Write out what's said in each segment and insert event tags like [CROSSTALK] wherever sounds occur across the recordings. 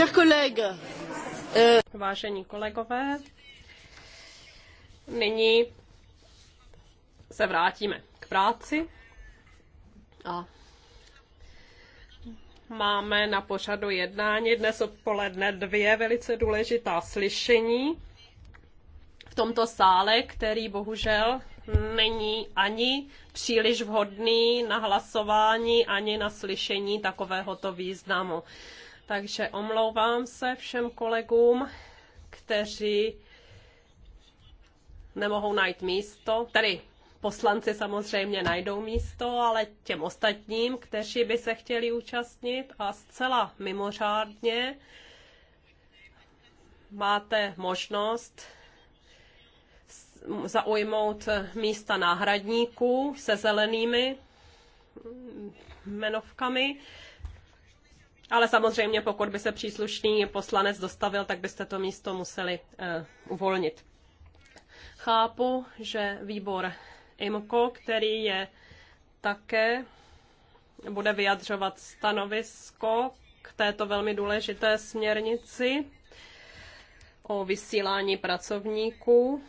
Euh, Vážení kolegové, nyní se vrátíme k práci a máme na pořadu jednání dnes odpoledne dvě velice důležitá slyšení v tomto sále, který bohužel není ani příliš vhodný na hlasování, ani na slyšení takovéhoto významu. Takže omlouvám se všem kolegům, kteří nemohou najít místo. Tady poslanci samozřejmě najdou místo, ale těm ostatním, kteří by se chtěli účastnit a zcela mimořádně máte možnost zaujmout místa náhradníků se zelenými jmenovkami. Ale samozřejmě, pokud by se příslušný poslanec dostavil, tak byste to místo museli uh, uvolnit. Chápu, že výbor IMCO, který je také, bude vyjadřovat stanovisko k této velmi důležité směrnici o vysílání pracovníků.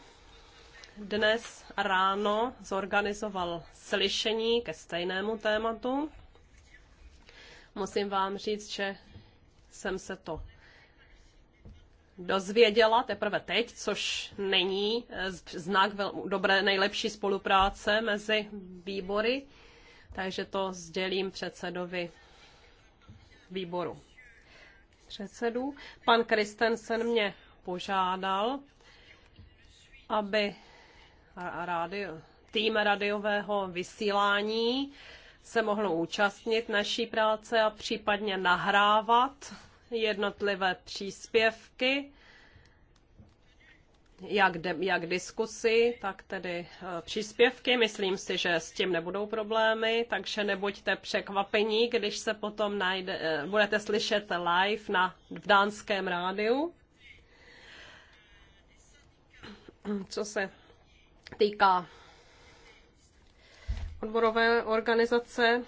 Dnes ráno zorganizoval slyšení ke stejnému tématu Musím vám říct, že jsem se to dozvěděla teprve teď, což není eh, znak dobré nejlepší spolupráce mezi výbory, takže to sdělím předsedovi výboru. Předsedu. Pan Kristensen mě požádal, aby rádio, tým radiového vysílání se mohlo účastnit naší práce a případně nahrávat jednotlivé příspěvky, jak, de, jak diskusy, tak tedy e, příspěvky. Myslím si, že s tím nebudou problémy, takže nebuďte překvapení, když se potom najde, e, budete slyšet live na, v dánském rádiu. Co se týká odborové organizace,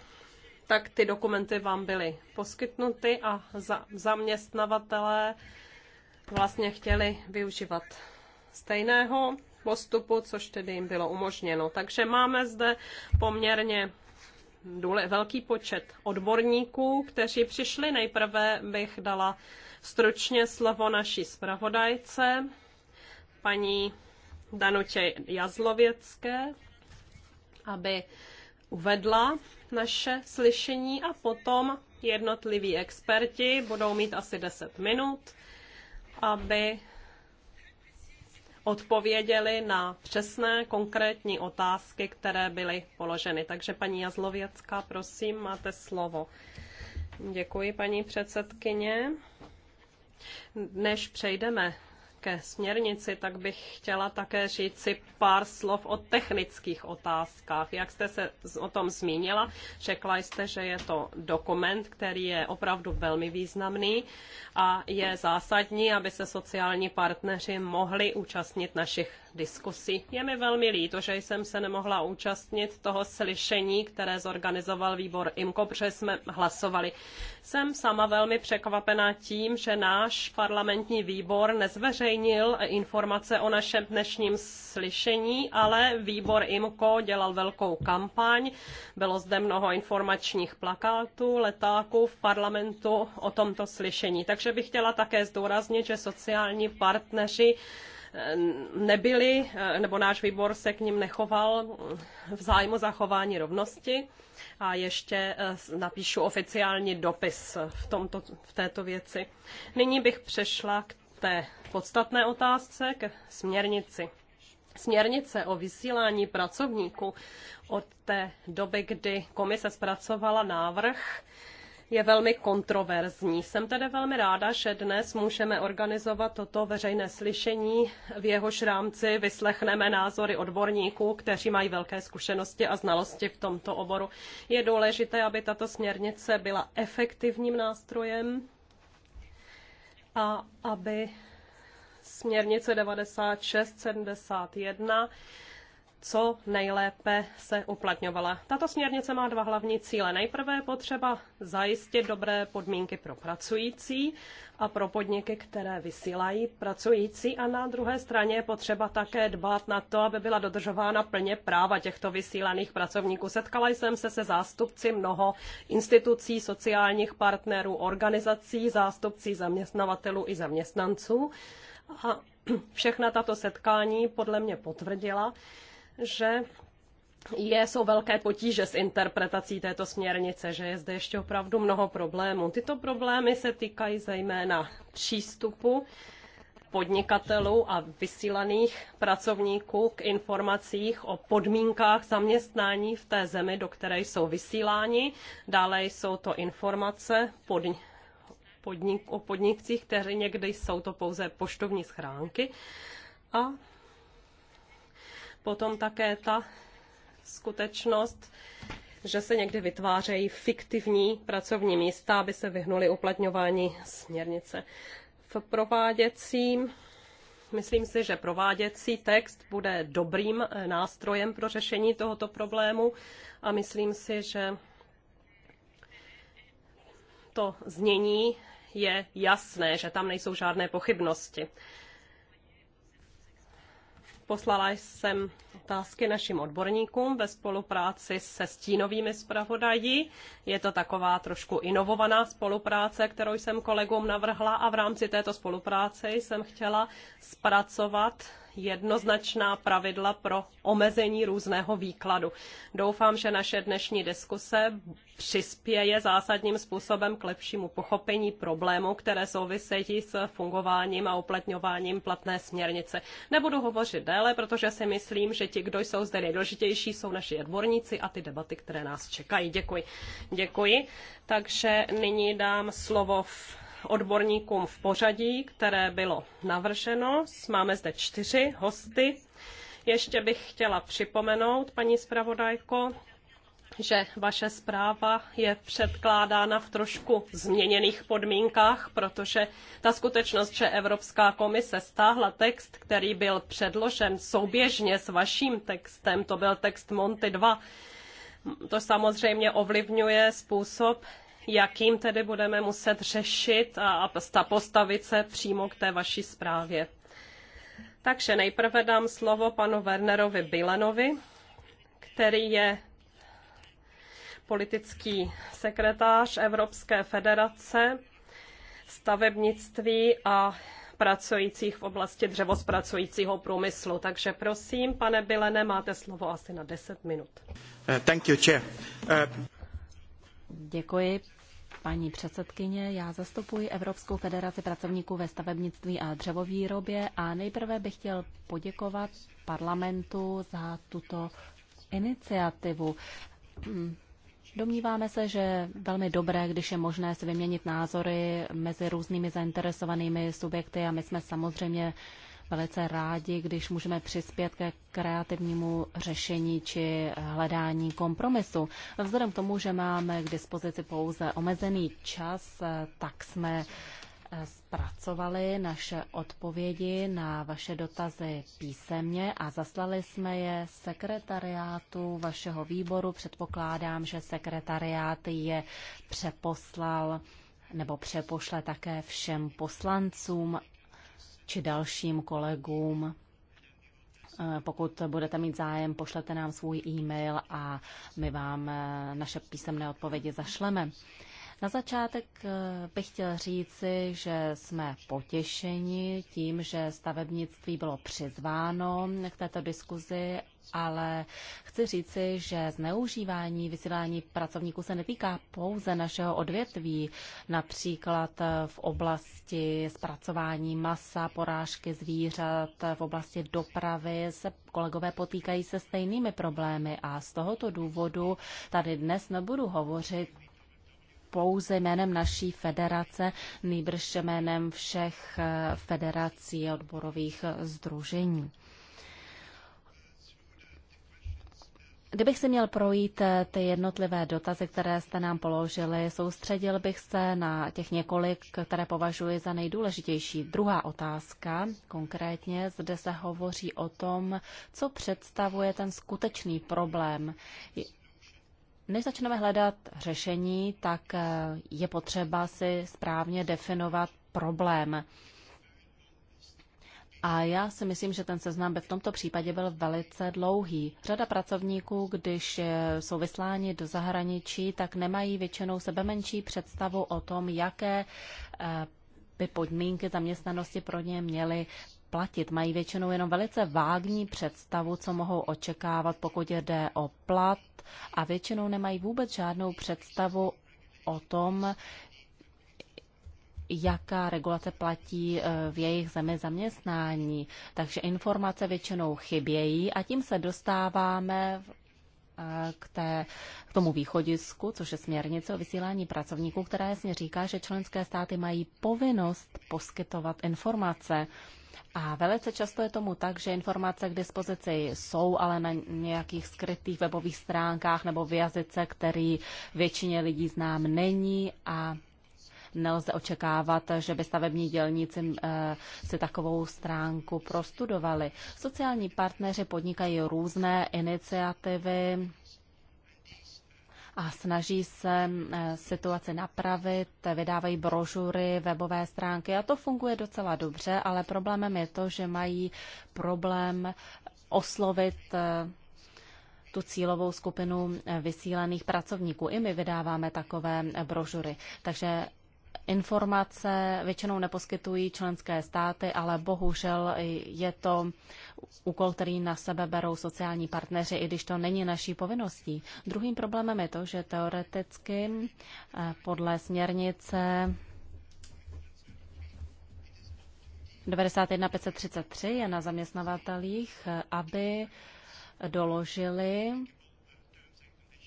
tak ty dokumenty vám byly poskytnuty a za, zaměstnavatelé vlastně chtěli využívat stejného postupu, což tedy jim bylo umožněno. Takže máme zde poměrně důle, velký počet odborníků, kteří přišli. Nejprve bych dala stručně slovo naší zpravodajce, paní Danutě Jazlověcké, aby uvedla naše slyšení a potom jednotliví experti budou mít asi 10 minut, aby odpověděli na přesné, konkrétní otázky, které byly položeny. Takže paní Jazlověcká, prosím, máte slovo. Děkuji, paní předsedkyně. Než přejdeme ke směrnici, tak bych chtěla také říct si pár slov o technických otázkách. Jak jste se o tom zmínila, řekla jste, že je to dokument, který je opravdu velmi významný a je zásadní, aby se sociální partneři mohli účastnit našich diskusi. Je mi velmi líto, že jsem se nemohla účastnit toho slyšení, které zorganizoval výbor IMKO, protože jsme hlasovali. Jsem sama velmi překvapená tím, že náš parlamentní výbor nezveřejnil informace o našem dnešním slyšení, ale výbor IMKO dělal velkou kampaň. Bylo zde mnoho informačních plakátů, letáků v parlamentu o tomto slyšení. Takže bych chtěla také zdůraznit, že sociální partneři nebyly, eh, nebo náš výbor se k ním nechoval v zájmu zachování rovnosti. A ještě eh, napíšu oficiální dopis v, tomto, v této věci. Nyní bych přešla k té podstatné otázce, k směrnici. Směrnice o vysílání pracovníků od té doby, kdy komise zpracovala návrh, je velmi kontroverzní. Jsem tedy velmi ráda, že dnes můžeme organizovat toto veřejné slyšení. V jehož rámci vyslechneme názory odborníků, kteří mají velké zkušenosti a znalosti v tomto oboru. Je důležité, aby tato směrnice byla efektivním nástrojem a aby směrnice 9671 co nejlépe se uplatňovala. Tato směrnice má dva hlavní cíle. Nejprve je potřeba zajistit dobré podmínky pro pracující a pro podniky, které vysílají pracující a na druhé straně je potřeba také dbát na to, aby byla dodržována plně práva těchto vysílaných pracovníků. Setkala jsem se se zástupci mnoho institucí, sociálních partnerů, organizací, zástupcí zaměstnavatelů i zaměstnanců. A [CLEARS THROAT] všechna tato setkání podle mě potvrdila, že je, jsou velké potíže s interpretací této směrnice, že je zde ještě opravdu mnoho problémů. Tyto problémy se týkají zejména přístupu podnikatelů a vysílaných pracovníků k informacích o podmínkách zaměstnání v té zemi, do které jsou vysíláni. Dále jsou to informace pod, podnik, o podnikcích, kteří někdy jsou to pouze poštovní schránky. A Potom také ta skutečnost, že se někdy vytvářejí fiktivní pracovní místa, aby se vyhnuli uplatňování směrnice. V prováděcím Myslím si, že prováděcí text bude dobrým eh, nástrojem pro řešení tohoto problému a myslím si, že to znění je jasné, že tam nejsou žádné pochybnosti. Poslala jsem otázky našim odborníkům ve spolupráci se stínovými zpravodají. Je to taková trošku inovovaná spolupráce, kterou jsem kolegům navrhla a v rámci této spolupráce jsem chtěla zpracovat jednoznačná pravidla pro omezení různého výkladu. Doufám, že naše dnešní diskuse přispěje zásadním způsobem k lepšímu pochopení problémů, které souvisejí s fungováním a uplatňováním platné směrnice. Nebudu hovořit déle, protože si myslím, že ti, kdo jsou zde nejdůležitější, jsou naši odborníci a ty debaty, které nás čekají. Děkuji. Děkuji. Takže nyní dám slovo v odborníkům v pořadí, které bylo navrženo. Máme zde čtyři hosty. Ještě bych chtěla připomenout, paní zpravodajko, že vaše zpráva je předkládána v trošku změněných podmínkách, protože ta skutečnost, že Evropská komise stáhla text, který byl předložen souběžně s vaším textem, to byl text Monty 2, to samozřejmě ovlivňuje způsob, jakým tedy budeme muset řešit a postavit se přímo k té vaší zprávě. Takže nejprve dám slovo panu Wernerovi Bilenovi, který je politický sekretář Evropské federace stavebnictví a pracujících v oblasti dřevospracujícího průmyslu. Takže prosím, pane Bilene, máte slovo asi na 10 minut. Eh, thank you, chair. Uh... Děkuji, paní předsedkyně. Já zastupuji Evropskou federaci pracovníků ve stavebnictví a dřevovýrobě a nejprve bych chtěl poděkovat parlamentu za tuto iniciativu. Domníváme se, že velmi dobré, když je možné si vyměnit názory mezi různými zainteresovanými subjekty a my jsme samozřejmě velice rádi, když můžeme přispět ke kreativnímu řešení či hledání kompromisu. Vzhledem k tomu, že máme k dispozici pouze omezený čas, tak jsme eh, zpracovali naše odpovědi na vaše dotazy písemně a zaslali jsme je sekretariátu vašeho výboru. Předpokládám, že sekretariát je přeposlal nebo přepošle také všem poslancům či dalším kolegům. Eh, pokud budete mít zájem, pošlete nám svůj e-mail a my vám eh, naše písemné odpovědi zašleme. Na začátek eh, bych chtěl říci, že jsme potěšeni tím, že stavebnictví bylo přizváno k této diskuzi ale chci říci, že zneužívání vysílání pracovníků se netýká pouze našeho odvětví, například v oblasti zpracování masa, porážky zvířat, v oblasti dopravy se kolegové potýkají se stejnými problémy a z tohoto důvodu tady dnes nebudu hovořit pouze jménem naší federace, nýbrž jménem všech federací a odborových združení. Kdybych si měl projít eh, ty jednotlivé dotazy, které jste nám položili, soustředil bych se na těch několik, které považuji za nejdůležitější. Druhá otázka, konkrétně zde se hovoří o tom, co představuje ten skutečný problém. Než začneme hledat řešení, tak eh, je potřeba si správně definovat problém. A já si myslím, že ten seznam by v tomto případě byl velice dlouhý. Řada pracovníků, když eh, jsou vysláni do zahraničí, tak nemají většinou sebe menší představu o tom, jaké eh, by podmínky zaměstnanosti pro ně měly platit. Mají většinou jenom velice vágní představu, co mohou očekávat, pokud jde o plat a většinou nemají vůbec žádnou představu o tom, jaká regulace platí eh, v jejich zemi zaměstnání. Takže informace většinou chybějí a tím se dostáváme eh, k, té, k tomu východisku, což je směrnice o vysílání pracovníků, která jasně říká, že členské státy mají povinnost poskytovat informace. A velice často je tomu tak, že informace k dispozici jsou, ale na nějakých skrytých webových stránkách nebo v jazyce, který většině lidí znám není a nelze očekávat, že by stavební dělníci eh, si takovou stránku prostudovali. Sociální partneři podnikají různé iniciativy a snaží se eh, situaci napravit, vydávají brožury, webové stránky a to funguje docela dobře, ale problémem je to, že mají problém oslovit eh, tu cílovou skupinu vysílených pracovníků. I my vydáváme takové brožury. Takže informace většinou neposkytují členské státy, ale bohužel je to úkol, který na sebe berou sociální partneři, i když to není naší povinností. Druhým problémem je to, že teoreticky eh, podle směrnice 91.533 533 je na zaměstnavatelích, eh, aby doložili,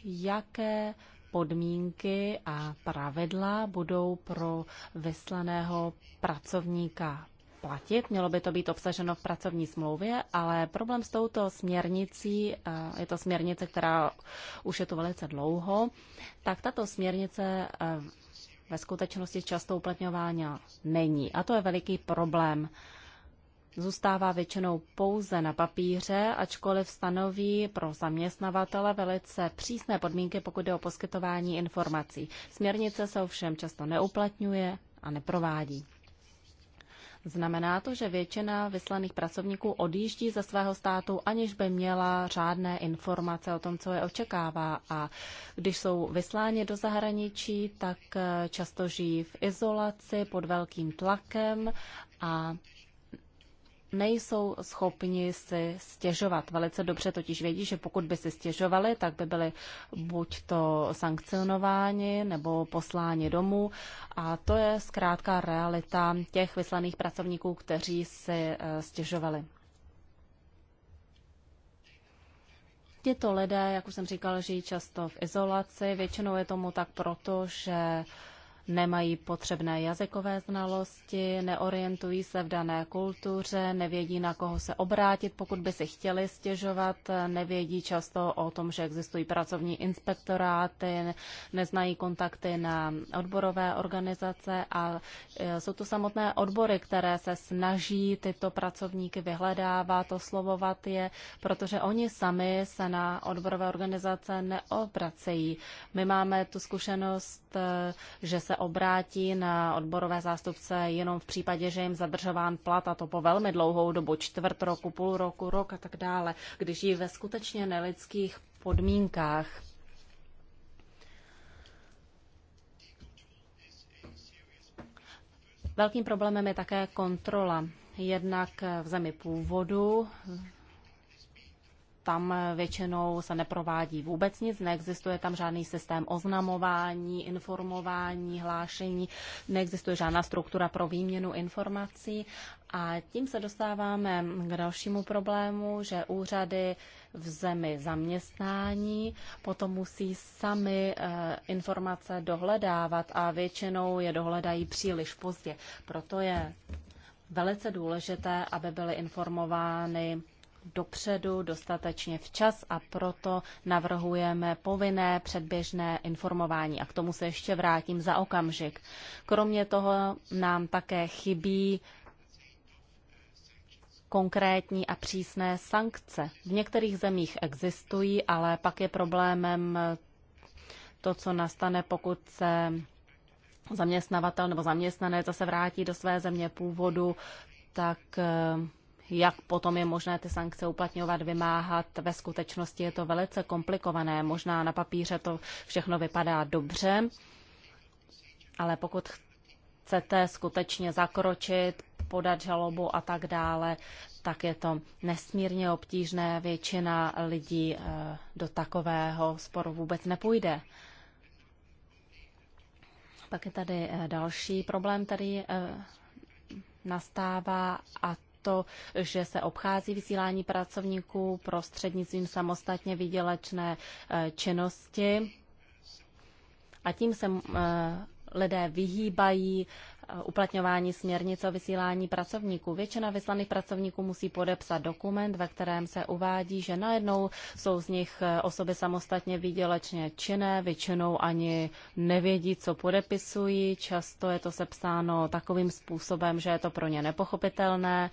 jaké podmínky a pravidla budou pro vyslaného pracovníka platit. Mělo by to být obsaženo v pracovní smlouvě, ale problém s touto směrnicí, je to směrnice, která už je tu velice dlouho, tak tato směrnice e, ve skutečnosti často uplatňována není. A to je veliký problém zůstává většinou pouze na papíře, ačkoliv stanoví pro zaměstnavatele velice přísné podmínky, pokud jde o poskytování informací. Směrnice se ovšem často neuplatňuje a neprovádí. Znamená to, že většina vyslaných pracovníků odjíždí ze svého státu, aniž by měla řádné informace o tom, co je očekává. A když jsou vysláni do zahraničí, tak eh, často žijí v izolaci pod velkým tlakem a nejsou schopni si stěžovat. Velice dobře totiž vědí, že pokud by si stěžovali, tak by byli buď to sankcionováni nebo posláni domů. A to je zkrátka realita těch vyslaných pracovníků, kteří si eh, stěžovali. Tito lidé, jak už jsem říkal, žijí často v izolaci. Většinou je tomu tak proto, že nemají potřebné jazykové znalosti, neorientují se v dané kultuře, nevědí, na koho se obrátit, pokud by si chtěli stěžovat, nevědí často o tom, že existují pracovní inspektoráty, neznají kontakty na odborové organizace a e, jsou to samotné odbory, které se snaží tyto pracovníky vyhledávat, oslovovat je, protože oni sami se na odborové organizace neobracejí. My máme tu zkušenost Eh, že se obrátí na odborové zástupce jenom v případě, že jim zadržován plat a to po velmi dlouhou dobu, čtvrt roku, půl roku, rok a tak dále, když žijí ve skutečně nelidských podmínkách. Velkým problémem je také kontrola. Jednak v zemi původu, tam většinou se neprovádí vůbec nic, neexistuje tam žádný systém oznamování, informování, hlášení, neexistuje žádná struktura pro výměnu informací a tím se dostáváme k dalšímu problému, že úřady v zemi zaměstnání potom musí sami eh, informace dohledávat a většinou je dohledají příliš pozdě. Proto je velice důležité, aby byly informovány dopředu, dostatečně včas a proto navrhujeme povinné předběžné informování. A k tomu se ještě vrátím za okamžik. Kromě toho nám také chybí konkrétní a přísné sankce. V některých zemích existují, ale pak je problémem to, co nastane, pokud se zaměstnavatel nebo zaměstnanec zase vrátí do své země původu, tak eh, jak potom je možné ty sankce uplatňovat, vymáhat. Ve skutečnosti je to velice komplikované. Možná na papíře to všechno vypadá dobře, ale pokud chcete skutečně zakročit, podat žalobu a tak dále, tak je to nesmírně obtížné. Většina lidí eh, do takového sporu vůbec nepůjde. Pak je tady eh, další problém, který eh, nastává a to, že se obchází vysílání pracovníků prostřednictvím samostatně vydělečné eh, činnosti a tím se eh, lidé vyhýbají uplatňování směrnice o vysílání pracovníků. Většina vyslaných pracovníků musí podepsat dokument, ve kterém se uvádí, že najednou jsou z nich eh, osoby samostatně výdělečně činné, většinou ani nevědí, co podepisují. Často je to sepsáno takovým způsobem, že je to pro ně nepochopitelné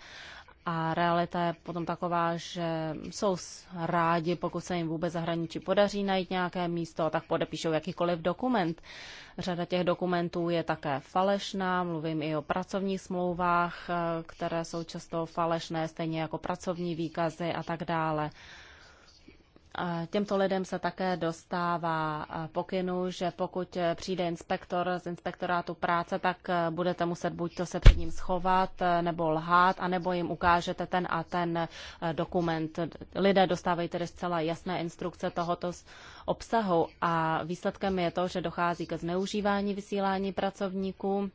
a realita je potom taková, že jsou rádi, pokud se jim vůbec zahraničí podaří najít nějaké místo, tak podepíšou jakýkoliv dokument. Řada těch dokumentů je také falešná, mluvím i o pracovních smlouvách, eh, které jsou často falešné, stejně jako pracovní výkazy a tak dále. Těmto lidem se také dostává pokynu, že pokud přijde inspektor z inspektorátu práce, tak e, budete muset buď to se před ním schovat, e, nebo lhát, anebo jim ukážete ten a ten e, dokument. Lidé dostávají tedy zcela jasné instrukce tohoto obsahu a výsledkem je to, že dochází ke zneužívání vysílání pracovníků.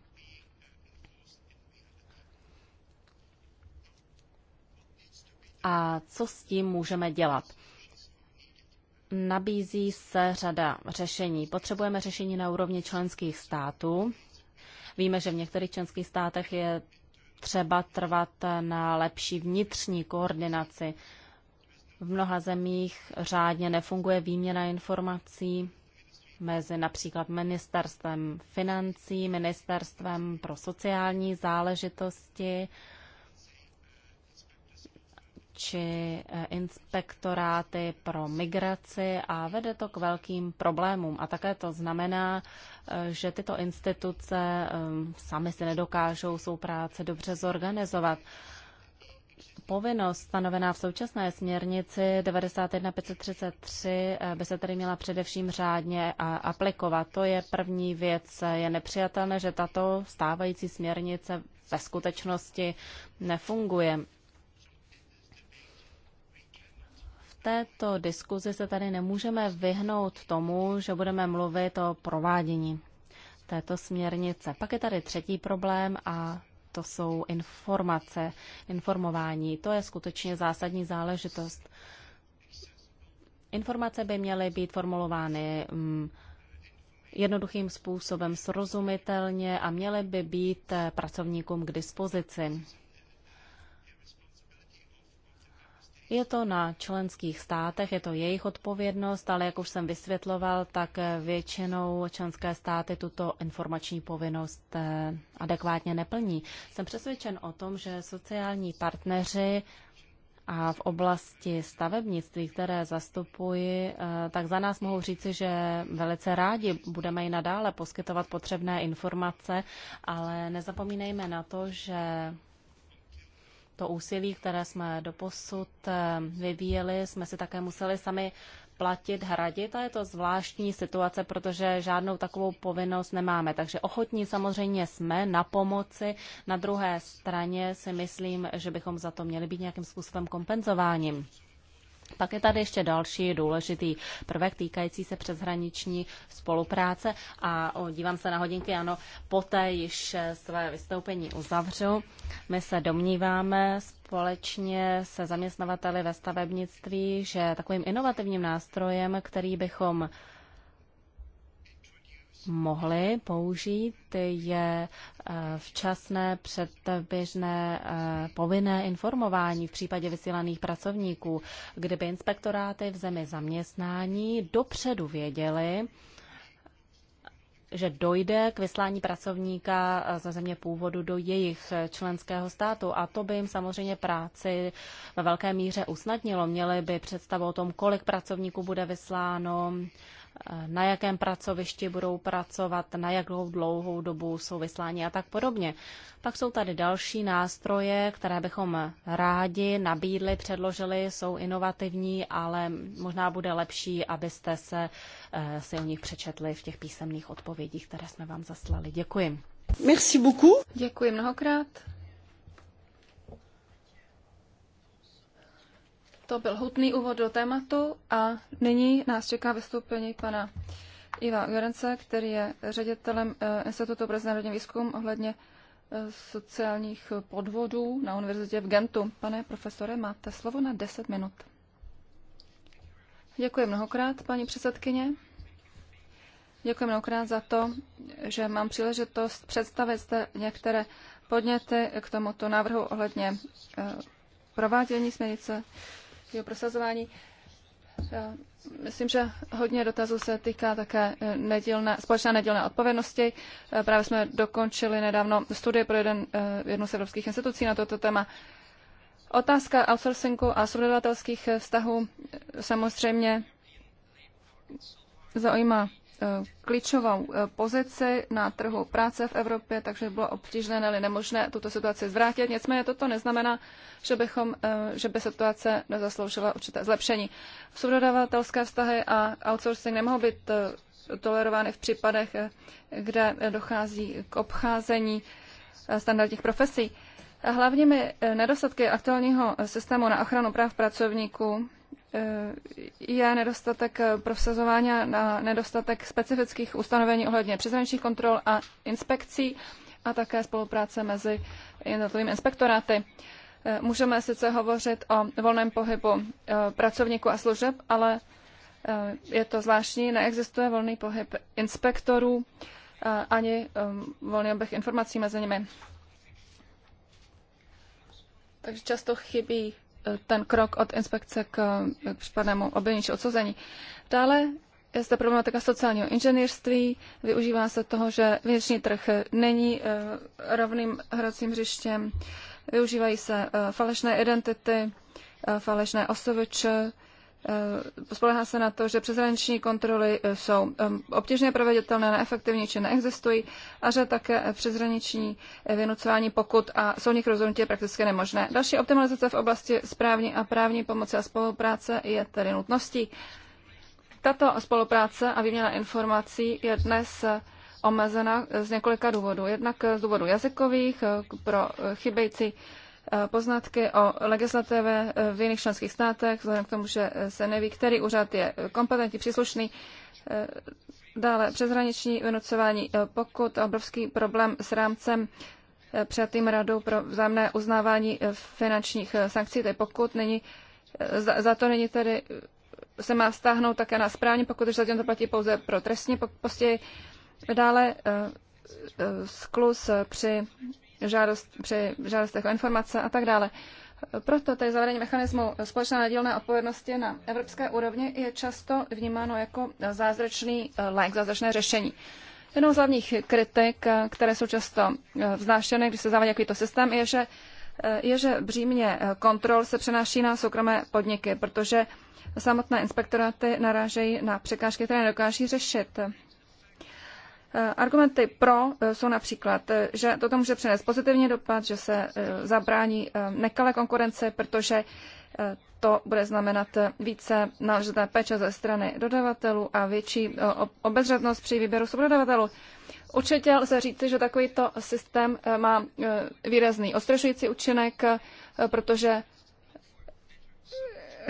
A co s tím můžeme dělat? nabízí se řada řešení. Potřebujeme řešení na úrovni členských států. Víme, že v některých členských státech je třeba trvat na lepší vnitřní koordinaci. V mnoha zemích řádně nefunguje výměna informací mezi například ministerstvem financí, ministerstvem pro sociální záležitosti, či eh, inspektoráty pro migraci a vede to k velkým problémům. A také to znamená, eh, že tyto instituce eh, sami si nedokážou svou práci dobře zorganizovat. Povinnost stanovená v současné směrnici 91533 by se tedy měla především řádně aplikovat. To je první věc. Je nepřijatelné, že tato stávající směrnice ve skutečnosti nefunguje. této diskuzi se tady nemůžeme vyhnout tomu, že budeme mluvit o provádění této směrnice. Pak je tady třetí problém a to jsou informace, informování. To je skutečně zásadní záležitost. Informace by měly být formulovány mm, jednoduchým způsobem, srozumitelně a měly by být eh, pracovníkům k dispozici. Je to na členských státech, je to jejich odpovědnost, ale jak už jsem vysvětloval, tak většinou členské státy tuto informační povinnost eh, adekvátně neplní. Jsem přesvědčen o tom, že sociální partneři a v oblasti stavebnictví, které zastupuji, eh, tak za nás mohou říci, že velice rádi budeme i nadále poskytovat potřebné informace, ale nezapomínejme na to, že to úsilí, které jsme doposud eh, vyvíjeli, jsme si také museli sami platit, hradit a je to zvláštní situace, protože žádnou takovou povinnost nemáme. Takže ochotní samozřejmě jsme na pomoci. Na druhé straně si myslím, že bychom za to měli být nějakým způsobem kompenzováním. Pak je tady ještě další důležitý prvek týkající se přeshraniční spolupráce a o, dívám se na hodinky, ano, poté již eh, své vystoupení uzavřu. My se domníváme společně se zaměstnavateli ve stavebnictví, že takovým inovativním nástrojem, který bychom mohli použít, je eh, včasné předběžné eh, povinné informování v případě vysílaných pracovníků, kdyby inspektoráty v zemi zaměstnání dopředu věděli, že dojde k vyslání pracovníka eh, ze země původu do jejich členského státu a to by jim samozřejmě práci ve velké míře usnadnilo. Měli by představu o tom, kolik pracovníků bude vysláno, na jakém pracovišti budou pracovat, na jakou dlouhou dobu jsou vysláni a tak podobně. Pak jsou tady další nástroje, které bychom rádi nabídli, předložili, jsou inovativní, ale možná bude lepší, abyste se eh, si o nich přečetli v těch písemných odpovědích, které jsme vám zaslali. Děkuji. Merci beaucoup. Děkuji mnohokrát. To byl hutný úvod do tématu a nyní nás čeká vystoupení pana Iva Jorence, který je ředitelem eh, Institutu pro národní výzkum ohledně eh, sociálních podvodů na univerzitě v Gentu. Pane profesore, máte slovo na 10 minut. Děkuji mnohokrát, paní předsedkyně. Děkuji mnohokrát za to, že mám příležitost představit zde některé podněty k tomuto návrhu ohledně eh, provádění směrnice jeho prosazování. Myslím, že hodně dotazů se týká také eh, nedělné, společné nedělné odpovědnosti. Eh, právě jsme dokončili nedávno studie pro jeden, eh, jednu z evropských institucí na toto téma. Otázka outsourcingu a subdodavatelských vztahů samozřejmě zaujímá Eh, klíčovou eh, pozici na trhu práce v Evropě, takže bylo obtížné, nebo nemožné tuto situaci zvrátit. Nicméně toto neznamená, že, bychom, eh, že by situace nezasloužila určité zlepšení. Subdodavatelské vztahy a outsourcing nemohou být tolerovány v případech, kde dochází k obcházení standardních profesí. Hlavními nedostatky aktuálního systému na ochranu práv pracovníků je nedostatek prosazování a nedostatek specifických ustanovení ohledně přeshraničních kontrol a inspekcí a také spolupráce mezi jednotlivými inspektoráty. Eh, můžeme sice hovořit o volném pohybu eh, pracovníků a služeb, ale eh, je to zvláštní, neexistuje volný pohyb inspektorů ani volný oběh informací mezi nimi. Takže často chybí ten krok od inspekce k eh, případnému obvinění či odsouzení. Dále je zde problematika sociálního inženýrství. Využívá se toho, že vnitřní trh není eh, rovným hracím hřištěm. Využívají se eh, falešné identity, falešné osoviče, Eh, spolehá se na to, že přeshraniční kontroly eh, jsou ehm, obtížně proveditelné, neefektivní či neexistují a že také eh, přeshraniční vynucování pokud a nich rozhodnutí prakticky nemožné. Další optimalizace v oblasti správní a právní pomoci a spolupráce je tedy nutností. Tato spolupráce a výměna informací je dnes omezena z několika důvodů. Jednak z důvodu jazykových pro chybějící Eh, poznatky o legislativě eh, v jiných členských státech, vzhledem k tomu, že eh, se neví, který úřad je kompetentní, příslušný. Dále přeshraniční vynucování pokud obrovský problém s rámcem přijatým radou pro vzájemné uznávání finančních sankcí, tedy pokud není, za, za to není tedy se má stáhnout také na správně, pokud už zatím to platí pouze pro trestní, postěji. Dále sklus při žádost, při žádostech o informace a tak dále. Proto tady zavedení mechanismu společné nadílné odpovědnosti na evropské úrovni je často vnímáno jako zázračný eh, lék, zázračné řešení. Jednou z hlavních kritik, eh, které jsou často eh, vznášeny, když se zavádí takovýto systém, je, že je, že břímně kontrol se přenáší na soukromé podniky, protože samotné inspektoráty narážejí na překážky, které nedokáží řešit. Eh, argumenty pro eh, jsou například, eh, že toto může přinést pozitivní dopad, že se zabrání nekalé konkurence, protože to bude znamenat více náležité péče ze strany dodavatelů a větší obezřetnost při výběru subdodavatelů. Určitě lze říci, že takovýto systém má výrazný ostrašující účinek, protože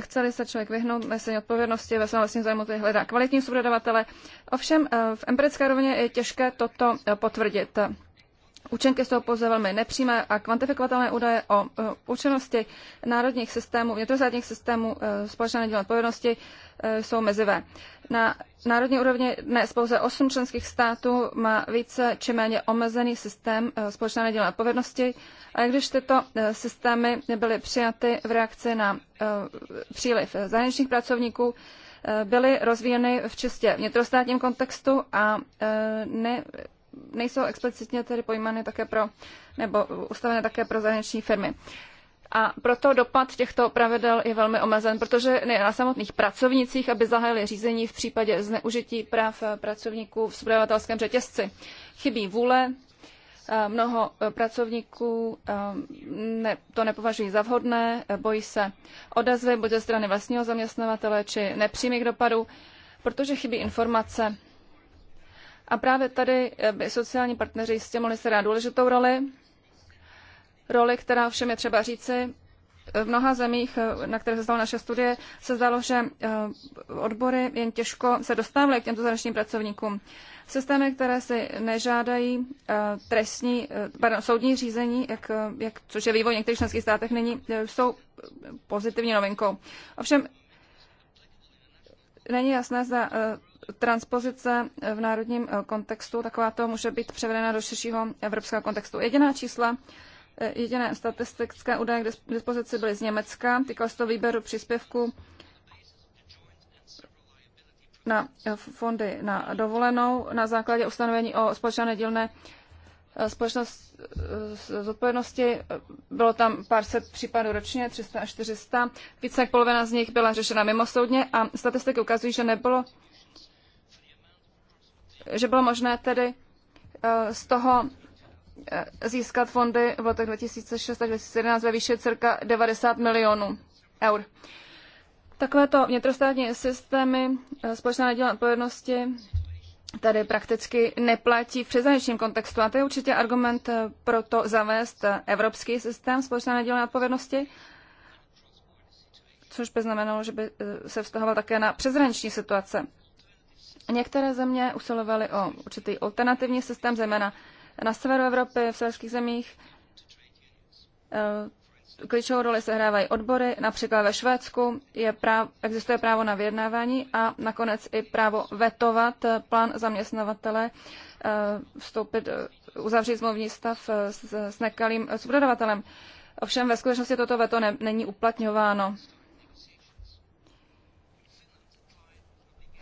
chceli se člověk vyhnout nesení odpovědnosti ve svém vlastním zájmu, hledá kvalitní subdodavatele. Ovšem eh, v empirické rovině je těžké toto eh, potvrdit. Účinky jsou pouze velmi nepřímé a kvantifikovatelné údaje o e, účinnosti národních systémů, vnitrostátních systémů e, společné nedělné odpovědnosti e, jsou mezivé. Na národní úrovni dnes pouze 8 členských států má více či méně omezený systém společné nedělné odpovědnosti. A když tyto systémy byly přijaty v reakci na příliv zahraničních pracovníků, byly rozvíjeny v čistě vnitrostátním kontextu a ne, nejsou explicitně tedy pojmeny také pro, nebo ustavené také pro zahraniční firmy. A proto dopad těchto pravidel je velmi omezen, protože na samotných pracovnicích, aby zahájili řízení v případě zneužití práv eh, pracovníků v subdavatelském řetězci. Chybí vůle, eh, mnoho eh, pracovníků to nepovažují za vhodné, bojí se odezvy buď ze strany vlastního zaměstnavatele či nepřímých dopadů, protože chybí informace a právě tady eh, by sociální partneři jistě mohli se hrát důležitou roli, roli, která všem je třeba říci. V mnoha zemích, eh, na které se stalo naše studie, se zdalo, že eh, odbory jen těžko se dostávaly k těmto zahraničním pracovníkům. Systémy, které si nežádají trestní, pardon, soudní řízení, jak, jak, což je vývoj v některých členských státech, není, jsou pozitivní novinkou. Ovšem, není jasné, zda transpozice v národním eh, kontextu, taková to může být převedena do širšího evropského kontextu. Jediná čísla, eh, jediné statistické údaje k dispozici byly z Německa, týkalo se to výběru příspěvku na eh, fondy na dovolenou na základě ustanovení o společné dílné společnost z odpovědnosti. Bylo tam pár set případů ročně, 300 až 400. Více jak polovina z nich byla řešena mimosoudně a statistiky ukazují, že nebylo že bylo možné tedy eh, z toho eh, získat fondy v letech 2006 až 2011 ve výši cirka 90 milionů eur. Takovéto vnitrostátní systémy eh, společná nedělné odpovědnosti tady prakticky neplatí v přeshraničním kontextu. A to je určitě argument pro to zavést evropský systém společné nedělné odpovědnosti, což by znamenalo, že by se vztahoval také na přeshraniční situace. Některé země usilovaly o určitý alternativní systém, zejména na severu Evropy, v severských zemích. Eh, klíčovou roli sehrávají odbory, například ve Švédsku je práv, existuje právo na vyjednávání a nakonec i právo vetovat eh, plán zaměstnavatele, eh, vstoupit, uzavřít smluvní stav s, s nekalým subdodavatelem. Ovšem ve skutečnosti toto veto ne, není uplatňováno.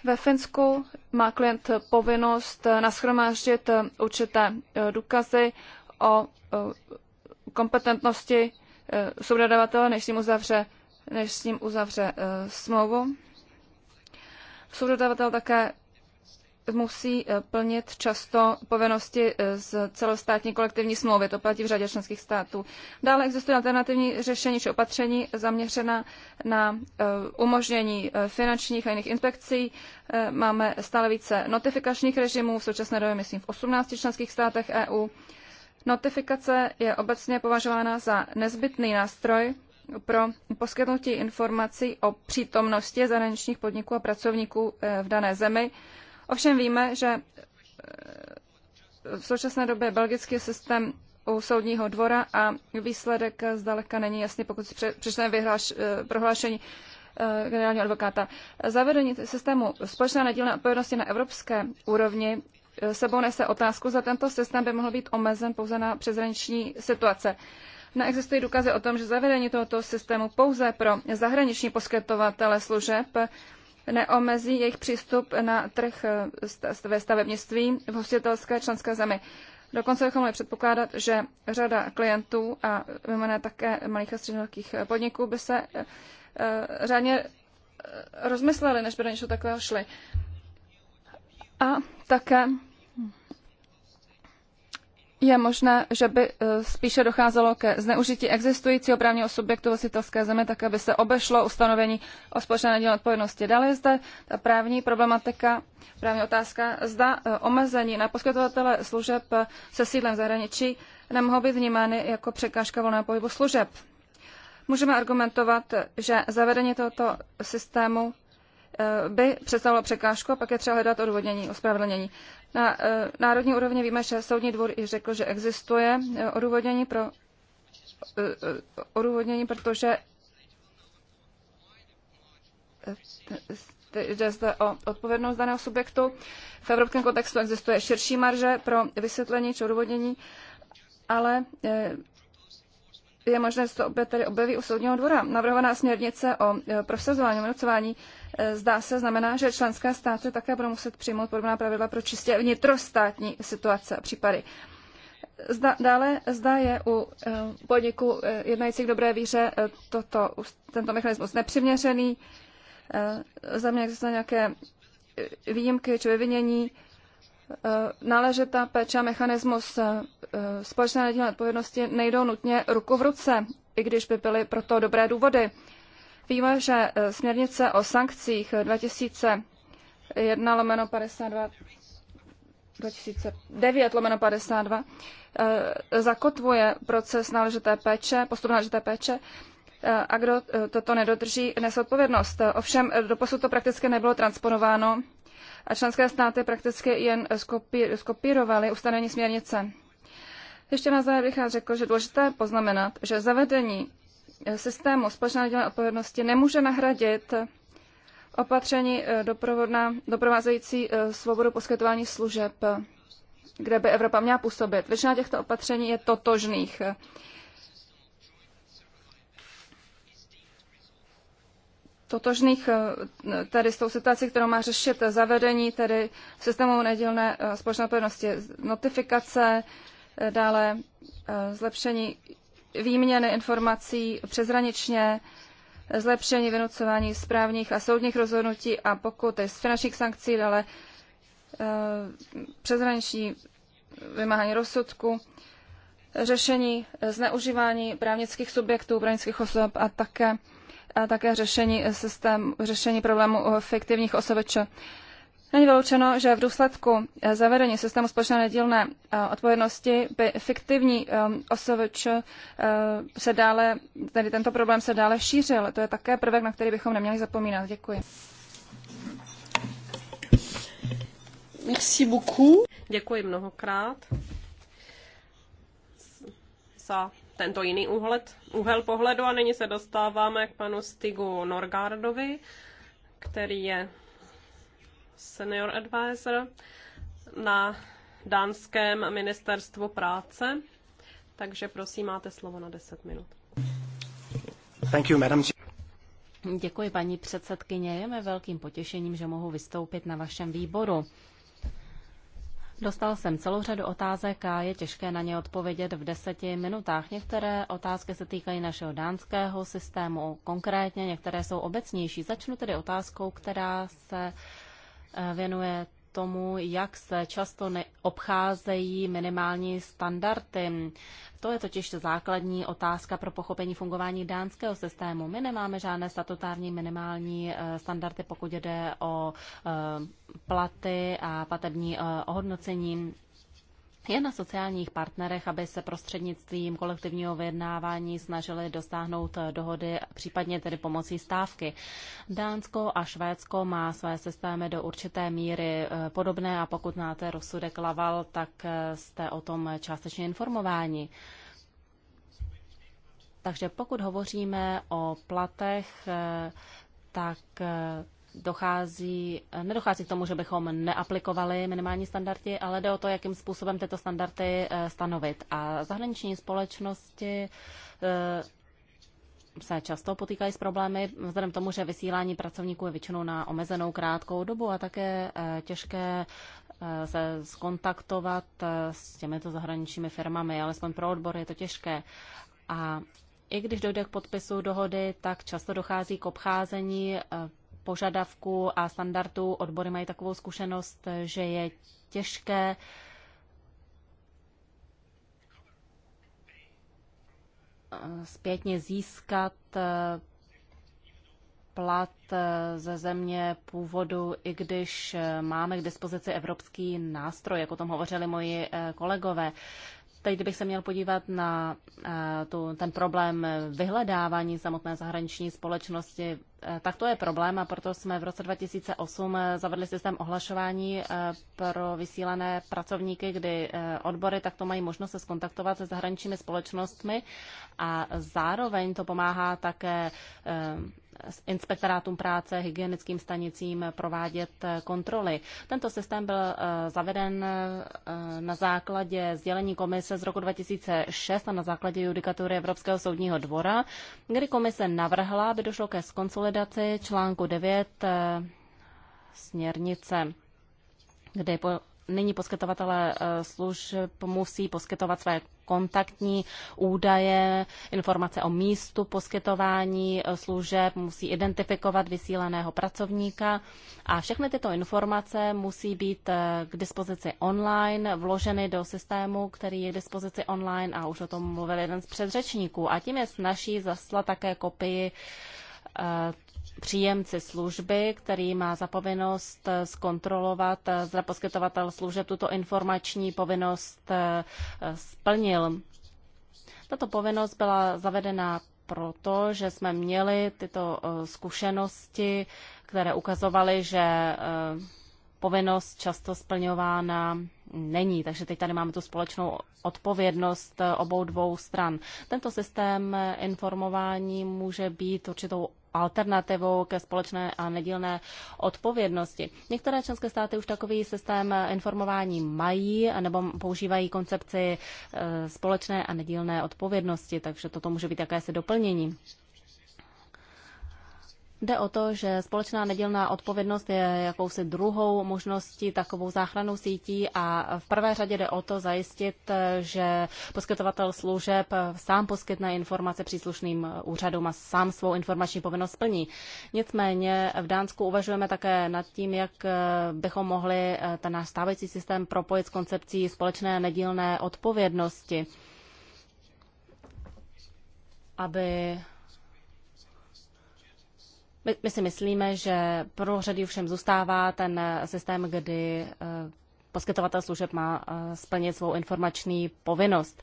Ve Finsku má klient povinnost nashromáždit určité eh, důkazy o eh, kompetentnosti eh, subdodavatele, než s ním uzavře, než s ním uzavře smlouvu. Subdodavatel také musí eh, plnit často povinnosti eh, z celostátní kolektivní smlouvy. To platí v řadě členských států. Dále existují alternativní řešení či opatření zaměřená na eh, umožnění finančních a jiných inspekcí. Máme stále více notifikačních režimů, v současné době myslím v 18 členských státech EU. Notifikace je obecně považována za nezbytný nástroj pro poskytnutí informací o přítomnosti zahraničních podniků a pracovníků v dané zemi Ovšem víme, že eh, v současné době belgický systém u soudního dvora a výsledek zdaleka není jasný, pokud přečteme eh, prohlášení eh, generálního advokáta. Zavedení systému společné nedílné odpovědnosti na evropské úrovni sebou nese otázku, za tento systém by mohl být omezen pouze na přezraniční situace. Neexistují důkazy o tom, že zavedení tohoto systému pouze pro zahraniční poskytovatele služeb neomezí jejich přístup na trh eh, ve stavebnictví v hostitelské členské zemi. Dokonce bychom mohli předpokládat, že řada klientů a mimo také malých a středních eh, podniků by se eh, řádně rozmysleli, než by do něčeho takového šli. A také je možné, že by eh, spíše docházelo ke zneužití existujícího právního subjektu hostitelské země, tak aby se obešlo ustanovení o společné nedělné odpovědnosti. Dále je zde ta právní problematika, právní otázka, zda eh, omezení na poskytovatele služeb eh, se sídlem v zahraničí nemohou být vnímány jako překážka volného pohybu služeb. Můžeme argumentovat, že zavedení tohoto systému by představilo překážku a pak je třeba hledat odvodnění, ospravedlnění. Na eh, národní úrovni víme, že soudní dvůr i řekl, že existuje eh, odůvodnění pro eh, odůvodnění, protože jde zde o odpovědnost daného subjektu. V evropském kontextu existuje širší marže pro vysvětlení či odůvodnění, ale je možné, že se to opět tady objeví u soudního dvora. Navrhovaná směrnice o e, prosazování vynucování e, zdá se znamená, že členské státy také budou muset přijmout podobná pravidla pro čistě vnitrostátní situace a případy. Zda, dále zda je u e, podniku jednajících dobré víře toto, tento mechanismus nepřiměřený. Za mě existují nějaké výjimky či vyvinění Eh, náležitá péče a mechanismus eh, eh, společné nedílné odpovědnosti nejdou nutně ruku v ruce, i když by byly proto dobré důvody. Víme, že směrnice o sankcích 2001 lomeno 52 2009 lomeno 52 zakotvuje proces náležité péče, postup náležité péče a kdo toto nedodrží, nese odpovědnost. Ovšem doposud to prakticky nebylo transponováno a členské státy prakticky jen skopírovaly ustanovení směrnice. Ještě na závěr bych řekl, že důležité poznamenat, že zavedení systému společné dělené odpovědnosti nemůže nahradit opatření eh, doprovázející eh, svobodu poskytování služeb, eh, kde by Evropa měla působit. Většina těchto opatření je totožných. totožných eh, tady s tou situací, kterou má řešit zavedení tedy systému nedělné eh, společné odpovědnosti, notifikace, eh, dále zlepšení výměny informací přeshraničně, zlepšení vynucování správních a soudních rozhodnutí a pokud z finančních sankcí, dále přeshraniční vymáhání rozsudku, řešení zneužívání právnických subjektů, právnických osob a také také řešení, systém, řešení problému eh, fiktivních osobeč. Není vyloučeno, že v důsledku eh, zavedení systému společné nedílné eh, odpovědnosti by fiktivní ehm, osobeč se dále, tedy tento problém se dále šířil. To je také prvek, na který bychom neměli zapomínat. Děkuji. Merci beaucoup. Děkuji mnohokrát za tento jiný úhled, úhel pohledu a nyní se dostáváme k panu Stigu Norgardovi, který je senior advisor na dánském ministerstvu práce. Takže prosím, máte slovo na 10 minut. Thank you, madam. Děkuji, paní předsedkyně. Je mi velkým potěšením, že mohu vystoupit na vašem výboru. Dostal jsem celou řadu otázek a je těžké na ně odpovědět v deseti minutách. Některé otázky se týkají našeho dánského systému konkrétně, některé jsou obecnější. Začnu tedy otázkou, která se eh, věnuje tomu, jak se často neobcházejí minimální standardy. To je totiž základní otázka pro pochopení fungování dánského systému. My nemáme žádné statutární minimální eh, standardy, pokud jde o eh, platy a platební eh, ohodnocení je na sociálních partnerech, aby se prostřednictvím kolektivního vyjednávání snažili dosáhnout dohody, případně tedy pomocí stávky. Dánsko a Švédsko má své systémy do určité míry eh, podobné a pokud znáte rozsudek Laval, tak eh, jste o tom částečně informováni. Takže pokud hovoříme o platech, eh, tak dochází, nedochází k tomu, že bychom neaplikovali minimální standardy, ale jde o to, jakým způsobem tyto standardy eh, stanovit. A zahraniční společnosti eh, se často potýkají s problémy vzhledem k tomu, že vysílání pracovníků je většinou na omezenou krátkou dobu a také eh, těžké se skontaktovat s těmito zahraničními firmami, alespoň pro odbor je to těžké. A i když dojde k podpisu dohody, tak často dochází k obcházení požadavků a standardů. Odbory mají takovou zkušenost, že je těžké zpětně získat eh, plat eh, ze země původu, i když eh, máme k dispozici evropský nástroj, jak o tom hovořili moji kolegové. Teď, bych se měl podívat na eh, tu, ten problém vyhledávání samotné zahraniční společnosti, eh, tak to je problém a proto jsme v roce 2008 eh, zavedli systém ohlašování pro vysílané pracovníky, kdy odbory takto mají možnost se skontaktovat se zahraničními společnostmi a zároveň to pomáhá také inspektorátům práce, hygienickým stanicím provádět eh, kontroly. Tento systém byl eh, zaveden eh, na základě sdělení komise z roku 2006 a na základě judikatury Evropského soudního dvora, kdy komise navrhla, aby došlo ke skonsolidaci článku 9 směrnice, kde nyní poskytovatelé eh, služeb musí poskytovat své kontaktní údaje, informace o místu poskytování eh, služeb, musí identifikovat vysílaného pracovníka a všechny tyto informace musí být eh, k dispozici online, vloženy do systému, který je k dispozici online a už o tom mluvil jeden z předřečníků. A tím je snaží zaslat také kopii příjemci služby, který má za povinnost eh, zkontrolovat, eh, zda poskytovatel služeb tuto informační povinnost eh, splnil. Tato povinnost byla zavedena proto, že jsme měli tyto zkušenosti, které ukazovaly, že povinnost často splňována není. Takže teď tady máme tu společnou odpovědnost obou dvou stran. Tento systém informování může být určitou alternativou ke společné a nedílné odpovědnosti. Některé členské státy už takový systém informování mají nebo používají koncepci eh, společné a nedílné odpovědnosti, takže toto může být jakési doplnění. Jde o to, že společná nedělná odpovědnost je jakousi druhou možností, takovou záchranou sítí a v prvé řadě jde o to zajistit, že poskytovatel služeb sám poskytne informace příslušným úřadům a sám svou informační povinnost splní. Nicméně v Dánsku uvažujeme také nad tím, jak bychom mohli ten náš stávající systém propojit s koncepcí společné nedílné odpovědnosti, aby my, my si myslíme, že pro řady všem zůstává ten eh, systém, kdy eh, poskytovatel služeb má eh, splnit svou informační povinnost.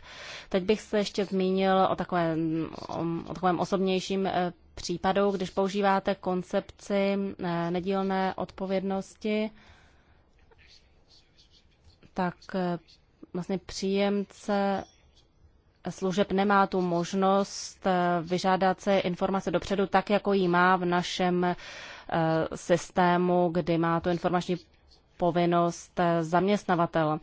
Teď bych se ještě zmínil o takovém, mm, o takovém osobnějším případu, když používáte koncepci nedílné odpovědnosti, tak vlastně příjemce služeb nemá tu možnost eh, vyžádat se informace dopředu tak, jako ji má v našem eh, systému, kdy má tu informační povinnost eh, zaměstnavatel.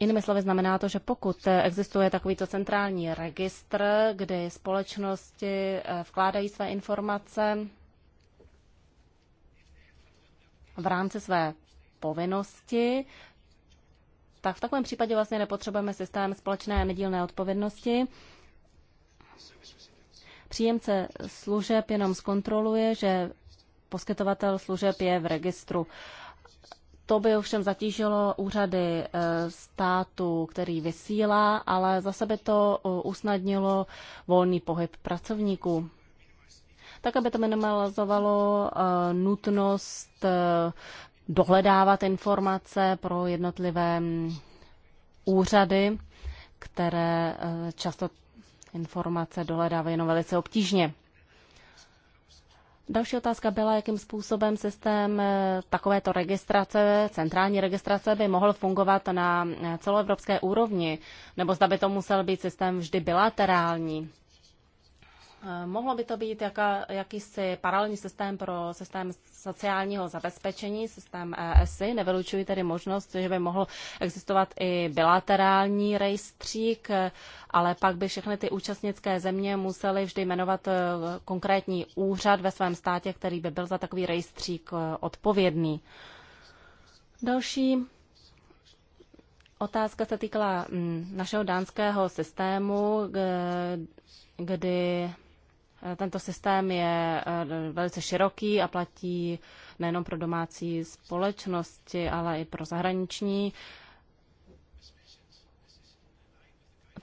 Jinými slovy znamená to, že pokud existuje takovýto centrální registr, kdy společnosti vkládají své informace v rámci své povinnosti, tak v takovém případě vlastně nepotřebujeme systém společné a nedílné odpovědnosti. Příjemce služeb jenom zkontroluje, že poskytovatel služeb je v registru. To by ovšem zatížilo úřady eh, státu, který vysílá, ale zase by to eh, usnadnilo volný pohyb pracovníků. Tak, aby to minimalizovalo eh, nutnost dohledávat informace pro jednotlivé mm, úřady, které eh, často informace dohledávají jenom velice obtížně. Další otázka byla, jakým způsobem systém eh, takovéto registrace, centrální registrace, by mohl fungovat na eh, celoevropské úrovni, nebo zda by to musel být systém vždy bilaterální. Eh, mohlo by to být jaká, jakýsi paralelní systém pro systém sociálního zabezpečení, systém ESI. Nevylučuji tedy možnost, že by mohl existovat i bilaterální rejstřík, eh, ale pak by všechny ty účastnické země musely vždy jmenovat eh, konkrétní úřad ve svém státě, který by byl za takový rejstřík odpovědný. Další otázka se týkala mm, našeho dánského systému, kdy Eh, tento systém je eh, velice široký a platí nejenom pro domácí společnosti, ale i pro zahraniční.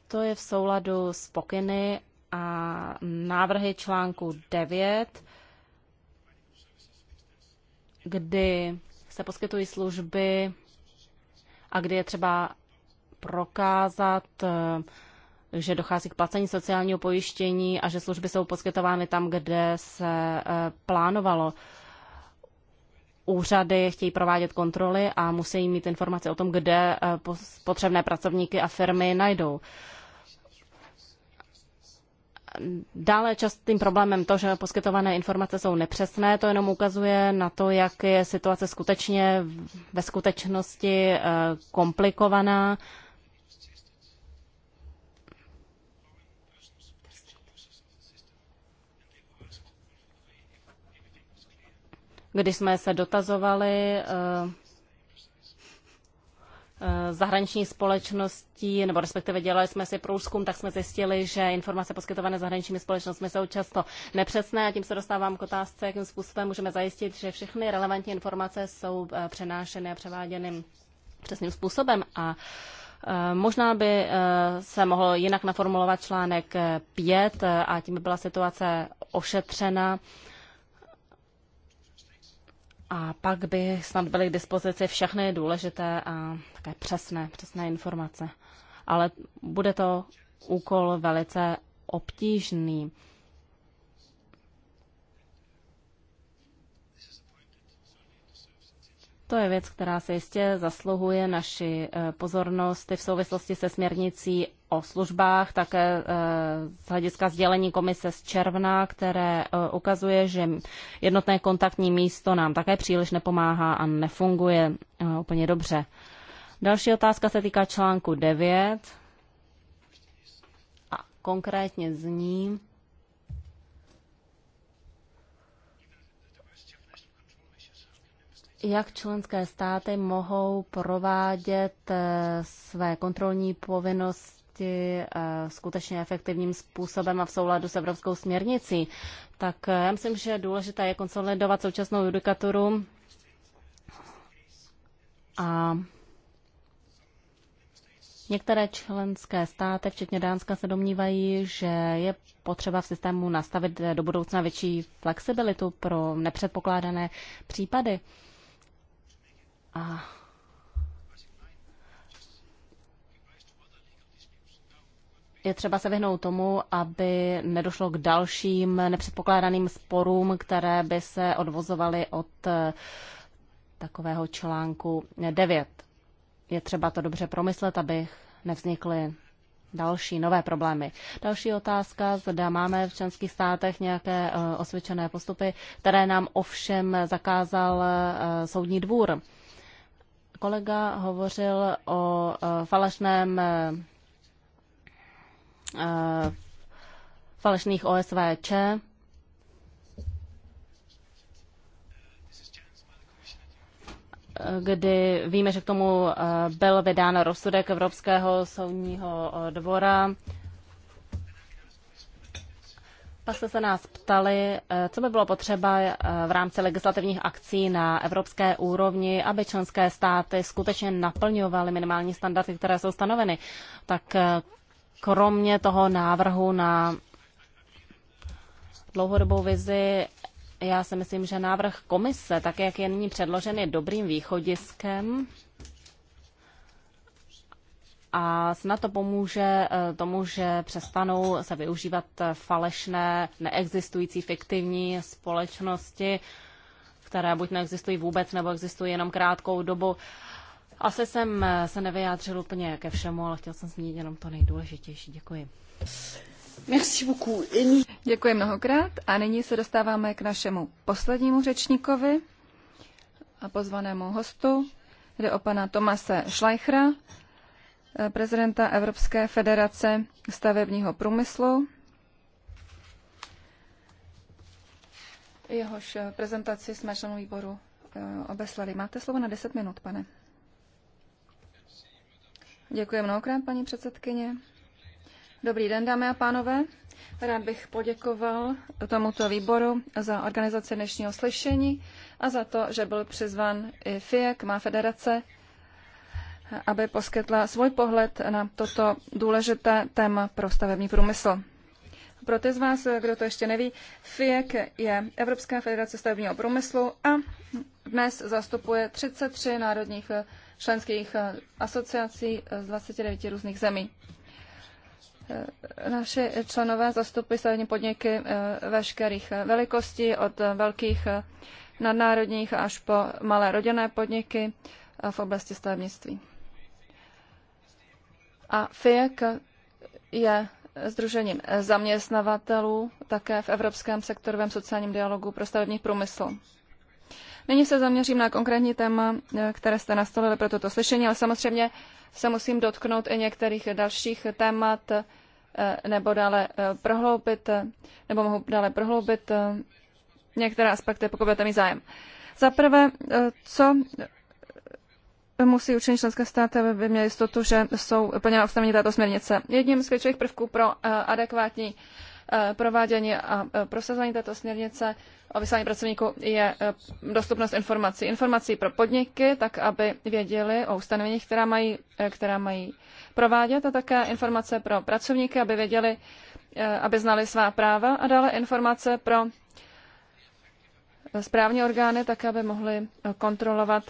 To je v souladu s pokyny a návrhy článku 9, kdy se poskytují služby a kdy je třeba prokázat eh, že dochází k placení sociálního pojištění a že služby jsou poskytovány tam, kde se eh, plánovalo. Úřady chtějí provádět kontroly a musí mít informace o tom, kde eh, potřebné pracovníky a firmy najdou. Dále častým problémem to, že poskytované informace jsou nepřesné, to jenom ukazuje na to, jak je situace skutečně ve skutečnosti eh, komplikovaná kdy jsme se dotazovali eh, eh, zahraniční společnosti nebo respektive dělali jsme si průzkum, tak jsme zjistili, že informace poskytované zahraničními společnostmi jsou často nepřesné a tím se dostávám k otázce, jakým způsobem můžeme zajistit, že všechny relevantní informace jsou eh, přenášeny a převáděny přesným způsobem. A Možná by se mohl jinak naformulovat článek 5 a tím by byla situace ošetřena a pak by snad byly k dispozici všechny důležité a také přesné, přesné informace. Ale bude to úkol velice obtížný. To je věc, která se jistě zasluhuje naši eh, pozornost v souvislosti se směrnicí o službách, také eh, z hlediska sdělení komise z června, které eh, ukazuje, že jednotné kontaktní místo nám také příliš nepomáhá a nefunguje úplně dobře. Další otázka se týká článku 9 a konkrétně zní, jak členské státy mohou provádět eh, své kontrolní povinnosti eh, skutečně efektivním způsobem a v souladu s evropskou směrnicí. Tak eh, já myslím, že důležité je konsolidovat současnou judikaturu a Některé členské státy, včetně Dánska, se domnívají, že je potřeba v systému nastavit do budoucna větší flexibilitu pro nepředpokládané případy. A je třeba se vyhnout tomu, aby nedošlo k dalším nepředpokládaným sporům, které by se odvozovaly od eh, takového článku 9. Je třeba to dobře promyslet, aby nevznikly další nové problémy. Další otázka, zda máme v členských státech nějaké eh, osvědčené postupy, které nám ovšem zakázal eh, soudní dvůr kolega hovořil o e, falešném e, e, falešných OSVČ. kdy víme, že k tomu byl vydán rozsudek Evropského soudního dvora pak jste se nás ptali, eh, co by bylo potřeba eh, v rámci legislativních akcí na evropské úrovni, aby členské státy skutečně naplňovaly minimální standardy, které jsou stanoveny. Tak eh, kromě toho návrhu na dlouhodobou vizi, já si myslím, že návrh komise, tak jak je nyní předložen, je dobrým východiskem a snad to pomůže eh, tomu, že přestanou se využívat eh, falešné, neexistující, fiktivní společnosti, které buď neexistují vůbec, nebo existují jenom krátkou dobu. Asi jsem eh, se nevyjádřil úplně ke všemu, ale chtěl jsem zmínit jenom to nejdůležitější. Děkuji. Merci beaucoup. Děkuji mnohokrát a nyní se dostáváme k našemu poslednímu řečníkovi a pozvanému hostu. Jde o pana Tomase Schleichera, Eh, prezidenta Evropské federace stavebního průmyslu. Jehož eh, prezentaci jsme členům výboru eh, obeslali. Máte slovo na 10 minut, pane. Děkuji mnohokrát, paní předsedkyně. Dobrý den, dámy a pánové. Rád bych poděkoval tomuto výboru za organizaci dnešního slyšení a za to, že byl přizvan i FIEK, má federace, aby poskytla svůj pohled na toto důležité téma pro stavební průmysl. Pro ty z vás, kdo to ještě neví, FIEK je Evropská federace stavebního průmyslu a dnes zastupuje 33 národních členských asociací z 29 různých zemí. Naši členové zastupují stavební podniky veškerých velikostí, od velkých nadnárodních až po malé rodinné podniky v oblasti stavebnictví. A FIEK je Združením zaměstnavatelů také v Evropském sektorovém sociálním dialogu pro stavební průmysl. Nyní se zaměřím na konkrétní téma, které jste nastolili pro toto slyšení, ale samozřejmě se musím dotknout i některých dalších témat, eh, nebo dále eh, prohloubit, eh, nebo mohu dále prohloubit některé aspekty, pokud budete mít zájem. Za prvé, co musí učinit členské státy, aby měly jistotu, že jsou plně obstavení této směrnice. Jedním z klíčových prvků pro eh, adekvátní eh, provádění a eh, prosazování této směrnice o vyslání pracovníků je dostupnost informací. Informací pro podniky, tak aby věděli o ustanoveních, která mají, která mají provádět a také informace pro pracovníky, aby věděli, aby znali svá práva a dále informace pro správní orgány, tak aby mohly kontrolovat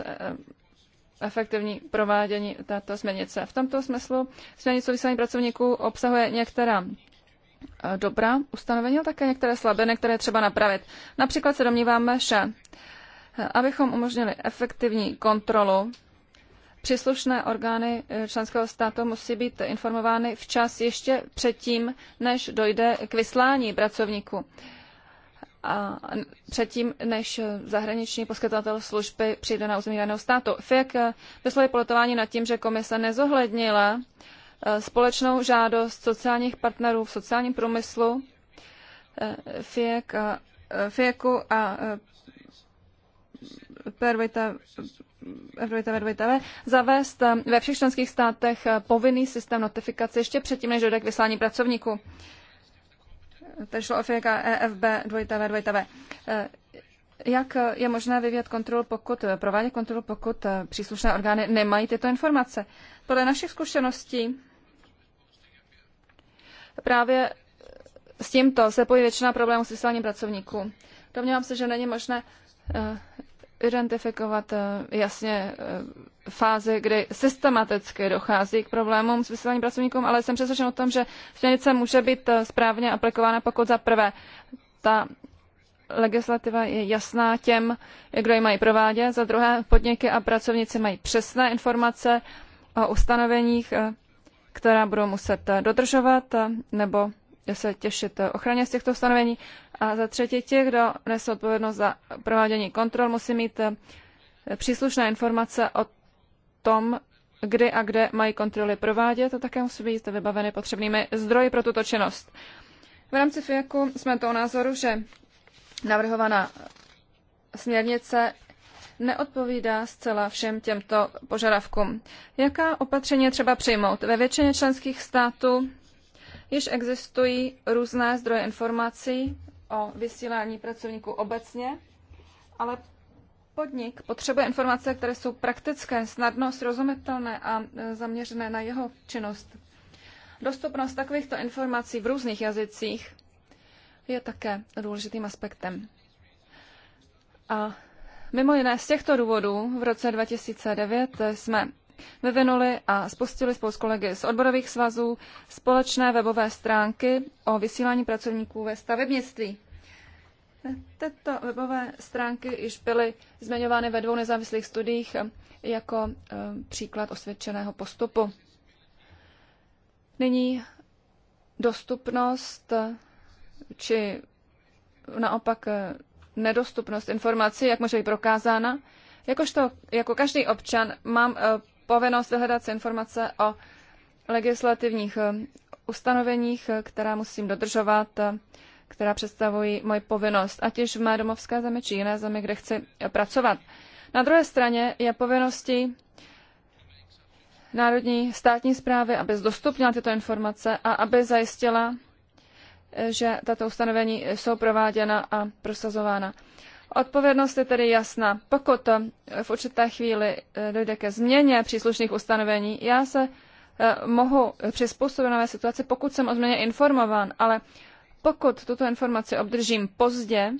efektivní provádění této směrnice. V tomto smyslu směrnice o vysílání pracovníků obsahuje některá eh, dobrá ustanovení, ale také některé slabiny, které třeba napravit. Například se domníváme, že eh, abychom umožnili efektivní kontrolu, příslušné orgány eh, členského státu musí být informovány včas ještě předtím, než dojde k vyslání pracovníků a předtím, než zahraniční poskytovatel služby přijde na území daného státu. FIAC vyslovuje politování nad tím, že komise nezohlednila eh, společnou žádost sociálních partnerů v sociálním průmyslu eh, FIAC a, eh, FIEKu a PRVTV zavést ve všech členských státech povinný systém notifikace ještě předtím, než dojde k vyslání pracovníků to šlo o fyzika EFB 2V, Jak je možné vyvíjet kontrolu, pokud eh, provádět kontrolu, pokud eh, příslušné orgány nemají tyto informace? Podle našich zkušeností právě eh, s tímto se pojí většina problémů s vysláním pracovníků. Domnívám se, že není možné identifikovat jasně fáze, kdy systematicky dochází k problémům s vysíláním pracovníkům, ale jsem přesvědčen o tom, že směrnice může být eh, správně aplikována, pokud za prvé ta legislativa je jasná těm, kdo ji mají provádět, za druhé podniky a pracovníci mají přesné informace o ustanoveních, eh, která budou muset eh, dodržovat nebo se těšit ochraně z těchto ustanovení. A za třetí ti, kdo nese odpovědnost za provádění kontrol, musí mít příslušné informace o tom, kdy a kde mají kontroly provádět a také musí být vybaveny potřebnými zdroji pro tuto činnost. V rámci FIAKu jsme toho názoru, že navrhovaná směrnice neodpovídá zcela všem těmto požadavkům. Jaká opatření třeba přijmout? Ve většině členských států již existují různé zdroje informací o vysílání pracovníků obecně, ale podnik potřebuje informace, které jsou praktické, snadno srozumitelné a e, zaměřené na jeho činnost. Dostupnost takovýchto informací v různých jazycích je také důležitým aspektem. A mimo jiné z těchto důvodů v roce 2009 jsme vyvinuli a spustili spolu s kolegy z odborových svazů společné webové stránky o vysílání pracovníků ve stavebnictví. Tyto webové stránky již byly zmiňovány ve dvou nezávislých studiích jako eh, příklad osvědčeného postupu. Nyní dostupnost eh, či naopak eh, nedostupnost informací, jak může být prokázána. Jakožto, jako každý občan mám povinnost vyhledat si informace o legislativních ustanoveních, která musím dodržovat která představují moji povinnost, ať už v mé domovské zemi či jiné zemi, kde chci pracovat. Na druhé straně je povinností národní státní zprávy, aby zdostupnila tyto informace a aby zajistila, že tato ustanovení jsou prováděna a prosazována. Odpovědnost je tedy jasná. Pokud v určité chvíli eh, dojde ke změně příslušných ustanovení, já se eh, mohu přizpůsobit nové situaci, pokud jsem o změně informován, ale pokud tuto informaci obdržím pozdě,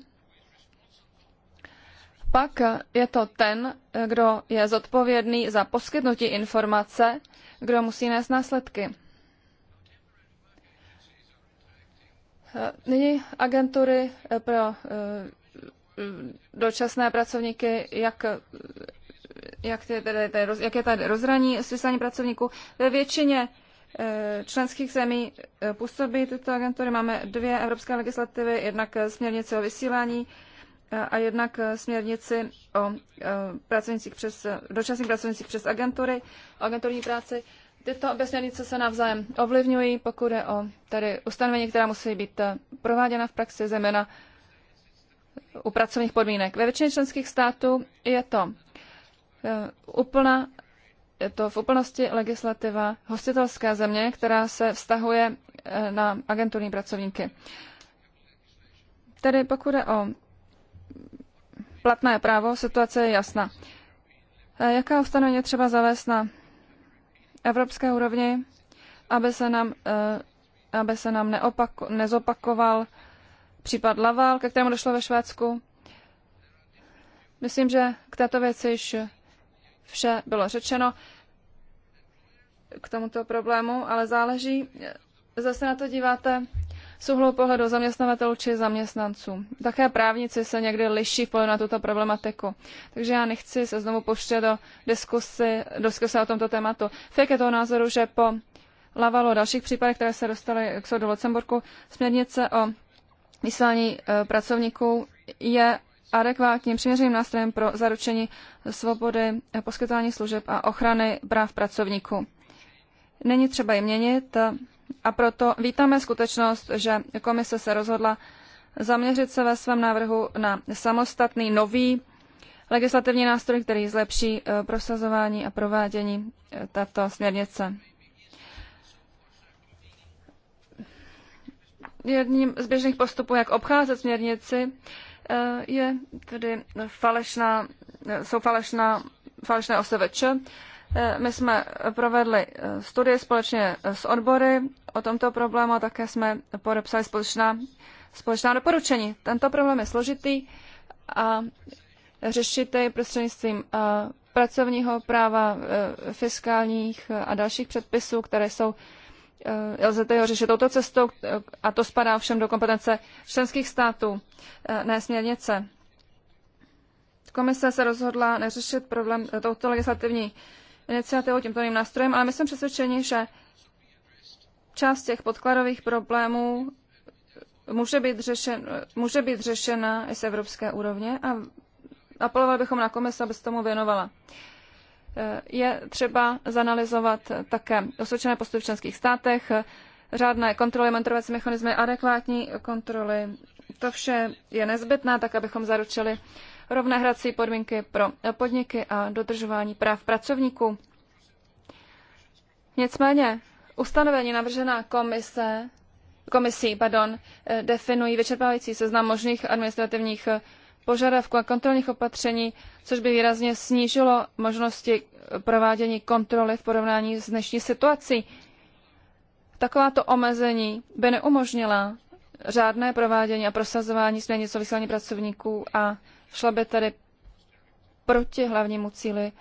pak je to ten, kdo je zodpovědný za poskytnutí informace, kdo musí nést následky. Eh, nyní agentury eh, pro eh, dočasné pracovníky, jak, jak, je tady, jak je tady rozhraní pracovníků. Ve většině Eh, členských zemí eh, působí tyto agentury. Máme dvě evropské legislativy, jednak eh, směrnici o vysílání a jednak směrnici o pracovnicích přes, dočasných pracovnicích přes agentury, agenturní práci. Tyto obě směrnice se navzájem ovlivňují, pokud je o tady ustanovení, která musí být prováděna v praxi, zejména u pracovních podmínek. Ve většině členských států je to úplná je to v úplnosti legislativa hostitelské země, která se vztahuje e, na agenturní pracovníky. Tedy pokud je o platné právo, situace je jasná. E, jaká ustanovení třeba zavést na evropské úrovni, aby se nám, e, aby se nám neopako, nezopakoval případ Laval, ke kterému došlo ve Švédsku? Myslím, že k této věci již vše bylo řečeno k tomuto problému, ale záleží, zase na to díváte z úhlu pohledu zaměstnavatelů či zaměstnanců. Také právníci se někdy liší v pohledu na tuto problematiku. Takže já nechci se znovu poštět do diskusy, diskusy o tomto tématu. Fik je toho názoru, že po Lavalo dalších případech, které se dostaly k soudu Lucemburku, směrnice o vyslání e, pracovníků je adekvátním přiměřeným nástrojem pro zaručení svobody poskytování služeb a ochrany práv pracovníků. Není třeba ji měnit a proto vítáme skutečnost, že komise se rozhodla zaměřit se ve svém návrhu na samostatný nový legislativní nástroj, který zlepší eh, prosazování a provádění eh, této směrnice. Jedním z běžných postupů, jak obcházet směrnici, je tedy falešná, jsou falešná, falešné OSVČ. My jsme provedli eh, studie společně eh, s odbory o tomto problému a také jsme podepsali společná, společná doporučení. Tento problém je složitý a řešit jej prostřednictvím eh, pracovního práva, fiskálních a dalších předpisů, které jsou Eh, lze tedy řešit touto cestou eh, a to spadá všem do kompetence členských států, eh, ne směrnice. Komise se rozhodla neřešit problém touto legislativní iniciativou, tímto novým nástrojem, ale my jsme přesvědčeni, že část těch podkladových problémů může být, řešen, může být řešena i z evropské úrovně a apelovali bychom na komise, aby se tomu věnovala. Eh, je třeba zanalizovat také osvědčené postupy v členských státech, řádné kontroly, monitorovací mechanismy, adekvátní kontroly. To vše je nezbytné, tak abychom zaručili rovné hrací podmínky pro podniky a dodržování práv pracovníků. Nicméně ustanovení navržená komise, komisí pardon, eh, definují vyčerpávající seznam možných administrativních eh, požadavků a kontrolních opatření, což by výrazně snížilo možnosti provádění kontroly v porovnání s dnešní situací. Takováto omezení by neumožnila řádné provádění a prosazování směrnic o vysílání pracovníků a šla by tedy proti hlavnímu cíli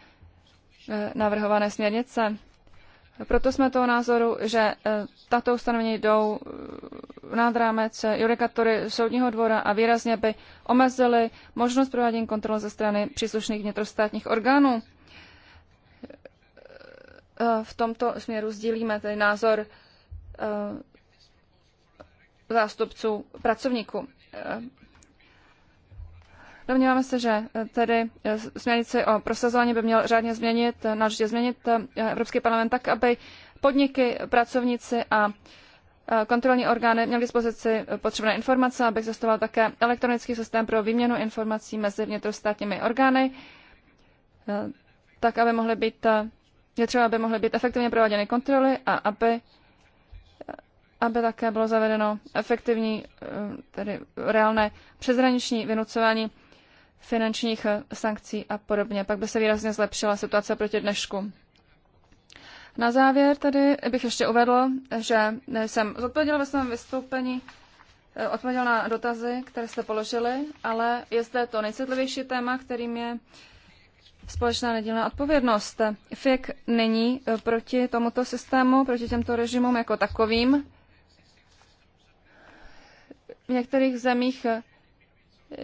eh, navrhované směrnice. Proto jsme toho názoru, že e, tato ustanovení jdou e, nad rámec judikatury soudního dvora a výrazně by omezily možnost provádění kontrol ze strany příslušných vnitrostátních orgánů. E, v tomto směru sdílíme tedy názor zástupců pracovníků. Domníváme se, že eh, tedy eh, směrnici o prosazování by měl řádně změnit, eh, náležitě změnit Evropský parlament tak, aby podniky, pracovníci a kontrolní orgány měly k dispozici potřebné informace, aby existoval také elektronický systém pro výměnu informací mezi vnitrostátními orgány, tak aby mohly být, je třeba, aby mohly být efektivně prováděny kontroly a aby aby také bylo zavedeno efektivní, tedy reálné přezraniční vynucování finančních eh, sankcí a podobně. Pak by se výrazně zlepšila situace proti dnešku. Na závěr tedy bych ještě uvedl, že jsem zodpověděl ve svém vystoupení eh, odpověděl na dotazy, které jste položili, ale je zde to nejcitlivější téma, kterým je společná nedílná odpovědnost. FIK není eh, proti tomuto systému, proti těmto režimům jako takovým. V některých zemích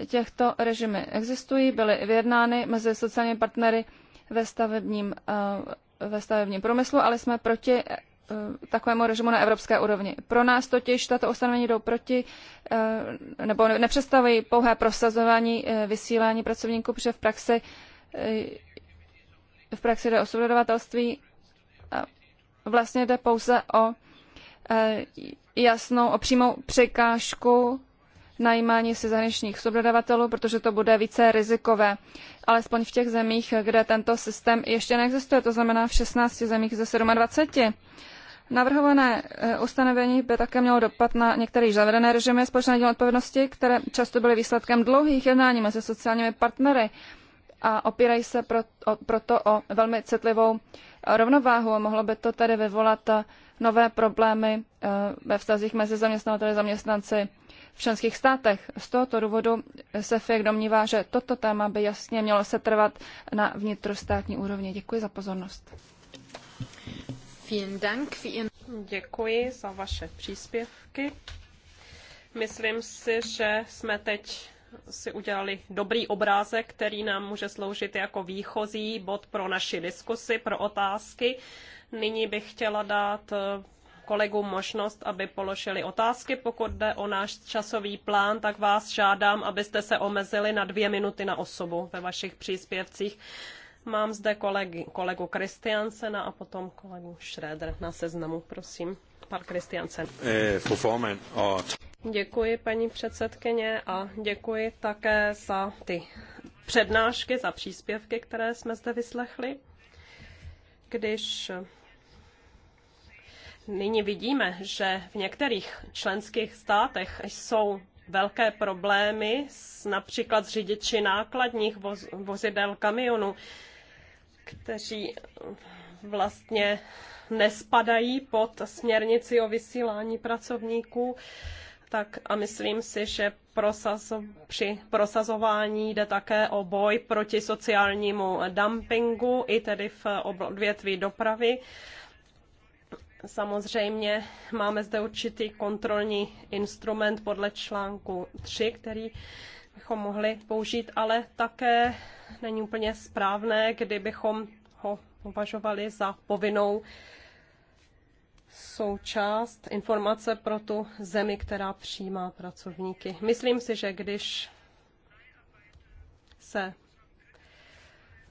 těchto režimy existují, byly vyjednány mezi sociálními partnery ve stavebním, eh, ve stavebním průmyslu, ale jsme proti eh, takovému režimu na evropské úrovni. Pro nás totiž tato ustanovení jdou proti eh, nebo nepředstavují pouhé prosazování vysílání pracovníků, protože v praxi v praxi jde o subdodavatelství. Vlastně jde pouze o jasnou, o přímou překážku najímání si zahraničních subdodavatelů, protože to bude více rizikové, alespoň v těch zemích, kde tento systém ještě neexistuje, to znamená v 16 zemích ze 27. Navrhované eh, ustanovení by také mělo dopad na některé zavedené režimy společné dílné odpovědnosti, které často byly výsledkem dlouhých jednání mezi sociálními partnery a opírají se pro, proto o velmi citlivou rovnováhu a mohlo by to tedy vyvolat nové problémy eh, ve vztazích mezi zaměstnavateli, zaměstnanci, členských státech. Z tohoto důvodu se FIEK domnívá, že toto téma by jasně mělo se trvat na vnitrostátní úrovni. Děkuji za pozornost. Děkuji za vaše příspěvky. Myslím si, že jsme teď si udělali dobrý obrázek, který nám může sloužit jako výchozí bod pro naši diskusi, pro otázky. Nyní bych chtěla dát eh, kolegům možnost, aby položili otázky. Pokud jde o náš časový plán, tak vás žádám, abyste se omezili na dvě minuty na osobu ve vašich příspěvcích. Mám zde kolegy, kolegu Kristiansena a potom kolegu Schröder na seznamu, prosím. Pan Kristiansen. Eh, děkuji, paní předsedkyně, a děkuji také za ty přednášky, za příspěvky, které jsme zde vyslechli. Když nyní vidíme, že v některých členských státech jsou velké problémy s, například s řidiči nákladních voz, vozidel kamionů, kteří vlastně nespadají pod směrnici o vysílání pracovníků. Tak a myslím si, že prosazo, při prosazování jde také o boj proti sociálnímu dumpingu, i tedy v odvětví dopravy Samozřejmě máme zde určitý kontrolní instrument podle článku 3, který bychom mohli použít, ale také není úplně správné, kdybychom ho považovali za povinnou součást informace pro tu zemi, která přijímá pracovníky. Myslím si, že když se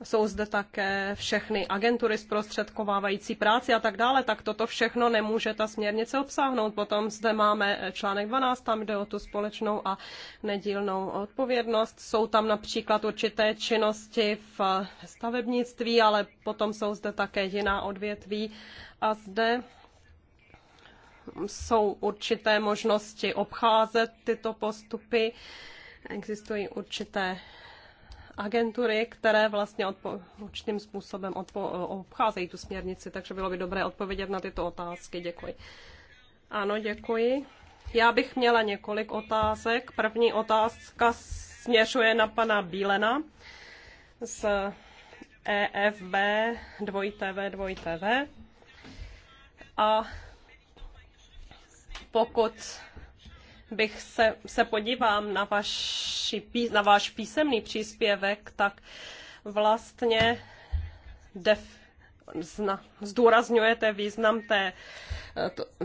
jsou zde také všechny agentury zprostředkovávající práci a tak dále, tak toto všechno nemůže ta směrnice obsáhnout. Potom zde máme článek 12, tam jde o tu společnou a nedílnou odpovědnost. Jsou tam například určité činnosti v stavebnictví, ale potom jsou zde také jiná odvětví a zde jsou určité možnosti obcházet tyto postupy existují určité agentury, které vlastně odpo- určitým způsobem odpo- obcházejí tu směrnici, takže bylo by dobré odpovědět na tyto otázky. Děkuji. Ano, děkuji. Já bych měla několik otázek. První otázka směřuje na pana Bílena z EFB 2TV 2TV. A pokud bych se, se podívám na, vaši, na váš písemný příspěvek, tak vlastně def, zna, zdůrazňujete význam té,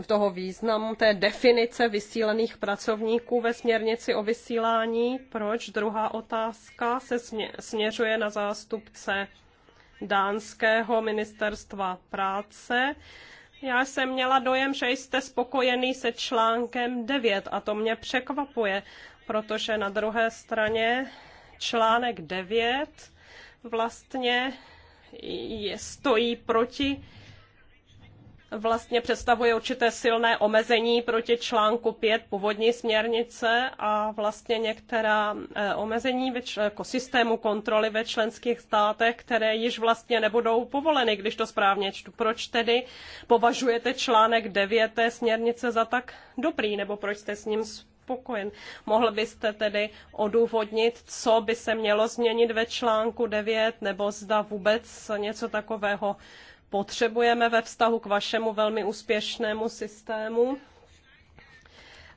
toho významu, té definice vysílených pracovníků ve směrnici o vysílání. Proč? Druhá otázka se směřuje na zástupce dánského ministerstva práce já jsem měla dojem, že jste spokojený se článkem 9 a to mě překvapuje, protože na druhé straně článek 9 vlastně je, stojí proti vlastně představuje určité silné omezení proti článku 5 původní směrnice a vlastně některá eh, omezení ve čl- jako systému kontroly ve členských státech, které již vlastně nebudou povoleny, když to správně čtu. Proč tedy považujete článek 9 té směrnice za tak dobrý, nebo proč jste s ním spokojen. Mohl byste tedy odůvodnit, co by se mělo změnit ve článku 9, nebo zda vůbec něco takového potřebujeme ve vztahu k vašemu velmi úspěšnému systému.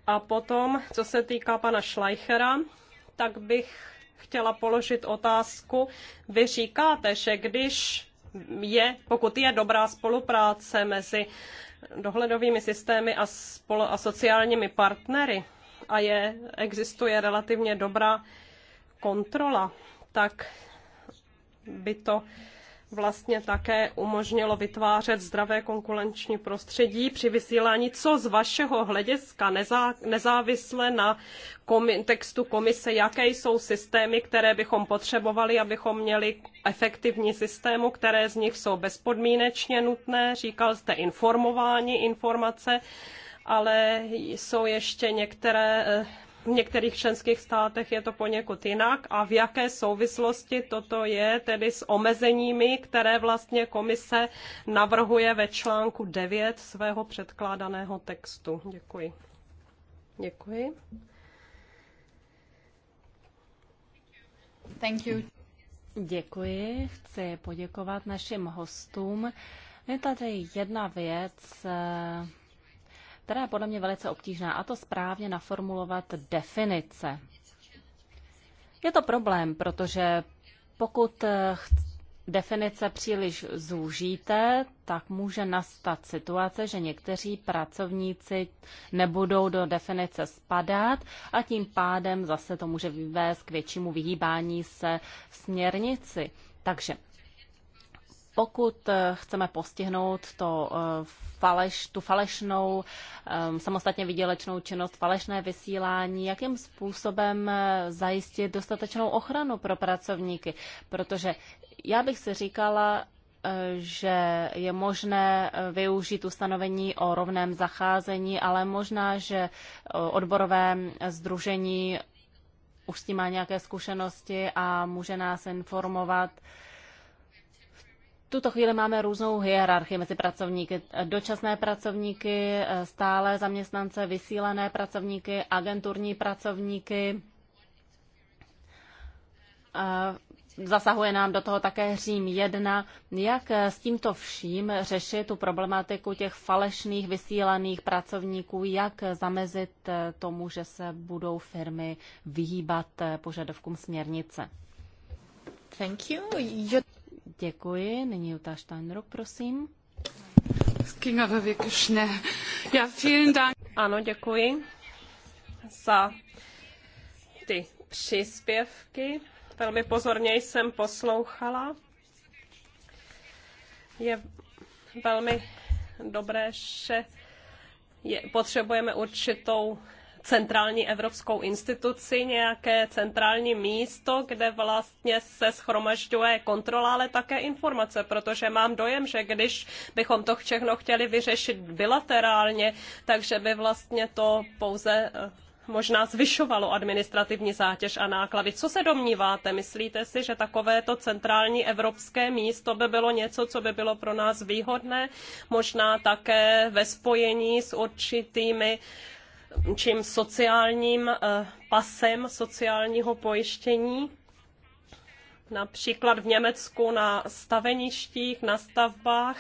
A potom, co se týká pana Schleichera, tak bych chtěla položit otázku. Vy říkáte, že když je, pokud je dobrá spolupráce mezi dohledovými systémy a, spolo- a sociálními partnery a je, existuje relativně dobrá kontrola, tak by to vlastně také umožnilo vytvářet zdravé konkurenční prostředí při vysílání, co z vašeho hlediska nezá, nezávisle na komi, textu komise, jaké jsou systémy, které bychom potřebovali, abychom měli efektivní systému, které z nich jsou bezpodmínečně nutné, říkal jste informování, informace, ale jsou ještě některé eh, v některých členských státech je to poněkud jinak a v jaké souvislosti toto je tedy s omezeními, které vlastně komise navrhuje ve článku 9 svého předkládaného textu. Děkuji. Děkuji. Thank you. Děkuji. Chci poděkovat našim hostům. Je tady jedna věc, která je podle mě velice obtížná, a to správně naformulovat definice. Je to problém, protože pokud eh, definice příliš zúžíte, tak může nastat situace, že někteří pracovníci nebudou do definice spadat a tím pádem zase to může vyvést k většímu vyhýbání se směrnici. Takže pokud eh, chceme postihnout to eh, faleš, tu falešnou, eh, samostatně vydělečnou činnost, falešné vysílání, jakým způsobem zajistit dostatečnou ochranu pro pracovníky. Protože já bych si říkala, že je možné využít ustanovení o rovném zacházení, ale možná, že odborové združení už s tím má nějaké zkušenosti a může nás informovat, tuto chvíli máme různou hierarchii mezi pracovníky. Dočasné pracovníky, stále zaměstnance, vysílené pracovníky, agenturní pracovníky. Zasahuje nám do toho také Řím 1. Jak s tímto vším řešit tu problematiku těch falešných vysílaných pracovníků? Jak zamezit tomu, že se budou firmy vyhýbat požadavkům směrnice? Thank you. Děkuji. Nyní Jutta Steinrock, prosím. Ano, děkuji za ty příspěvky. Velmi pozorně jsem poslouchala. Je velmi dobré, že je, potřebujeme určitou centrální evropskou instituci, nějaké centrální místo, kde vlastně se schromažďuje kontrola, ale také informace, protože mám dojem, že když bychom to všechno chtěli vyřešit bilaterálně, takže by vlastně to pouze eh, možná zvyšovalo administrativní zátěž a náklady. Co se domníváte? Myslíte si, že takovéto centrální evropské místo by bylo něco, co by bylo pro nás výhodné? Možná také ve spojení s určitými uh, čím sociálním eh, pasem sociálního pojištění. Například v Německu na staveništích, na stavbách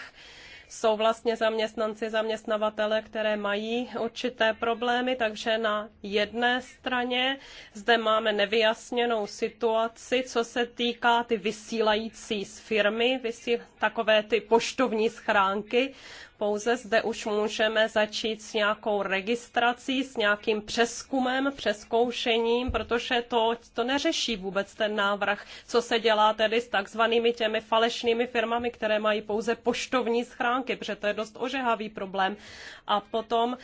jsou vlastně zaměstnanci, zaměstnavatele, které mají určité problémy, takže na jedné straně zde máme nevyjasněnou situaci, co se týká ty vysílající z firmy, vysí, takové ty poštovní schránky pouze zde už můžeme začít s nějakou registrací, s nějakým přeskumem, přeskoušením, protože to, to neřeší vůbec ten návrh, co se dělá tedy s takzvanými těmi falešnými firmami, které mají pouze poštovní schránky, protože to je dost ožehavý problém. A potom,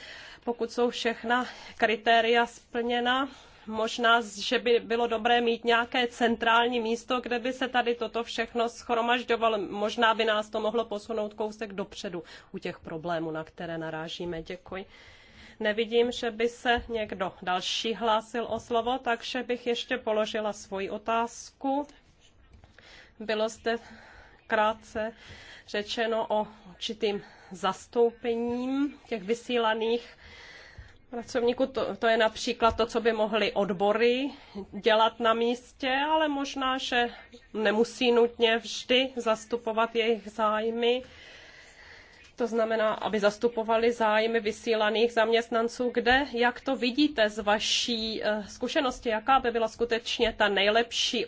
pokud jsou všechna kritéria splněna, možná, že by bylo dobré mít nějaké centrální místo, kde by se tady toto všechno schromažďovalo. Možná by nás to mohlo posunout kousek dopředu u těch problémů, na které narážíme. Děkuji. Nevidím, že by se někdo další hlásil o slovo, takže bych ještě položila svoji otázku. Bylo zde krátce řečeno o určitým zastoupením těch vysílaných pracovníků. To, to je například to, co by mohly odbory dělat na místě, ale možná, že nemusí nutně vždy zastupovat jejich zájmy to znamená, aby zastupovali zájmy vysílaných zaměstnanců. Kde, jak to vidíte z vaší eh, zkušenosti, jaká by byla skutečně ta nejlepší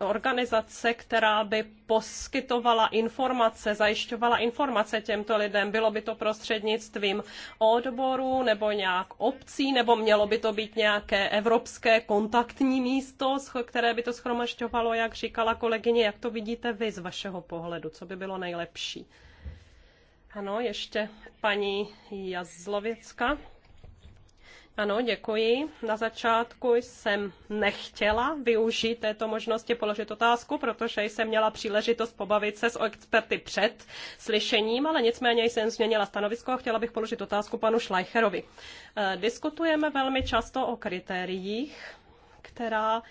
organizace, která by poskytovala informace, zajišťovala informace těmto lidem? Bylo by to prostřednictvím odboru nebo nějak obcí, nebo mělo by to být nějaké evropské kontaktní místo, které by to schromažďovalo, jak říkala kolegyně, jak to vidíte vy z vašeho pohledu, co by bylo nejlepší? Ano, ještě paní Jazlověcka. Ano, děkuji. Na začátku jsem nechtěla využít této možnosti položit otázku, protože jsem měla příležitost pobavit se s experty před slyšením, ale nicméně jsem změnila stanovisko a chtěla bych položit otázku panu Schleicherovi. Eh, diskutujeme velmi často o kritériích, která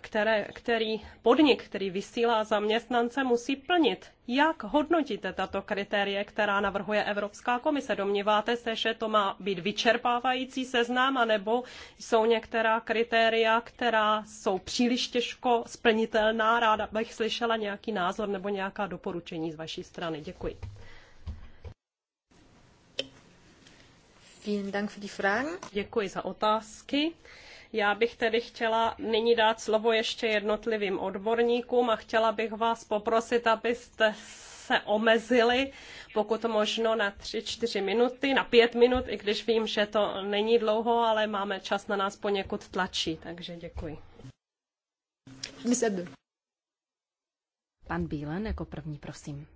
které, který podnik, který vysílá zaměstnance, musí plnit. Jak hodnotíte tato kritérie, která navrhuje Evropská komise? Domníváte se, že to má být vyčerpávající seznam, anebo jsou některá kritéria, která jsou příliš těžko splnitelná? Ráda bych slyšela nějaký názor nebo nějaká doporučení z vaší strany. Děkuji. Vielen Dank für die Fragen. Děkuji za otázky. Já bych tedy chtěla nyní dát slovo ještě jednotlivým odborníkům a chtěla bych vás poprosit, abyste se omezili, pokud možno na 3-4 minuty, na 5 minut, i když vím, že to není dlouho, ale máme čas na nás poněkud tlačí, takže děkuji. Pan Bílen jako první, prosím.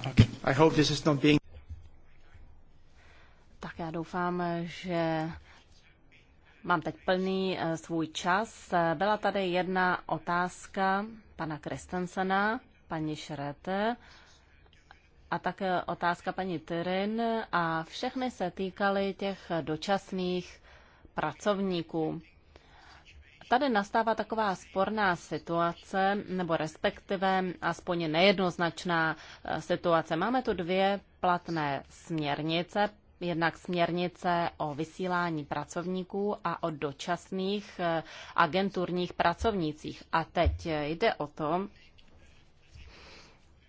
Okay. I hope this is not being... Tak já doufám, že Mám teď plný eh, svůj čas. Byla tady jedna otázka pana Kristensena, paní Šrete a také otázka paní Tyrin a všechny se týkaly těch dočasných pracovníků. Tady nastává taková sporná situace, nebo respektive aspoň nejednoznačná eh, situace. Máme tu dvě platné směrnice jednak směrnice o vysílání pracovníků a o dočasných eh, agenturních pracovnících. A teď eh, jde o to,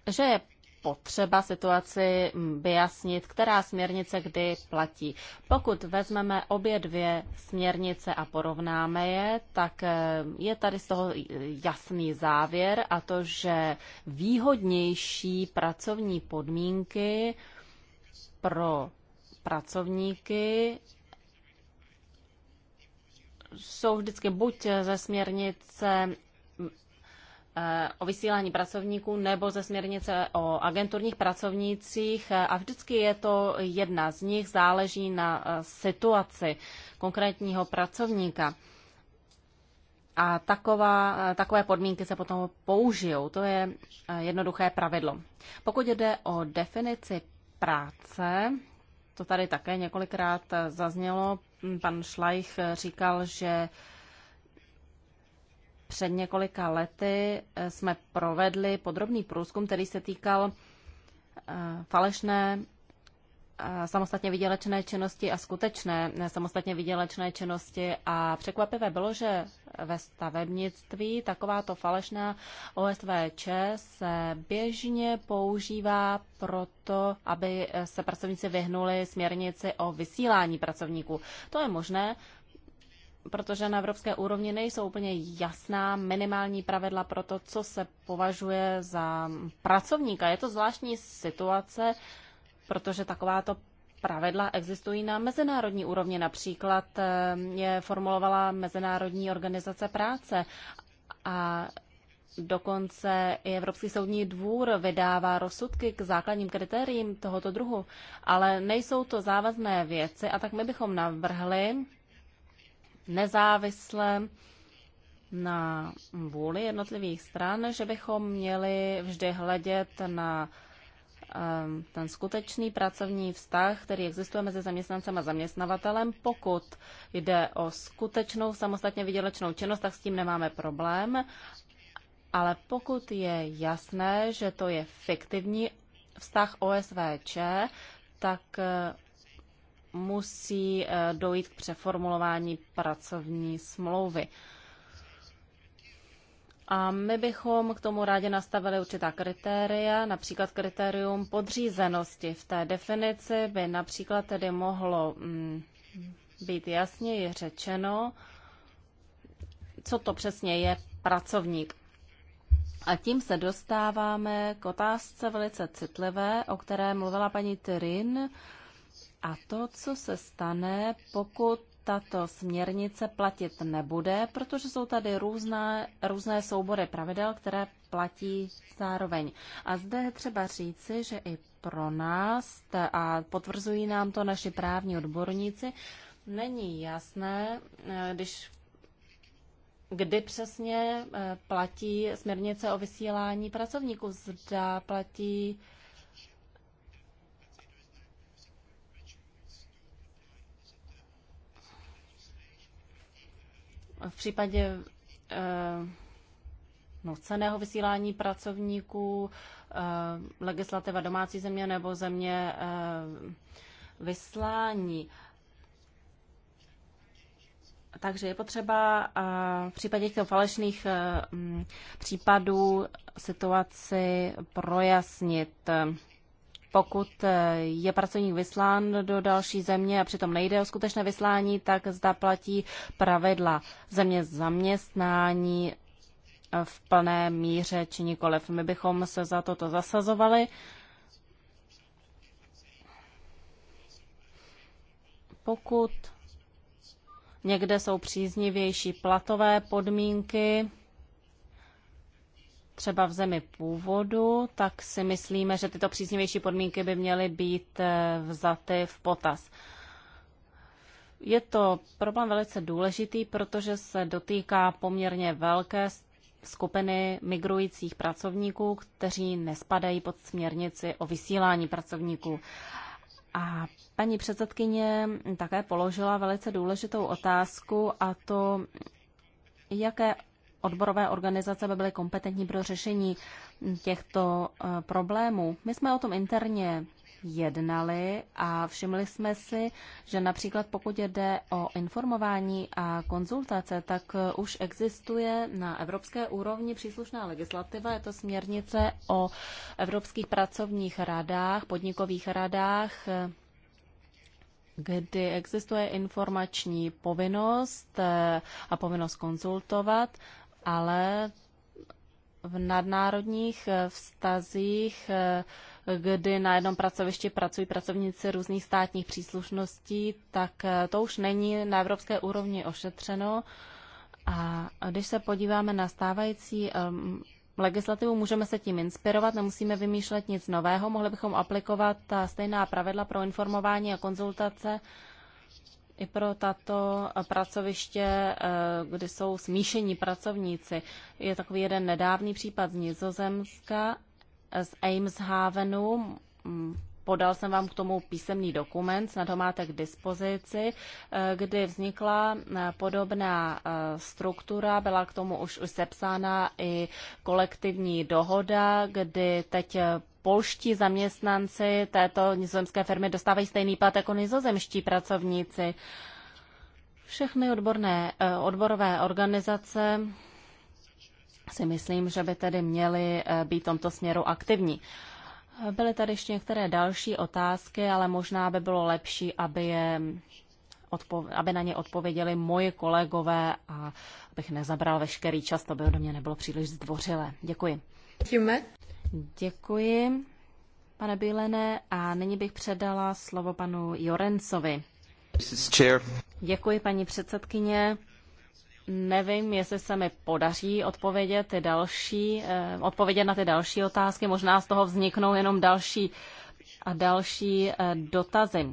že je potřeba situaci mm, vyjasnit, která směrnice kdy platí. Pokud vezmeme obě dvě směrnice a porovnáme je, tak eh, je tady z toho jasný závěr a to, že výhodnější pracovní podmínky pro pracovníky jsou vždycky buď ze směrnice eh, o vysílání pracovníků nebo ze směrnice o agenturních pracovnících eh, a vždycky je to jedna z nich, záleží na eh, situaci konkrétního pracovníka. A taková, takové podmínky se potom použijou. To je jednoduché pravidlo. Pokud jde o definici práce, to tady také několikrát zaznělo. Pan Šlajch říkal, že před několika lety jsme provedli podrobný průzkum, který se týkal eh, falešné eh, samostatně vydělečné činnosti a skutečné eh, samostatně vydělečné činnosti a překvapivé bylo, že ve stavebnictví. Takováto falešná OSVČ se běžně používá proto, aby se pracovníci vyhnuli směrnici o vysílání pracovníků. To je možné, protože na evropské úrovni nejsou úplně jasná minimální pravidla pro to, co se považuje za pracovníka. Je to zvláštní situace, protože takováto pravidla existují na mezinárodní úrovni. Například eh, je formulovala Mezinárodní organizace práce a Dokonce i Evropský soudní dvůr vydává rozsudky k základním kritériím tohoto druhu, ale nejsou to závazné věci a tak my bychom navrhli nezávisle na vůli jednotlivých stran, že bychom měli vždy hledět na Um, ten skutečný pracovní vztah, který existuje mezi zaměstnancem a zaměstnavatelem. Pokud jde o skutečnou samostatně vydělečnou činnost, tak s tím nemáme problém. Ale pokud je jasné, že to je fiktivní vztah OSVČ, tak uh, musí uh, dojít k přeformulování pracovní smlouvy. A my bychom k tomu rádi nastavili určitá kritéria, například kritérium podřízenosti. V té definici by například tedy mohlo mm, být jasněji řečeno, co to přesně je pracovník. A tím se dostáváme k otázce velice citlivé, o které mluvila paní Tyrin, a to, co se stane, pokud tato směrnice platit nebude, protože jsou tady různé, různé soubory pravidel, které platí zároveň. A zde je třeba říci, že i pro nás, a potvrzují nám to naši právní odborníci, není jasné, eh, když kdy přesně eh, platí směrnice o vysílání pracovníků. Zda platí V případě eh, nuceného no, vysílání pracovníků, eh, legislativa domácí země nebo země eh, vyslání. Takže je potřeba v případě těch falešných případů situaci projasnit pokud eh, je pracovník vyslán do další země a přitom nejde o skutečné vyslání, tak zda platí pravidla země zaměstnání eh, v plné míře či nikoliv. My bychom se za toto zasazovali. Pokud někde jsou příznivější platové podmínky, třeba v zemi původu, tak si myslíme, že tyto příznivější podmínky by měly být eh, vzaty v potaz. Je to problém velice důležitý, protože se dotýká poměrně velké skupiny migrujících pracovníků, kteří nespadají pod směrnici o vysílání pracovníků. A paní předsedkyně také položila velice důležitou otázku a to, jaké odborové organizace by byly kompetentní pro řešení těchto eh, problémů. My jsme o tom interně jednali a všimli jsme si, že například pokud jde o informování a konzultace, tak eh, už existuje na evropské úrovni příslušná legislativa, je to směrnice o evropských pracovních radách, podnikových radách, eh, kdy existuje informační povinnost a povinnost konzultovat ale v nadnárodních eh, vztazích, eh, kdy na jednom pracovišti pracují pracovníci různých státních příslušností, tak eh, to už není na evropské úrovni ošetřeno. A když se podíváme na stávající ehm, legislativu, můžeme se tím inspirovat, nemusíme vymýšlet nic nového, mohli bychom aplikovat ta stejná pravidla pro informování a konzultace i pro tato pracoviště, eh, kde jsou smíšení pracovníci. Je takový jeden nedávný případ z Nizozemska, eh, z Eimshavenu, Podal jsem vám k tomu písemný dokument, snad ho máte k dispozici, eh, kdy vznikla eh, podobná eh, struktura, byla k tomu už, už sepsána i kolektivní dohoda, kdy teď polští zaměstnanci této nizozemské firmy dostávají stejný plat jako nizozemští pracovníci. Všechny odborné, odborové organizace si myslím, že by tedy měly být v tomto směru aktivní. Byly tady ještě některé další otázky, ale možná by bylo lepší, aby, je aby na ně odpověděli moje kolegové a abych nezabral veškerý čas, to by do mě nebylo příliš zdvořilé. Děkuji. Děkujeme. Děkuji, pane Bílené, a nyní bych předala slovo panu Jorencovi. Děkuji, paní předsedkyně. Nevím, jestli se mi podaří odpovědět, ty další, eh, odpovědět na ty další otázky. Možná z toho vzniknou jenom další a další eh, dotazy.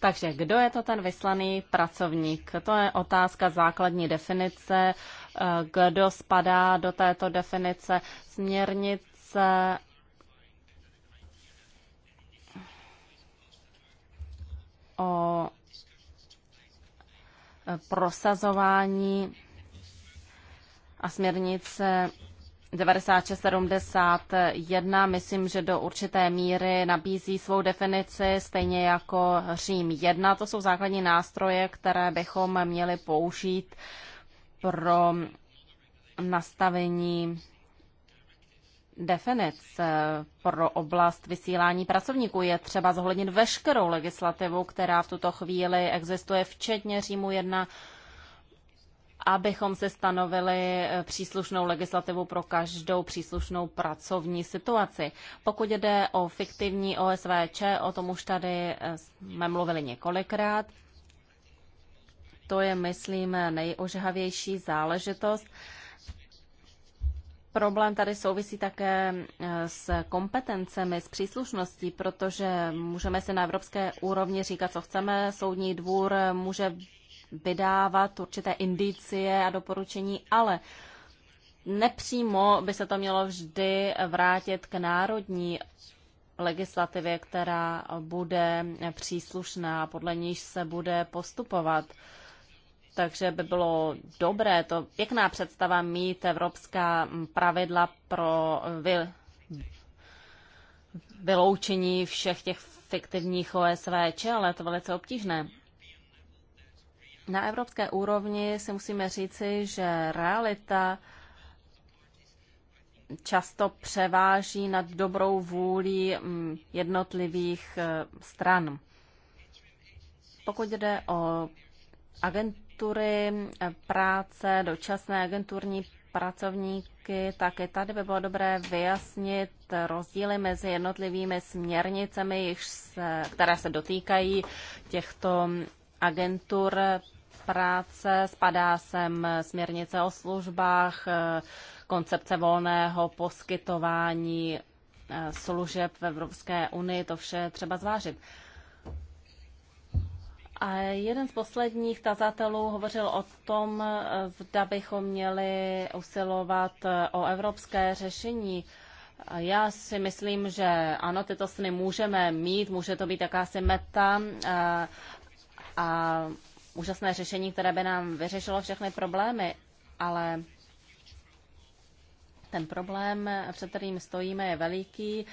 Takže kdo je to ten vyslaný pracovník? To je otázka základní definice. Eh, kdo spadá do této definice? Směrnice o prosazování a směrnice 9671, myslím, že do určité míry nabízí svou definici, stejně jako Řím 1. To jsou základní nástroje, které bychom měli použít pro nastavení definic eh, pro oblast vysílání pracovníků. Je třeba zohlednit veškerou legislativu, která v tuto chvíli existuje, včetně Římu 1, abychom se stanovili eh, příslušnou legislativu pro každou příslušnou pracovní situaci. Pokud jde o fiktivní OSVČ, o tom už tady eh, jsme mluvili několikrát. To je, myslím, nejožhavější záležitost problém tady souvisí také e, s kompetencemi, s příslušností, protože můžeme se na evropské úrovni říkat, co chceme. Soudní dvůr může vydávat určité indicie a doporučení, ale nepřímo by se to mělo vždy vrátit k národní legislativě, která bude příslušná, podle níž se bude postupovat takže by bylo dobré, to pěkná představa mít evropská pravidla pro vy, vyloučení všech těch fiktivních OSVČ, ale je to velice obtížné. Na evropské úrovni si musíme říci, že realita často převáží nad dobrou vůli mm, jednotlivých eh, stran. Pokud jde o agent, agentury práce, dočasné agenturní pracovníky, tak i tady by bylo dobré vyjasnit rozdíly mezi jednotlivými směrnicemi, se, které se dotýkají těchto agentur práce. Spadá sem směrnice o službách, koncepce volného poskytování eh, služeb v Evropské unii. To vše třeba zvážit. A jeden z posledních tazatelů hovořil o tom, zda bychom měli usilovat o evropské řešení. Já si myslím, že ano, tyto sny můžeme mít, může to být jakási meta a, a úžasné řešení, které by nám vyřešilo všechny problémy, ale ten problém, před kterým stojíme, je veliký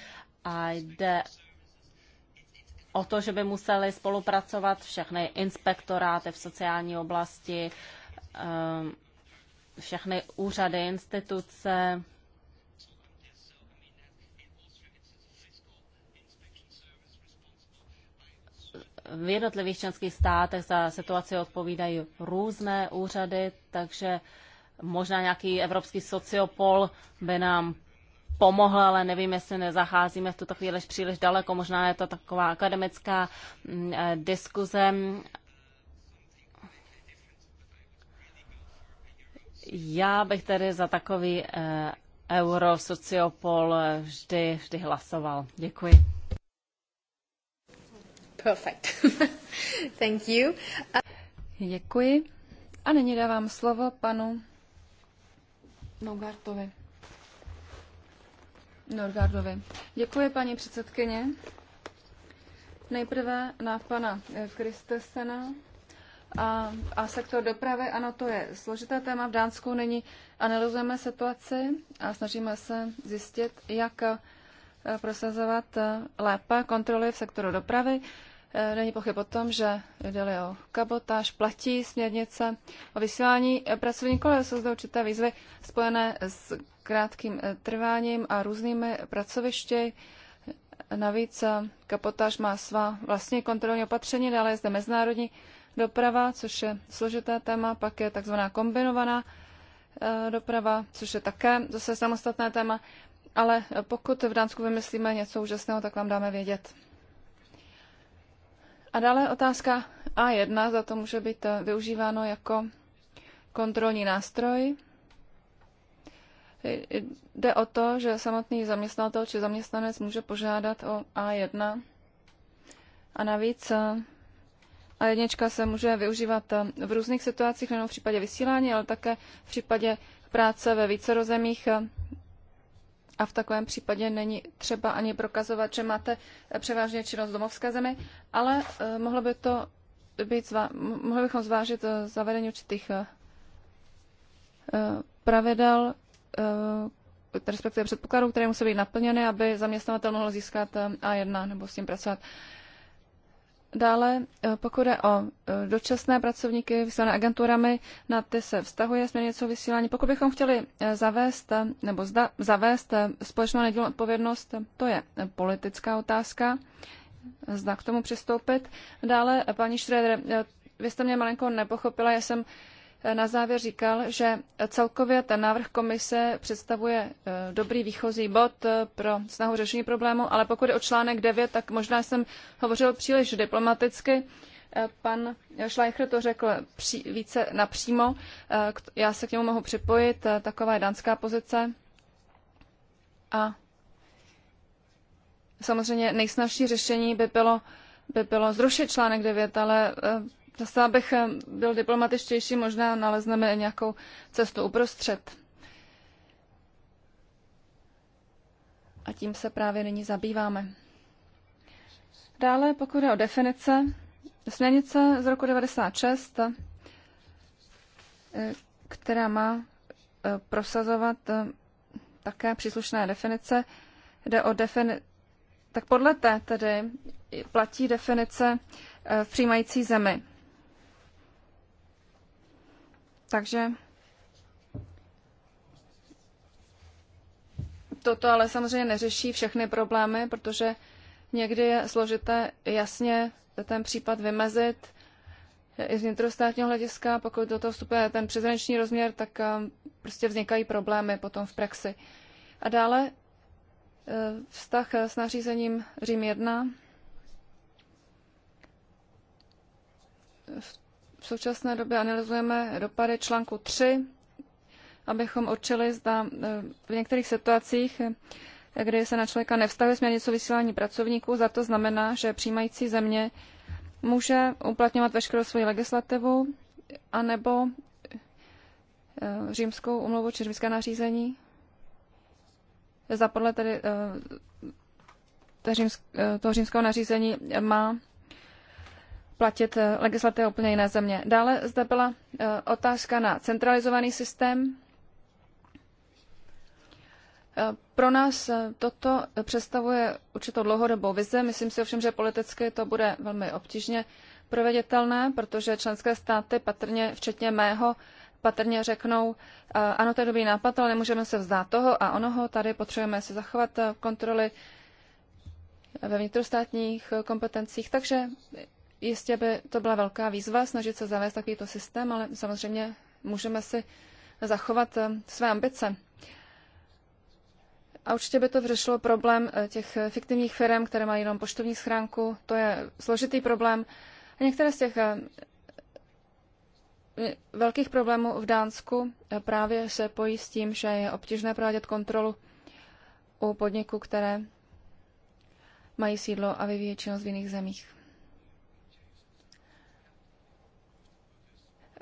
a jde o to, že by museli spolupracovat všechny inspektoráty v sociální oblasti, ehm, všechny úřady, instituce, v jednotlivých členských státech za situaci odpovídají různé úřady, takže možná nějaký evropský sociopol by nám pomohl, ale nevím, jestli nezacházíme v tuto chvíli příliš daleko. Možná je to taková akademická mm, eh, diskuze. Já bych tedy za takový eh, eurosociopol eh, vždy, vždy hlasoval. Děkuji. Perfect. [LAUGHS] Thank you. Uh, Děkuji. A nyní dávám slovo panu Nogartovi. Norgardovi. Děkuji, paní předsedkyně. Nejprve na pana eh, Kristesena a, a sektor dopravy. Ano, to je složité téma v Dánsku. Nyní analyzujeme situaci a snažíme se zjistit, jak eh, prosazovat eh, lépe kontroly v sektoru dopravy. Není pochyb o tom, že jde o kabotáž, platí směrnice o vysílání pracovníků, ale jsou zde určité výzvy spojené s krátkým eh, trváním a různými pracovišti. Navíc eh, kapotáž má svá vlastní kontrolní opatření, dále je zde mezinárodní doprava, což je složité téma, pak je takzvaná kombinovaná eh, doprava, což je také zase samostatné téma, ale pokud v Dánsku vymyslíme něco úžasného, tak vám dáme vědět. A dále otázka A1, za to může být využíváno jako kontrolní nástroj. Jde o to, že samotný zaměstnatel či zaměstnanec může požádat o A1 a navíc eh, A1 se může využívat eh, v různých situacích, nejen v případě vysílání, ale také v případě práce ve více eh, a v takovém případě není třeba ani prokazovat, že máte převážně činnost domovské zemi, ale mohlo by to být, mohli bychom zvážit zavedení určitých pravidel Eh, respektive předpokladů, které musí být naplněny, aby zaměstnavatel mohl získat eh, A1 nebo s tím pracovat. Dále, eh, pokud je o dočasné pracovníky vysílané agenturami, na ty se vztahuje směrnice o vysílání. Pokud bychom chtěli zavést nebo zda, zavést společnou nedělnou odpovědnost, to je politická otázka, zda k tomu přistoupit. Dále, paní Šreder, vy jste mě malinko nepochopila, já jsem na závěr říkal, že celkově ten návrh komise představuje eh, dobrý výchozí bod eh, pro snahu řešení problému, ale pokud je o článek 9, tak možná jsem hovořil příliš diplomaticky. Eh, pan Schleicher to řekl pří, více napřímo. Já se k němu mohu připojit. Taková je dánská pozice. A samozřejmě nejsnažší řešení by bylo, by bylo zrušit článek 9, ale Zase, abych eh, byl diplomatičtější, možná nalezneme nějakou cestu uprostřed. A tím se právě nyní zabýváme. Dále, pokud je o definice, směrnice z roku 96, eh, která má eh, prosazovat také příslušné definice, jde o defini- tak podle té tedy platí definice v přijímající zemi. Takže toto ale samozřejmě neřeší všechny problémy, protože někdy je složité jasně ten případ vymezit i z vnitrostátního hlediska. Pokud do toho vstupuje ten přezraniční rozměr, tak eh, prostě vznikají problémy potom v praxi. A dále eh, vztah eh, s nařízením Řím 1. V v současné době analyzujeme dopady článku 3, abychom určili, zda e, v některých situacích, e, kdy se na člověka nevztahuje směrnice vysílání pracovníků, za to znamená, že přijímající země může uplatňovat veškerou svoji legislativu anebo e, římskou umluvu či římské nařízení. Za podle tedy toho římského nařízení má platit eh, legislativa úplně jiné země. Dále zde byla eh, otázka na centralizovaný systém. Eh, pro nás toto představuje určitou dlouhodobou vizi. Myslím si ovšem, že politicky to bude velmi obtížně proveditelné, protože členské státy, patrně včetně mého, patrně řeknou, ano, to je dobrý nápad, ale nemůžeme se vzdát toho a onoho, tady potřebujeme si zachovat kontroly ve vnitrostátních kompetencích. Takže Jistě by to byla velká výzva snažit se zavést takovýto systém, ale samozřejmě můžeme si zachovat eh, své ambice. A určitě by to vyřešilo problém eh, těch fiktivních firm, které mají jenom poštovní schránku. To je složitý problém. A některé z těch eh, velkých problémů v Dánsku právě se pojí s tím, že je obtížné provádět kontrolu u podniků, které mají sídlo a vyvíjí činnost v jiných zemích.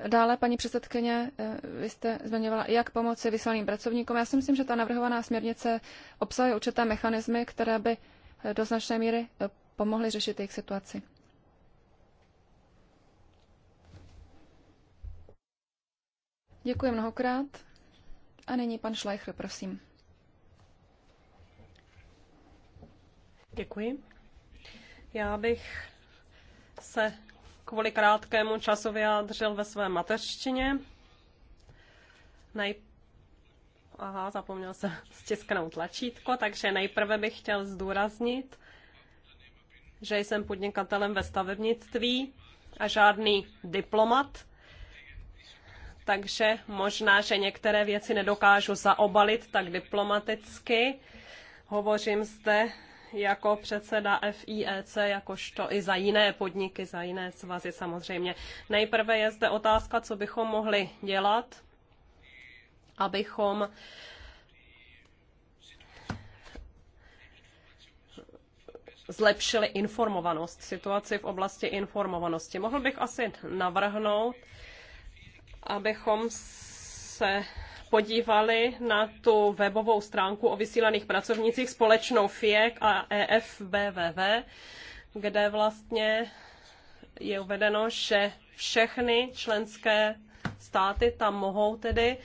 Dále, paní předsedkyně, eh, vy jste zmiňovala, jak pomoci vyslaným pracovníkům. Já si myslím, že ta navrhovaná směrnice obsahuje určité mechanismy, které by eh, do značné míry eh, pomohly řešit jejich situaci. Děkuji mnohokrát. A nyní pan Schleicher, prosím. Děkuji. Já bych se kvůli krátkému času vyjádřil ve své mateřštině. Nej... Aha, zapomněl se [LAUGHS] stisknout tlačítko, takže nejprve bych chtěl zdůraznit, že jsem podnikatelem ve stavebnictví a žádný diplomat, takže možná, že některé věci nedokážu zaobalit tak diplomaticky. Hovořím zde jako předseda FIEC, jakožto i za jiné podniky, za jiné svazy samozřejmě. Nejprve je zde otázka, co bychom mohli dělat, abychom zlepšili informovanost, situaci v oblasti informovanosti. Mohl bych asi navrhnout, abychom se podívali na tu webovou stránku o vysílaných pracovnících společnou FIEC a EFBVV, kde vlastně je uvedeno, že všechny členské státy tam mohou tedy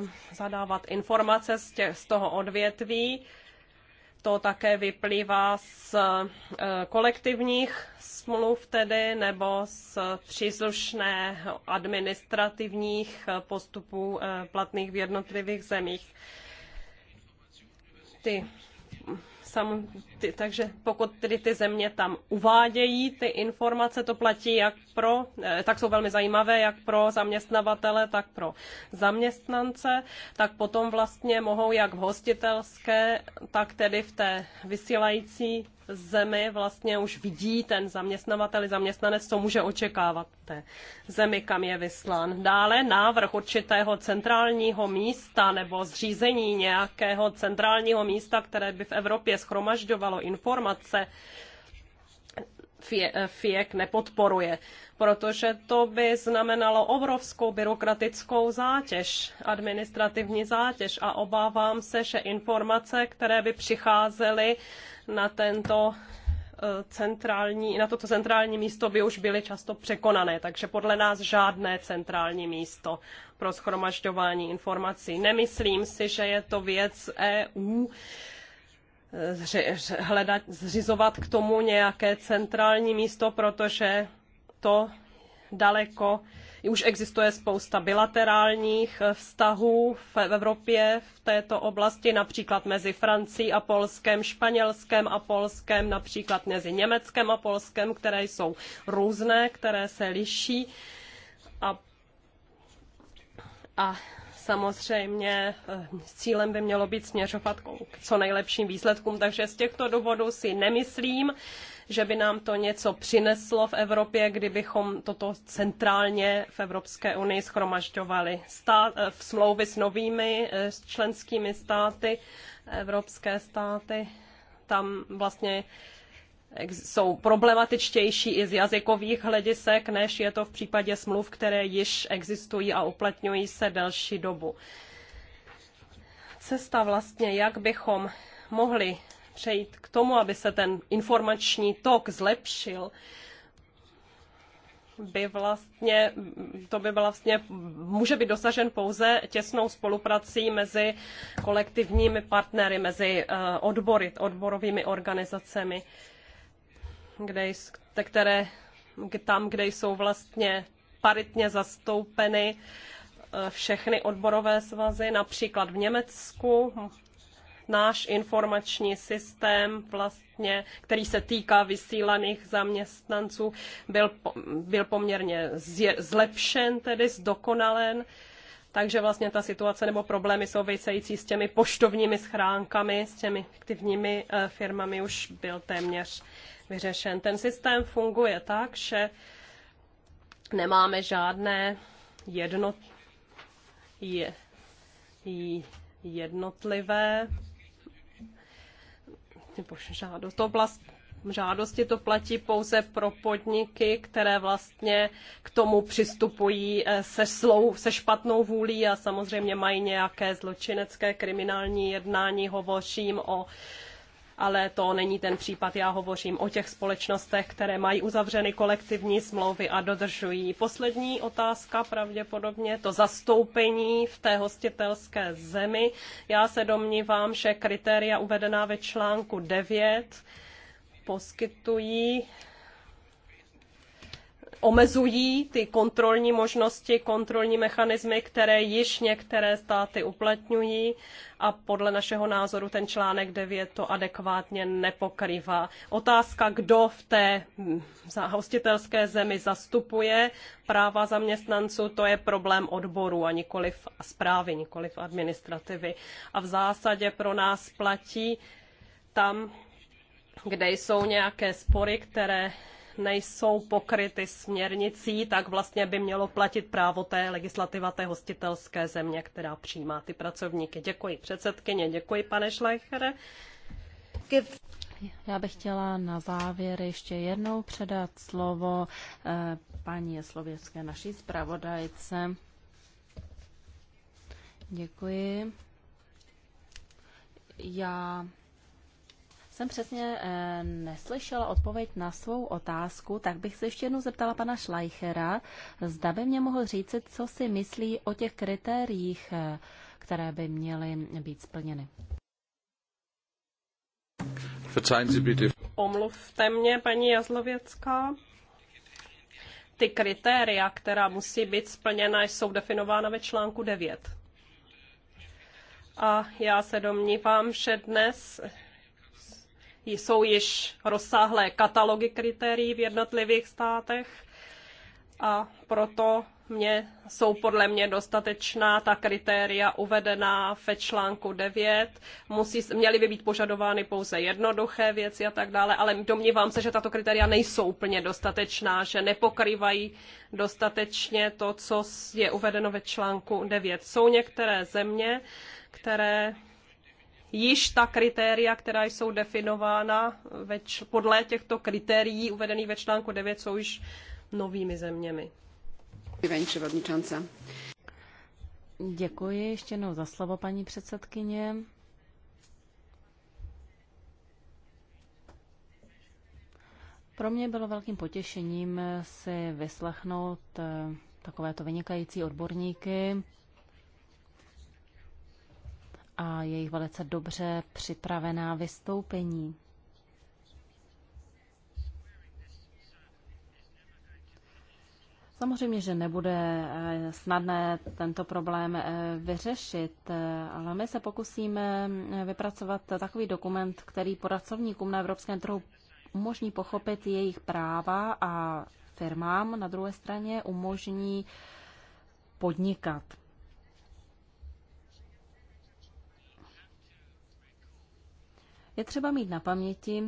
uh, zadávat informace z, tě, z toho odvětví, to také vyplývá z e, kolektivních smluv tedy nebo z příslušné administrativních postupů e, platných v jednotlivých zemích. Ty sam, ty, takže pokud tedy ty země tam uvádějí ty informace, to platí jak pro, eh, tak jsou velmi zajímavé jak pro zaměstnavatele, tak pro zaměstnance, tak potom vlastně mohou jak v hostitelské, tak tedy v té vysílající zemi vlastně už vidí ten zaměstnavatel, zaměstnanec, co může očekávat té zemi, kam je vyslán. Dále návrh určitého centrálního místa nebo zřízení nějakého centrálního místa, které by v Evropě schromažďovalo málo informace, FIEK e nepodporuje, protože to by znamenalo obrovskou byrokratickou zátěž, administrativní zátěž a obávám se, že informace, které by přicházely na tento eh, centrální, na toto centrální místo by už byly často překonané, takže podle nás žádné centrální místo pro schromažďování informací. Nemyslím si, že je to věc EU, hledat, zřizovat k tomu nějaké centrální místo, protože to daleko. Už existuje spousta bilaterálních eh, vztahů v Evropě v této oblasti, například mezi Francií a Polskem, Španělskem a Polskem, například mezi Německem a Polskem, které jsou různé, které se liší. A, a samozřejmě eh, cílem by mělo být směřovat k co nejlepším výsledkům, takže z těchto důvodů si nemyslím, že by nám to něco přineslo v Evropě, kdybychom toto centrálně v Evropské unii schromažďovali. Eh, v smlouvy s novými eh, s členskými státy, evropské státy, tam vlastně jsou problematičtější i z jazykových hledisek, než je to v případě smluv, které již existují a uplatňují se delší dobu. Cesta vlastně, jak bychom mohli přejít k tomu, aby se ten informační tok zlepšil, by vlastně, to by byla vlastně, může být dosažen pouze těsnou spoluprací mezi kolektivními partnery, mezi eh, odbory, odborovými organizacemi kde, které, tam, kde jsou vlastně paritně zastoupeny e, všechny odborové svazy, například v Německu. Náš informační systém, vlastně, který se týká vysílaných zaměstnanců, byl, byl poměrně zlepšen, tedy zdokonalen. Takže vlastně ta situace nebo problémy související s těmi poštovními schránkami, s těmi aktivními e, firmami už byl téměř vyřešen. Ten systém funguje tak, že nemáme žádné jedno, je, jednotlivé žádost. To vlast, žádosti to platí pouze pro podniky, které vlastně k tomu přistupují eh, se, slou, se špatnou vůlí a samozřejmě mají nějaké zločinecké kriminální jednání. Hovořím o ale to není ten případ. Já hovořím o těch společnostech, které mají uzavřeny kolektivní smlouvy a dodržují. Poslední otázka pravděpodobně, to zastoupení v té hostitelské zemi. Já se domnívám, že kritéria uvedená ve článku 9 poskytují omezují ty kontrolní možnosti, kontrolní mechanismy, které již některé státy uplatňují a podle našeho názoru ten článek 9 to adekvátně nepokrývá. Otázka, kdo v té hm, hostitelské zemi zastupuje práva zaměstnanců, to je problém odboru a nikoliv zprávy, nikoliv administrativy. A v zásadě pro nás platí tam, kde jsou nějaké spory, které nejsou pokryty směrnicí, tak vlastně by mělo platit právo té legislativa té hostitelské země, která přijímá ty pracovníky. Děkuji předsedkyně, děkuji pane Schleichere. Já bych chtěla na závěr ještě jednou předat slovo eh, paní Slověcké, naší zpravodajce. Děkuji. Já jsem přesně eh, neslyšela odpověď na svou otázku, tak bych se ještě jednou zeptala pana Schleichera, zda by mě mohl říct, co si myslí o těch kritériích, eh, které by měly být splněny. Omluvte mě, paní Jazlověcká. Ty kritéria, která musí být splněna, jsou definována ve článku 9. A já se domnívám, že dnes jsou již rozsáhlé katalogy kritérií v jednotlivých státech a proto mě, jsou podle mě dostatečná ta kritéria uvedená ve článku 9. Musí, měly by být požadovány pouze jednoduché věci a tak dále, ale domnívám se, že tato kritéria nejsou úplně dostatečná, že nepokrývají dostatečně to, co je uvedeno ve článku 9. Jsou některé země, které již ta kritéria, která jsou definována več, podle těchto kritérií uvedených ve článku 9, jsou již novými zeměmi. Děkuji ještě jednou za slovo, paní předsedkyně. Pro mě bylo velkým potěšením si vyslechnout eh, takovéto vynikající odborníky, a jejich velice dobře připravená vystoupení. Samozřejmě, že nebude eh, snadné tento problém eh, vyřešit, eh, ale my se pokusíme vypracovat takový dokument, který poradcovníkům na evropském trhu umožní pochopit jejich práva a firmám na druhé straně umožní podnikat. Je třeba mít na paměti,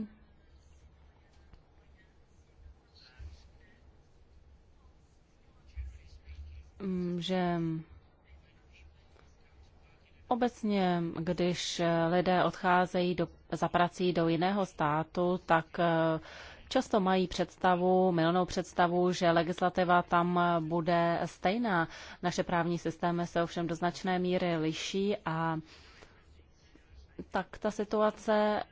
mm, že Obecně, když lidé odcházejí do, za prací do jiného státu, tak eh, často mají představu, milnou představu, že legislativa tam bude stejná. Naše právní systémy se ovšem do značné míry liší a tak ta situace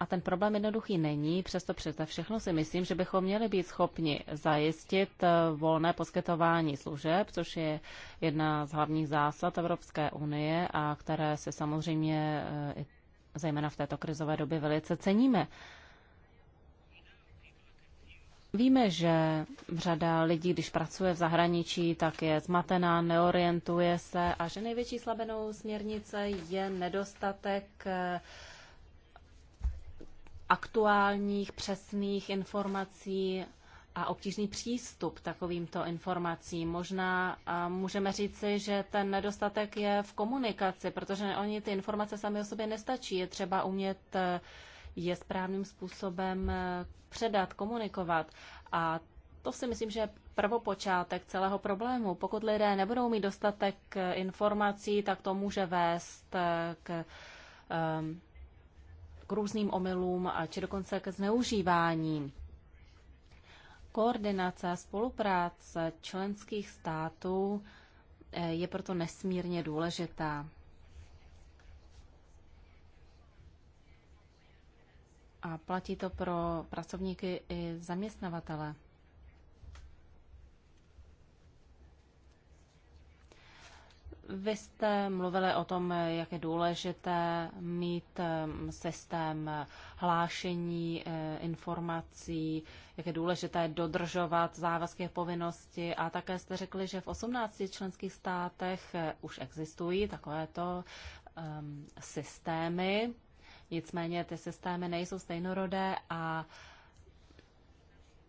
a ten problém jednoduchý není, přesto přece všechno si myslím, že bychom měli být schopni zajistit eh, volné poskytování služeb, což je jedna z hlavních zásad Evropské unie a které se samozřejmě eh, zejména v této krizové době velice ceníme. Víme, že řada lidí, když pracuje v zahraničí, tak je zmatená, neorientuje se a že největší slabenou směrnice je nedostatek eh, aktuálních, přesných informací a obtížný přístup takovýmto informacím. Možná eh, můžeme říci, že ten nedostatek je v komunikaci, protože oni ty informace sami o sobě nestačí. Je třeba umět eh, je správným způsobem eh, předat, komunikovat. A to si myslím, že je prvopočátek celého problému. Pokud lidé nebudou mít dostatek eh, informací, tak to může vést eh, k, ehm, k různým omylům či dokonce k zneužívání. Koordinace a spolupráce členských států je proto nesmírně důležitá. A platí to pro pracovníky i zaměstnavatele. Vy jste mluvili o tom, jak je důležité mít systém hlášení eh, informací, jak je důležité dodržovat závazky a povinnosti. A také jste řekli, že v 18 členských státech eh, už existují takovéto systémy Nicméně ty systémy nejsou stejnorodé a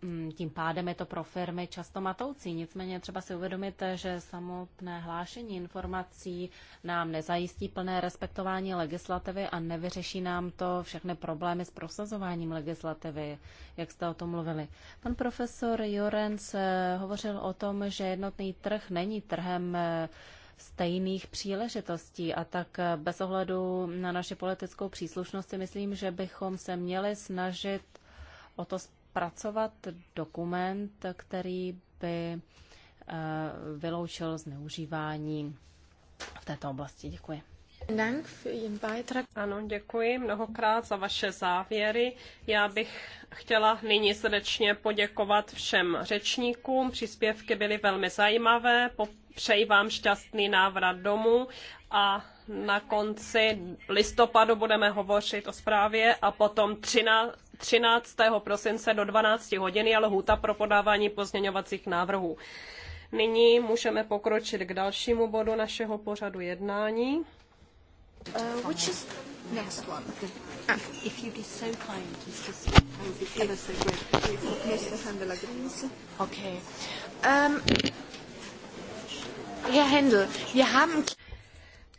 mm, tím pádem je to pro firmy často matoucí. Nicméně třeba si uvědomit, že samotné hlášení informací nám nezajistí plné respektování legislativy a nevyřeší nám to všechny problémy s prosazováním legislativy, jak jste o tom mluvili. Pan profesor Jorenc eh, hovořil o tom, že jednotný trh není trhem eh, stejných příležitostí a tak eh, bez ohledu na naši politickou příslušnost si myslím, že bychom se měli snažit o to zpracovat dokument, který by eh, vyloučil zneužívání v této oblasti. Děkuji. Ano, děkuji mnohokrát za vaše závěry. Já bych chtěla nyní srdečně poděkovat všem řečníkům. Příspěvky byly velmi zajímavé. Přeji vám šťastný návrat domů a na konci listopadu budeme hovořit o zprávě a potom 13. 13. prosince do 12 hodin je lhůta pro podávání pozměňovacích návrhů. Nyní můžeme pokročit k dalšímu bodu našeho pořadu jednání. Uh, which is next one? Ah. If you'd be so kind to see, I would be Okay. Um, Herr Händel, wir haben...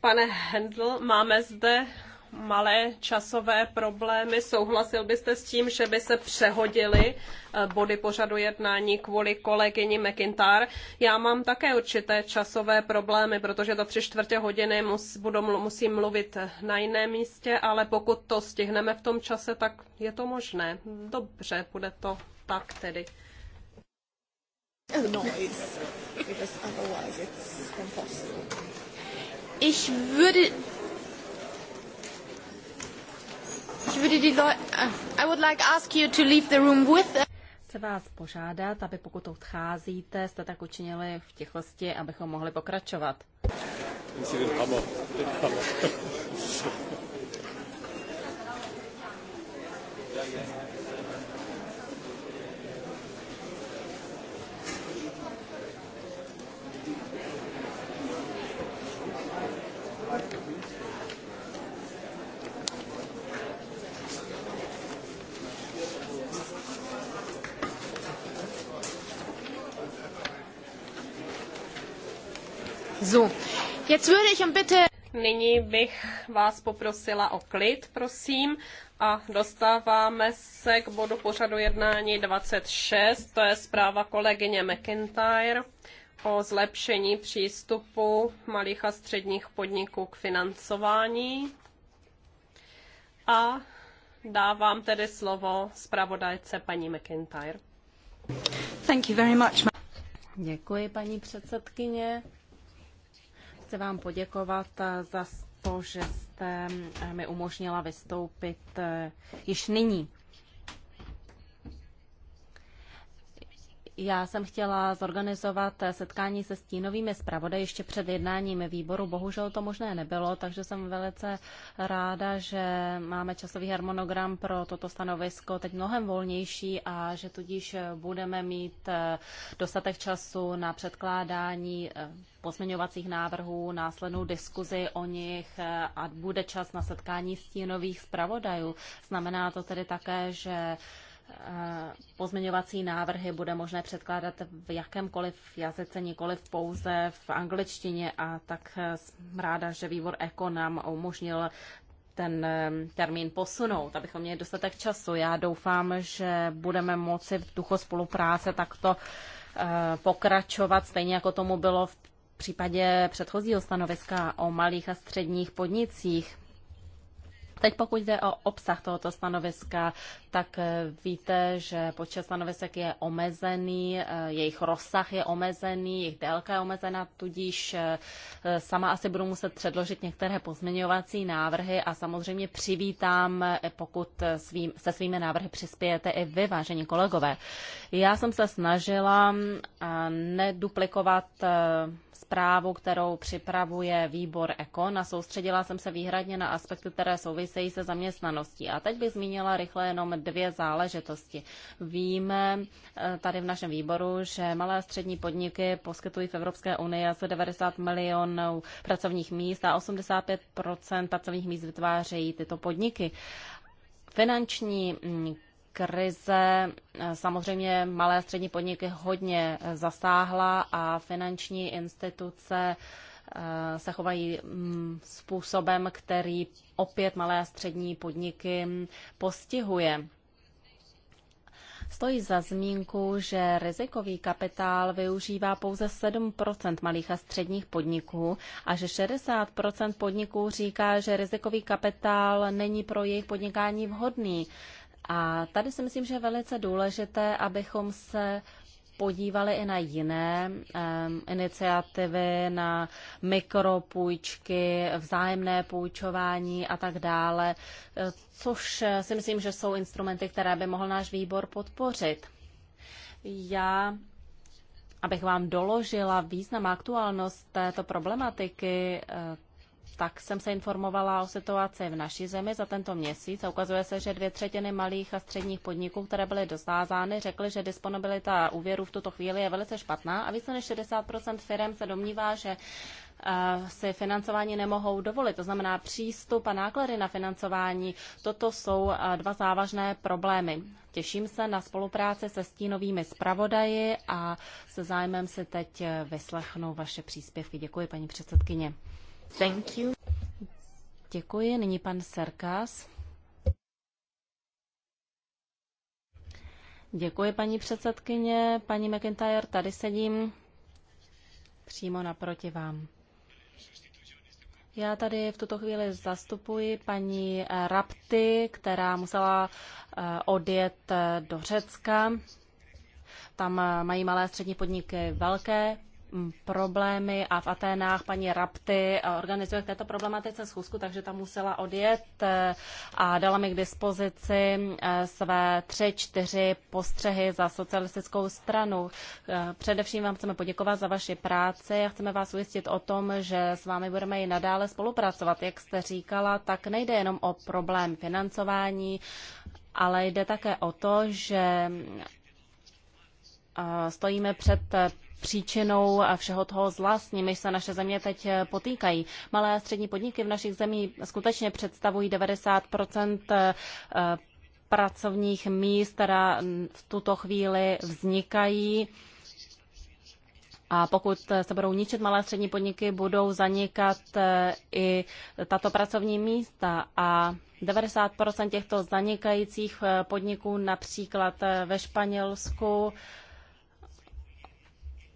Pane Händel, máme zde malé časové problémy. Souhlasil byste s tím, že by se přehodily eh, body pořadu jednání kvůli kolegyni McIntyre? Já mám také určité časové problémy, protože do tři čtvrtě hodiny mus, budu, musím mluvit na jiném místě, ale pokud to stihneme v tom čase, tak je to možné. Dobře, bude to tak tedy. Noise, because otherwise it's impossible. Ich würde Chci vás požádat, aby pokud odcházíte, jste tak učinili v tichosti, abychom mohli pokračovat. Jetzt würde ich um bitte... Nyní bych vás poprosila o klid, prosím. A dostáváme se k bodu pořadu jednání 26, to je zpráva kolegyně McIntyre o zlepšení přístupu malých a středních podniků k financování. A dávám tedy slovo zpravodajce paní McIntyre. Thank you very much. Děkuji, paní předsedkyně. Chci vám poděkovat eh, za to, že jste eh, mi umožnila vystoupit eh, již nyní. Já jsem chtěla zorganizovat setkání se stínovými zpravodaj ještě před jednáním výboru. Bohužel to možné nebylo, takže jsem velice ráda, že máme časový harmonogram pro toto stanovisko teď mnohem volnější a že tudíž budeme mít eh, dostatek času na předkládání eh, pozměňovacích návrhů, následnou diskuzi o nich eh, a bude čas na setkání stínových zpravodajů. Znamená to tedy také, že Eh, pozměňovací návrhy bude možné předkládat v jakémkoliv jazyce, nikoliv pouze v angličtině a tak eh, jsem ráda, že výbor ECO nám umožnil ten eh, termín posunout, abychom měli dostatek času. Já doufám, že budeme moci v duchu spolupráce takto pokračovat, stejně jako tomu bylo v případě předchozího stanoviska o malých a středních podnicích. Teď pokud jde o obsah tohoto stanoviska, tak eh, víte, že počet stanovisek je omezený, eh, jejich rozsah je omezený, jejich délka je omezená, tudíž eh, sama asi budu muset předložit některé pozměňovací návrhy a samozřejmě přivítám, pokud svým, se svými návrhy přispějete i vy, vážení kolegové. Já jsem se snažila neduplikovat zprávu, kterou připravuje výbor EKON a soustředila jsem se výhradně na aspekty, které souvisejí se zaměstnaností. A teď bych zmínila rychle jenom dvě záležitosti. Víme eh, tady v našem výboru, že malé a střední podniky poskytují v Evropské unii asi 90 milionů pracovních míst a 85 pracovních míst vytvářejí tyto podniky. Finanční mm, krize eh, samozřejmě malé a střední podniky hodně eh, zasáhla a finanční instituce eh, se chovají mm, způsobem, který opět malé a střední podniky mm, postihuje. Stojí za zmínku, že rizikový kapitál využívá pouze 7 malých a středních podniků a že 60 podniků říká, že rizikový kapitál není pro jejich podnikání vhodný. A tady si myslím, že je velice důležité, abychom se podívali i na jiné um, iniciativy, na mikropůjčky, vzájemné půjčování a tak dále, e, což e, si myslím, že jsou instrumenty, které by mohl náš výbor podpořit. Já, abych vám doložila význam a aktuálnost této problematiky, e, tak jsem se informovala o situaci v naší zemi za tento měsíc a ukazuje se, že dvě třetiny malých a středních podniků, které byly dosázány, řekly, že disponibilita úvěru v tuto chvíli je velice špatná a více než 60 firm se domnívá, že eh, si financování nemohou dovolit. To znamená přístup a náklady na financování. Toto jsou eh, dva závažné problémy. Těším se na spolupráci se stínovými zpravodaji a se zájmem si teď eh, vyslechnu vaše příspěvky. Děkuji, paní předsedkyně. Thank you. Děkuji. Nyní pan Serkás. Děkuji, paní předsedkyně. Paní McIntyre, tady sedím přímo naproti vám. Já tady v tuto chvíli zastupuji paní Rapty, která musela eh, odjet eh, do Řecka. Tam eh, mají malé střední podniky velké Mm, problémy a v Aténách paní Rapty eh, organizuje k této problematice schůzku, takže tam musela odjet eh, a dala mi k dispozici eh, své tři, čtyři postřehy za socialistickou stranu. Především vám chceme poděkovat za vaši práci a chceme vás ujistit o tom, že s vámi budeme i nadále spolupracovat. Jak jste říkala, tak nejde jenom o problém financování, ale jde také o to, že stojíme před příčinou všeho toho zla, s nimiž se naše země teď eh, potýkají. Malé a střední podniky v našich zemích skutečně představují 90 eh, pracovních míst, která v tuto chvíli vznikají. A pokud eh, se budou ničit malé a střední podniky, budou zanikat i tato pracovní místa. A 90 těchto zanikajících podniků, například ve Španělsku,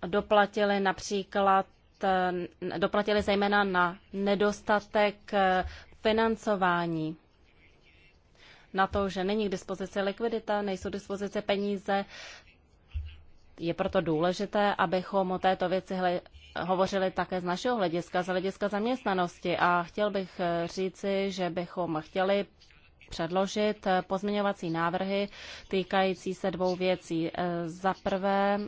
doplatili například, eh, doplatili zejména na nedostatek eh, financování na to, že není k dispozici likvidita, nejsou k dispozici peníze. Je proto důležité, abychom o této věci hovořili také z našeho hlediska, z hlediska zaměstnanosti. A chtěl bych eh, říci, že bychom chtěli předložit pozměňovací návrhy týkající se dvou věcí. Za prvé,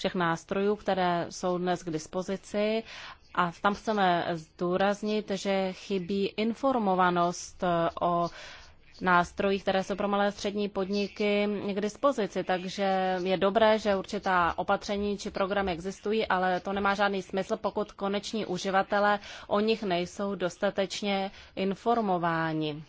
všech nástrojů, které jsou dnes k dispozici. A tam chceme zdůraznit, že chybí informovanost eh, o nástrojích, které jsou pro malé střední podniky k dispozici. Takže je dobré, že určitá opatření či program existují, ale to nemá žádný smysl, pokud koneční uživatelé o nich nejsou dostatečně informováni.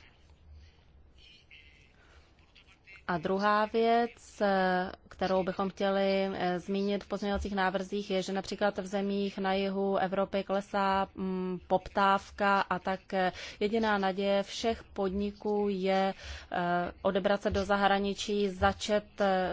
A druhá věc, eh, kterou bychom chtěli eh, zmínit v pozměňovacích návrzích, je, že například v zemích na jihu Evropy klesá mm, poptávka a tak eh, jediná naděje všech podniků je eh, odebrat se do zahraničí, začet,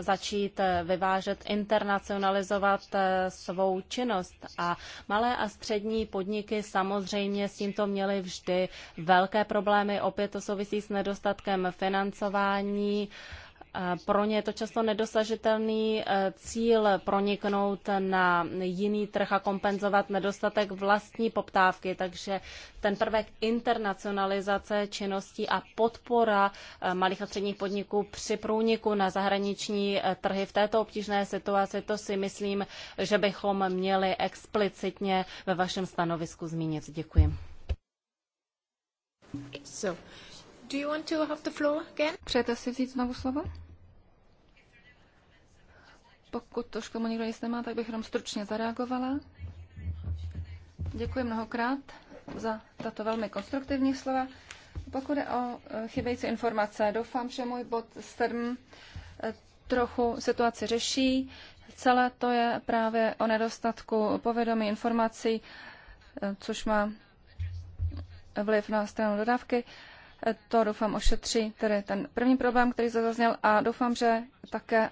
začít vyvážet, internacionalizovat svou činnost. A malé a střední podniky samozřejmě s tímto měly vždy velké problémy. Opět to souvisí s nedostatkem financování, pro ně je to často nedosažitelný e, cíl proniknout na jiný trh a kompenzovat nedostatek vlastní poptávky, takže ten prvek internacionalizace činností a podpora e, malých a středních podniků při průniku na zahraniční e, trhy v této obtížné situaci, to si myslím, že bychom měli explicitně ve vašem stanovisku zmínit. Děkuji. So, do you want to have the floor again? Přejete si vzít znovu slovo? Pokud to, k tomu nikdo nic nemá, tak bych jenom stručně zareagovala. Děkuji mnohokrát za tato velmi konstruktivní slova. Pokud je o e, chybějící informace, doufám, že můj bod 7 e, trochu situaci řeší. Celé to je právě o nedostatku povědomí informací, e, což má vliv na stranu dodávky. To doufám ošetří tedy ten první problém, který se zazněl a doufám, že také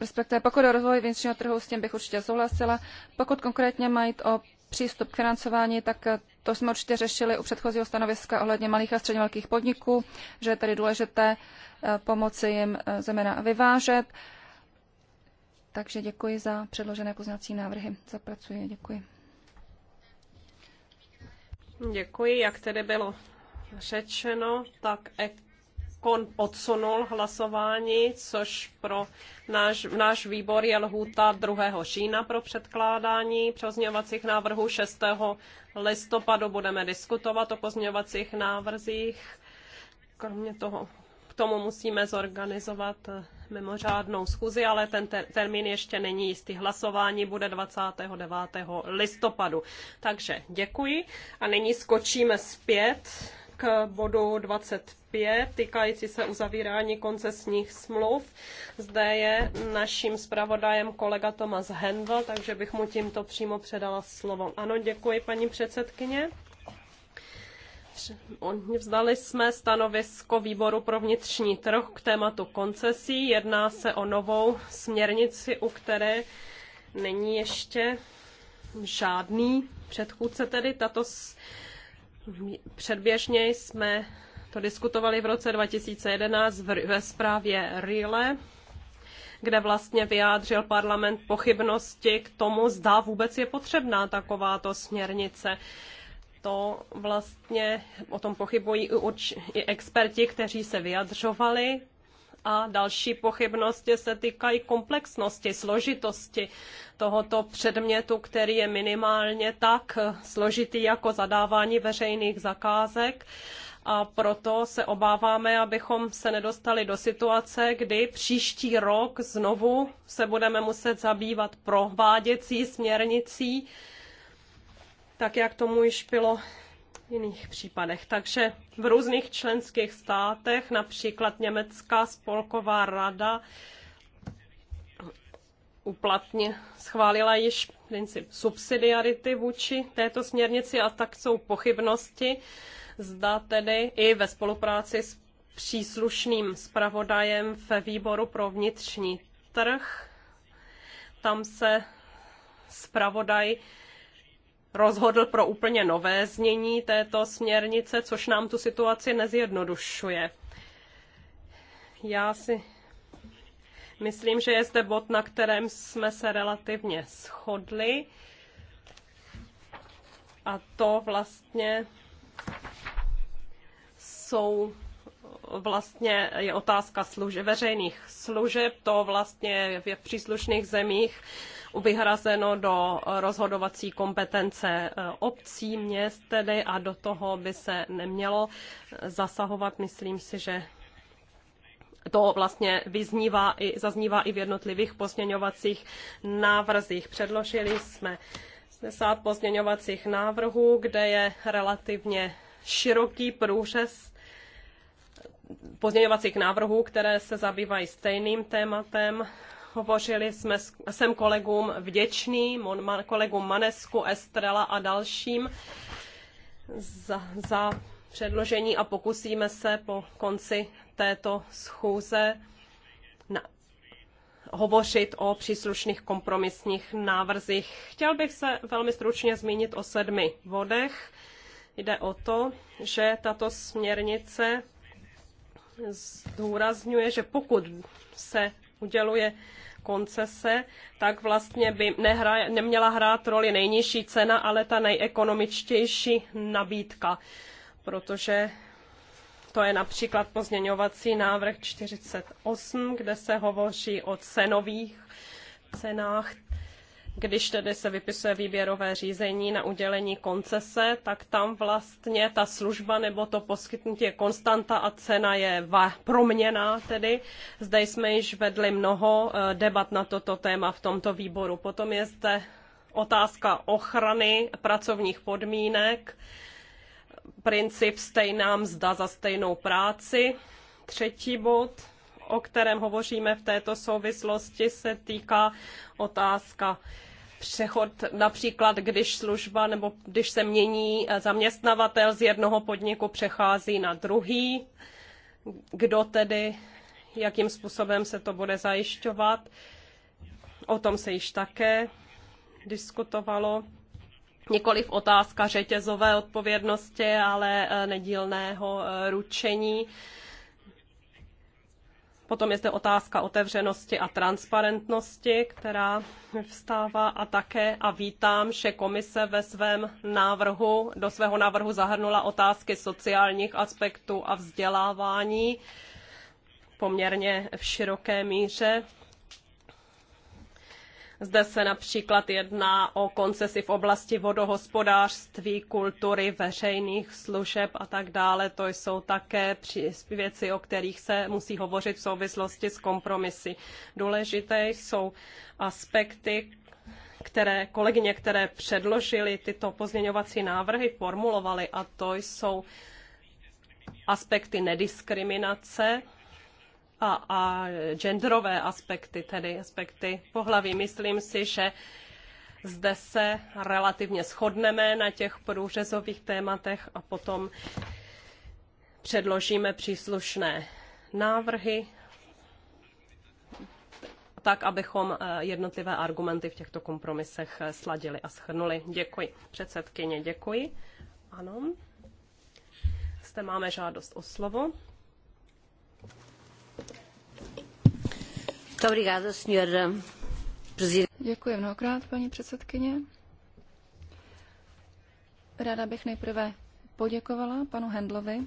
respektive pokud o rozvoj vnitřního trhu, s tím bych určitě souhlasila. Pokud konkrétně mají o přístup k financování, tak eh, to jsme určitě řešili u předchozího stanoviska ohledně malých a středně velkých podniků, že je tady důležité eh, pomoci jim eh, zeměna vyvážet. Takže děkuji za předložené poznací návrhy. Zapracuji, děkuji. Děkuji, jak tedy bylo řečeno, tak ek zákon odsunul hlasování, což pro náš, náš výbor je lhůta 2. října pro předkládání pozměňovacích návrhů 6. listopadu. Budeme diskutovat o pozměňovacích návrzích. Kromě toho k tomu musíme zorganizovat eh, mimořádnou schůzi, ale ten ter- termín ještě není jistý. Hlasování bude 29. listopadu. Takže děkuji a nyní skočíme zpět k bodu 25 týkající se uzavírání koncesních smluv. Zde je naším zpravodajem kolega Tomas Hendl, takže bych mu tímto přímo předala slovo. Ano, děkuji paní předsedkyně. Vzdali jsme stanovisko výboru pro vnitřní trh k tématu koncesí. Jedná se o novou směrnici, u které není ještě žádný předchůdce tedy tato Předběžně jsme to diskutovali v roce 2011 ve zprávě RILE, kde vlastně vyjádřil parlament pochybnosti k tomu, zda vůbec je potřebná takováto směrnice. To vlastně o tom pochybují i, i experti, kteří se vyjadřovali a další pochybnosti se týkají komplexnosti, složitosti tohoto předmětu, který je minimálně tak složitý jako zadávání veřejných zakázek a proto se obáváme, abychom se nedostali do situace, kdy příští rok znovu se budeme muset zabývat prováděcí směrnicí, tak jak tomu již bylo jiných případech. Takže v různých členských státech, například Německá spolková rada, uplatně schválila již princip subsidiarity vůči této směrnici a tak jsou pochybnosti. Zda tedy i ve spolupráci s příslušným zpravodajem ve výboru pro vnitřní trh. Tam se zpravodaj rozhodl pro úplně nové znění této směrnice, což nám tu situaci nezjednodušuje. Já si myslím, že je zde bod, na kterém jsme se relativně shodli. A to vlastně jsou vlastně je otázka služeb, veřejných služeb, to vlastně je v příslušných zemích vyhrazeno do rozhodovací kompetence eh, obcí, měst tedy a do toho by se nemělo zasahovat. Myslím si, že to vlastně vyznívá i, zaznívá i v jednotlivých pozměňovacích návrzích. Předložili jsme 10 pozměňovacích návrhů, kde je relativně široký průřez pozměňovacích návrhů, které se zabývají stejným tématem. Hovořili jsme, jsem kolegům vděčný, kolegům Manesku, Estrela a dalším za, za předložení a pokusíme se po konci této schůze na, hovořit o příslušných kompromisních návrzích. Chtěl bych se velmi stručně zmínit o sedmi vodech. Jde o to, že tato směrnice zdůrazňuje, že pokud se uděluje koncese, tak vlastně by nehra, neměla hrát roli nejnižší cena, ale ta nejekonomičtější nabídka, protože to je například pozměňovací návrh 48, kde se hovoří o cenových cenách když tedy se vypisuje výběrové řízení na udělení koncese, tak tam vlastně ta služba nebo to poskytnutí je konstanta a cena je va- proměná tedy. Zde jsme již vedli mnoho eh, debat na toto téma v tomto výboru. Potom je zde otázka ochrany pracovních podmínek, princip stejná mzda za stejnou práci. Třetí bod, o kterém hovoříme v této souvislosti, se týká otázka přechod například, když služba nebo když se mění eh, zaměstnavatel z jednoho podniku přechází na druhý, kdo tedy, jakým způsobem se to bude zajišťovat. O tom se již také diskutovalo. Nikoliv otázka řetězové odpovědnosti, ale eh, nedílného eh, ručení Potom je zde otázka otevřenosti a transparentnosti, která vstává a také a vítám, že komise ve svém návrhu, do svého návrhu zahrnula otázky sociálních aspektů a vzdělávání poměrně v široké míře zde se například jedná o koncesi v oblasti vodohospodářství, kultury, veřejných služeb a tak dále. To jsou také věci, o kterých se musí hovořit v souvislosti s kompromisy. Důležité jsou aspekty, které kolegyně, které předložily tyto pozměňovací návrhy, formulovaly, a to jsou aspekty nediskriminace, a, a genderové aspekty, tedy aspekty pohlaví. Myslím si, že zde se relativně shodneme na těch průřezových tématech a potom předložíme příslušné návrhy, tak, abychom eh, jednotlivé argumenty v těchto kompromisech eh, sladili a schrnuli. Děkuji. Předsedkyně, děkuji. Ano. Zde máme žádost o slovo. Eh, Děkuji mnohokrát, paní předsedkyně. Ráda bych nejprve poděkovala panu Hendlovi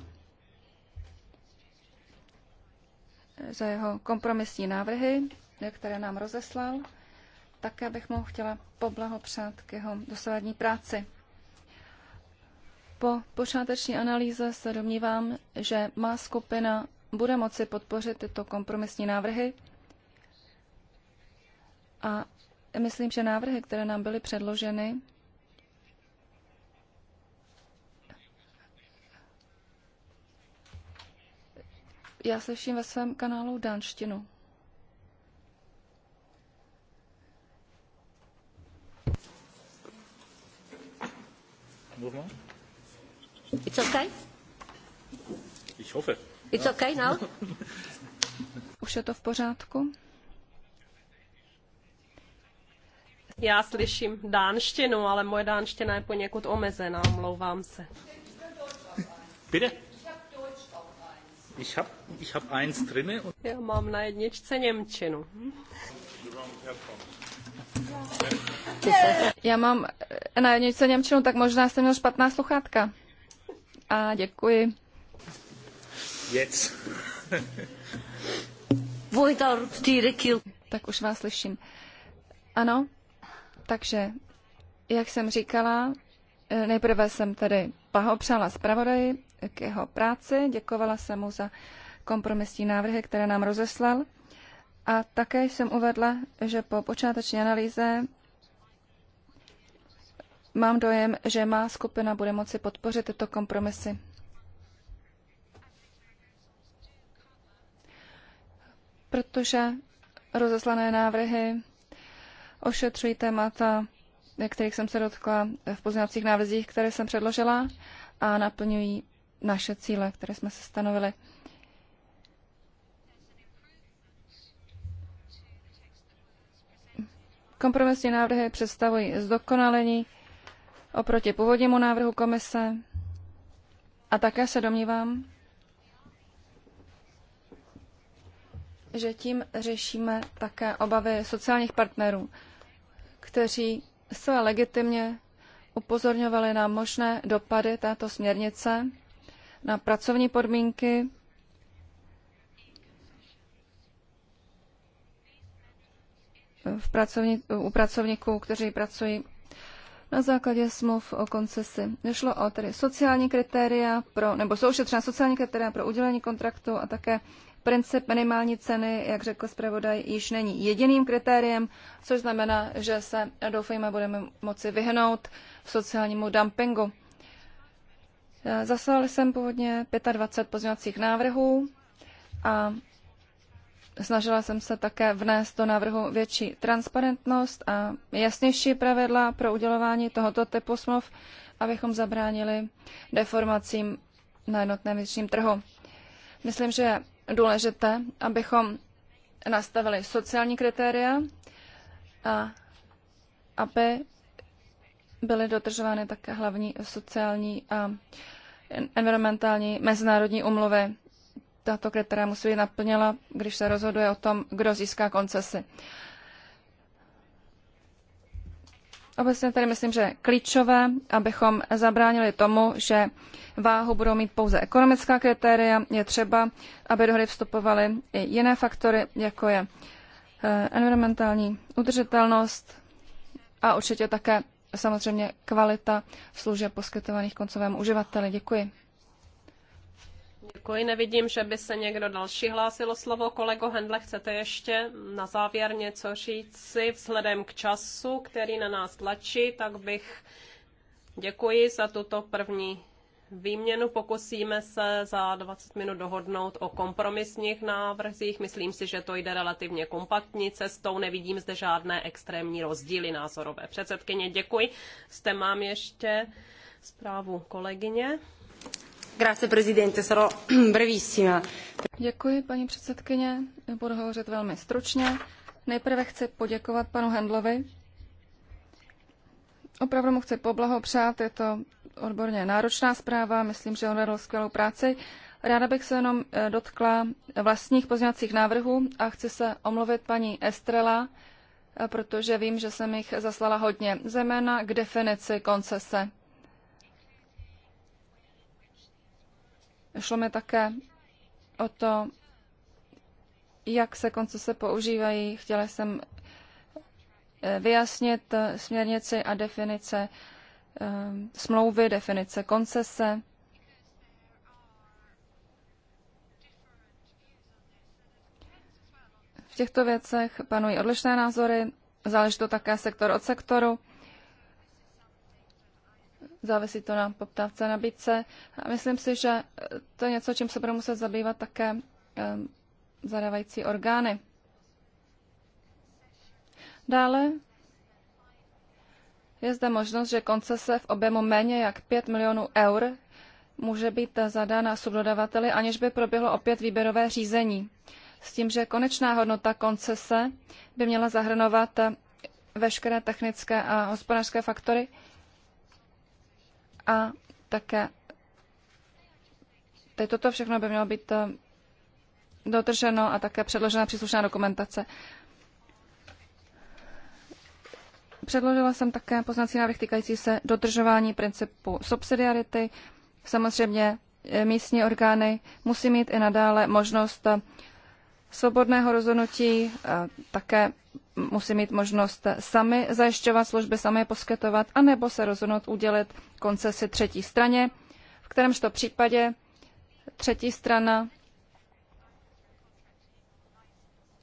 za jeho kompromisní návrhy, které nám rozeslal. Také bych mu chtěla poblahopřát k jeho dosavadní práci. Po počáteční analýze se domnívám, že má skupina bude moci podpořit tyto kompromisní návrhy a myslím, že návrhy, které nám byly předloženy, já slyším ve svém kanálu danštinu. It's okay? Ich hoffe. It's okay now? Už je to v pořádku? Já slyším dánštinu, ale moje dánština je poněkud omezená, omlouvám se. Bitte? Ich hab, ich hab eins drinne. Und Já mám na jedničce Němčinu. Já mám eh, na jedničce Němčinu, tak možná jsem měl špatná sluchátka. A děkuji. Jetzt. Vojta, ty Tak už vás slyším. Ano, takže, jak jsem říkala, eh, nejprve jsem tedy pahopřála zpravodaji k jeho práci, děkovala jsem mu za kompromisní návrhy, které nám rozeslal. A také jsem uvedla, že po počáteční analýze mám dojem, že má skupina bude moci podpořit tyto kompromisy. Protože rozeslané návrhy ošetřují témata, kterých jsem se dotkla v poznávacích návrzích, které jsem předložila a naplňují naše cíle, které jsme se stanovili. Kompromisní návrhy představují zdokonalení oproti původnímu návrhu komise a také se domnívám, že tím řešíme také obavy sociálních partnerů kteří zcela legitimně upozorňovali na možné dopady této směrnice na pracovní podmínky v pracovní, u pracovníků, kteří pracují na základě smluv o koncesi. Nešlo o tedy sociální kritéria pro, nebo jsou ošetřena sociální kritéria pro udělení kontraktu a také Princip minimální ceny, jak řekl zpravodaj, již není jediným kritériem, což znamená, že se, doufejme, budeme moci vyhnout sociálnímu dumpingu. Zaslal jsem původně 25 pozměňovacích návrhů a snažila jsem se také vnést do návrhu větší transparentnost a jasnější pravidla pro udělování tohoto typu smluv, abychom zabránili deformacím na jednotném vnitřním trhu. Myslím, že důležité, abychom nastavili sociální kritéria a aby byly dodržovány také hlavní sociální a environmentální mezinárodní umluvy. Tato kritéria musí být naplněna, když se rozhoduje o tom, kdo získá koncesi. Obecně tedy myslím, že klíčové, abychom zabránili tomu, že váhu budou mít pouze ekonomická kritéria. Je třeba, aby do hry vstupovaly i jiné faktory, jako je eh, environmentální udržitelnost a určitě také samozřejmě kvalita služeb poskytovaných koncovému uživateli. Děkuji. Děkuji, nevidím, že by se někdo další hlásil o slovo. Kolego Hendle, chcete ještě na závěr něco říct si vzhledem k času, který na nás tlačí, tak bych děkuji za tuto první výměnu. Pokusíme se za 20 minut dohodnout o kompromisních návrzích. Myslím si, že to jde relativně kompaktní cestou. Nevidím zde žádné extrémní rozdíly názorové. Předsedkyně, děkuji. Zde mám ještě zprávu kolegyně. [CLEARS THROAT] Děkuji, paní předsedkyně. Budu hovořit velmi stručně. Nejprve chci poděkovat panu Hendlovi. Opravdu mu chci poblahopřát, je to odborně náročná zpráva, myslím, že on vedl skvělou práci. Ráda bych se jenom eh, dotkla vlastních pozměňovacích návrhů a chci se omluvit paní Estrela, eh, protože vím, že jsem jich zaslala hodně, zejména k definici koncese. Šlo mi také o to, jak se koncese používají. Chtěla jsem eh, vyjasnit eh, směrnici a definice eh, smlouvy, definice koncese. V těchto věcech panují odlišné názory, záleží to také sektor od sektoru závisí to na poptávce a nabídce. A myslím si, že to je něco, čím se budou muset zabývat také zadávající orgány. Dále je zde možnost, že koncese v objemu méně jak 5 milionů eur může být zadána subdodavateli, aniž by proběhlo opět výběrové řízení. S tím, že konečná hodnota koncese by měla zahrnovat veškeré technické a hospodářské faktory, a také teď toto všechno by mělo být eh, dotrženo a také předložena příslušná dokumentace. Předložila jsem také poznací návrh týkající se dodržování principu subsidiarity. Samozřejmě eh, místní orgány musí mít i nadále možnost eh, svobodného rozhodnutí, také musí mít možnost sami zajišťovat služby, sami je poskytovat, anebo se rozhodnout udělit koncesi třetí straně, v kterémž to případě třetí strana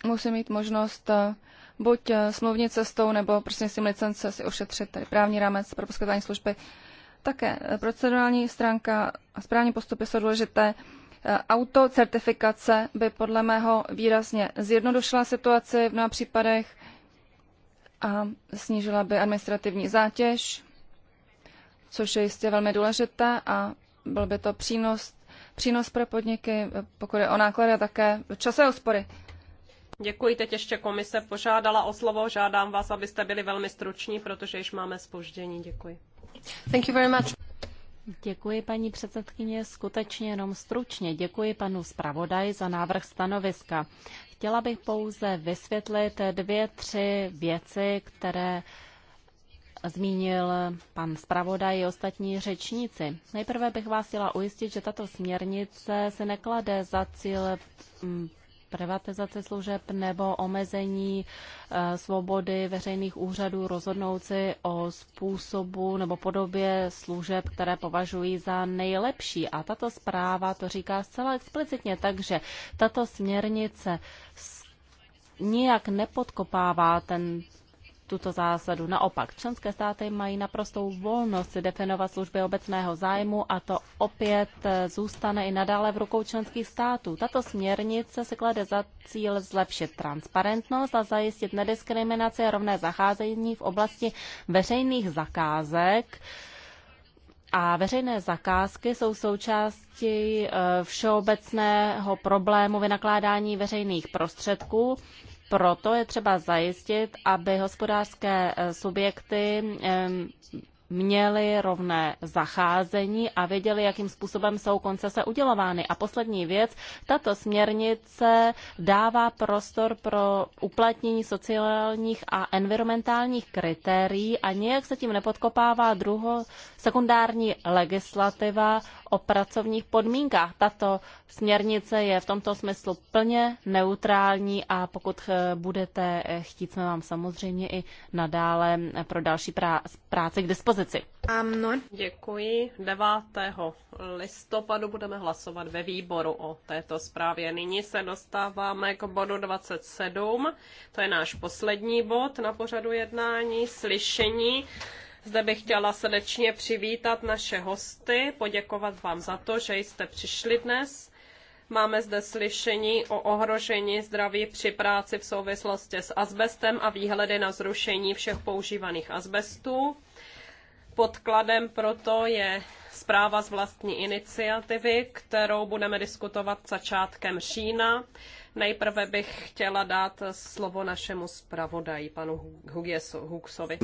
musí mít možnost eh, buď eh, smluvní cestou nebo prostřednictvím licence si ošetřit tady právní rámec pro poskytování služby. Také eh, procedurální stránka a správní postupy jsou důležité autocertifikace by podle mého výrazně zjednodušila situaci v mnoha případech a snížila by administrativní zátěž, což je jistě velmi důležité a byl by to přínos, přínos pro podniky, pokud je o náklady a také časové úspory. Děkuji, teď ještě komise požádala o slovo. Žádám vás, abyste byli velmi struční, protože již máme spoždění. Děkuji. Thank you very much. Děkuji, paní předsedkyně. Skutečně jenom stručně děkuji panu zpravodaj za návrh stanoviska. Chtěla bych pouze vysvětlit dvě, tři věci, které zmínil pan zpravodaj i ostatní řečníci. Nejprve bych vás chtěla ujistit, že tato směrnice se neklade za cíl mm, privatizace služeb nebo omezení eh, svobody veřejných úřadů rozhodnout si o způsobu nebo podobě služeb, které považují za nejlepší. A tato zpráva to říká zcela explicitně, takže tato směrnice nijak nepodkopává ten tuto zásadu. Naopak, členské státy mají naprostou volnost definovat služby obecného zájmu a to opět eh, zůstane i nadále v rukou členských států. Tato směrnice se klade za cíl zlepšit transparentnost a zajistit nediskriminaci a rovné zacházení v oblasti veřejných zakázek. A veřejné zakázky jsou součástí eh, všeobecného problému vynakládání veřejných prostředků proto je třeba zajistit, aby hospodářské subjekty měli rovné zacházení a věděli, jakým způsobem jsou koncese udělovány. A poslední věc, tato směrnice dává prostor pro uplatnění sociálních a environmentálních kritérií a nějak se tím nepodkopává druho sekundární legislativa o pracovních podmínkách. Tato směrnice je v tomto smyslu plně neutrální a pokud eh, budete eh, chtít, jsme vám samozřejmě i nadále eh, pro další práci k dispozici dispozici. Ano. Děkuji. 9. listopadu budeme hlasovat ve výboru o této zprávě. Nyní se dostáváme k bodu 27. To je náš poslední bod na pořadu jednání, slyšení. Zde bych chtěla srdečně přivítat naše hosty, poděkovat vám za to, že jste přišli dnes. Máme zde slyšení o ohrožení zdraví při práci v souvislosti s asbestem a výhledy na zrušení všech používaných asbestů. Podkladem pro to je zpráva z vlastní iniciativy, kterou budeme diskutovat začátkem října. Nejprve bych chtěla dát slovo našemu zpravodaji, panu Hugsovi.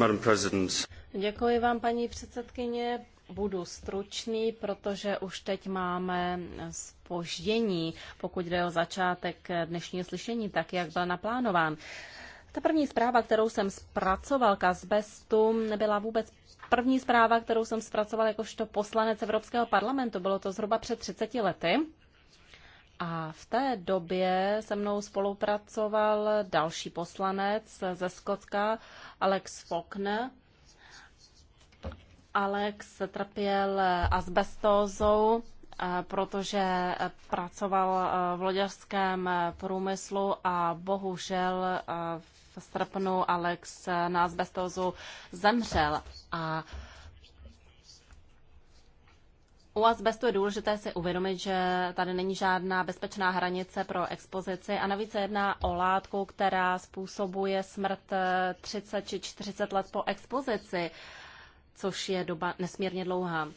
Děkuji vám, paní předsedkyně. Budu stručný, protože už teď máme spoždění, pokud jde o začátek dnešního slyšení, tak jak byl naplánován. Ta první zpráva, kterou jsem zpracoval k asbestu, nebyla vůbec první zpráva, kterou jsem zpracoval jakožto poslanec Evropského parlamentu. Bylo to zhruba před 30 lety. A v té době se mnou spolupracoval další poslanec ze Skotska, Alex Faulkner. Alex trpěl asbestózou, eh, protože pracoval eh, v loďařském průmyslu a bohužel v eh, v srpnu Alex na asbestozu zemřel. A u asbestu je důležité si uvědomit, že tady není žádná bezpečná hranice pro expozici a navíc se jedná o látku, která způsobuje smrt 30 či 40 let po expozici, což je doba nesmírně dlouhá.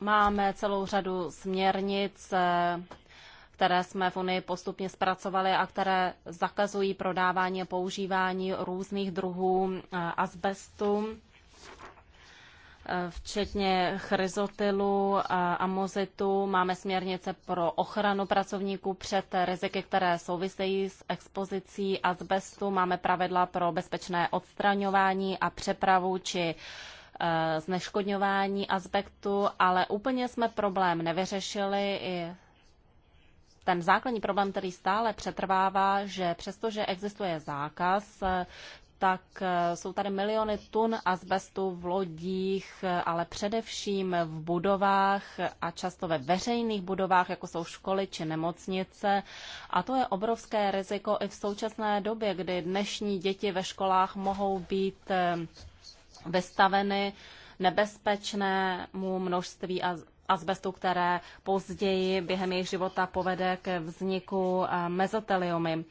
Máme celou řadu směrnic, které jsme v Unii postupně zpracovali a které zakazují prodávání a používání různých druhů eh, asbestu eh, včetně chryzotylu a amozitu. Máme směrnice pro ochranu pracovníků před riziky, které souvisejí s expozicí azbestu. Máme pravidla pro bezpečné odstraňování a přepravu či eh, zneškodňování aspektu, ale úplně jsme problém nevyřešili. I ten základní problém, který stále přetrvává, že přestože existuje zákaz, tak eh, jsou tady miliony tun azbestu v lodích, eh, ale především v budovách a často ve veřejných budovách, jako jsou školy či nemocnice. A to je obrovské riziko i v současné době, kdy dnešní děti ve školách mohou být eh, vystaveny nebezpečnému množství azbestu, které později během jejich života povede k vzniku eh, mezoteliomy.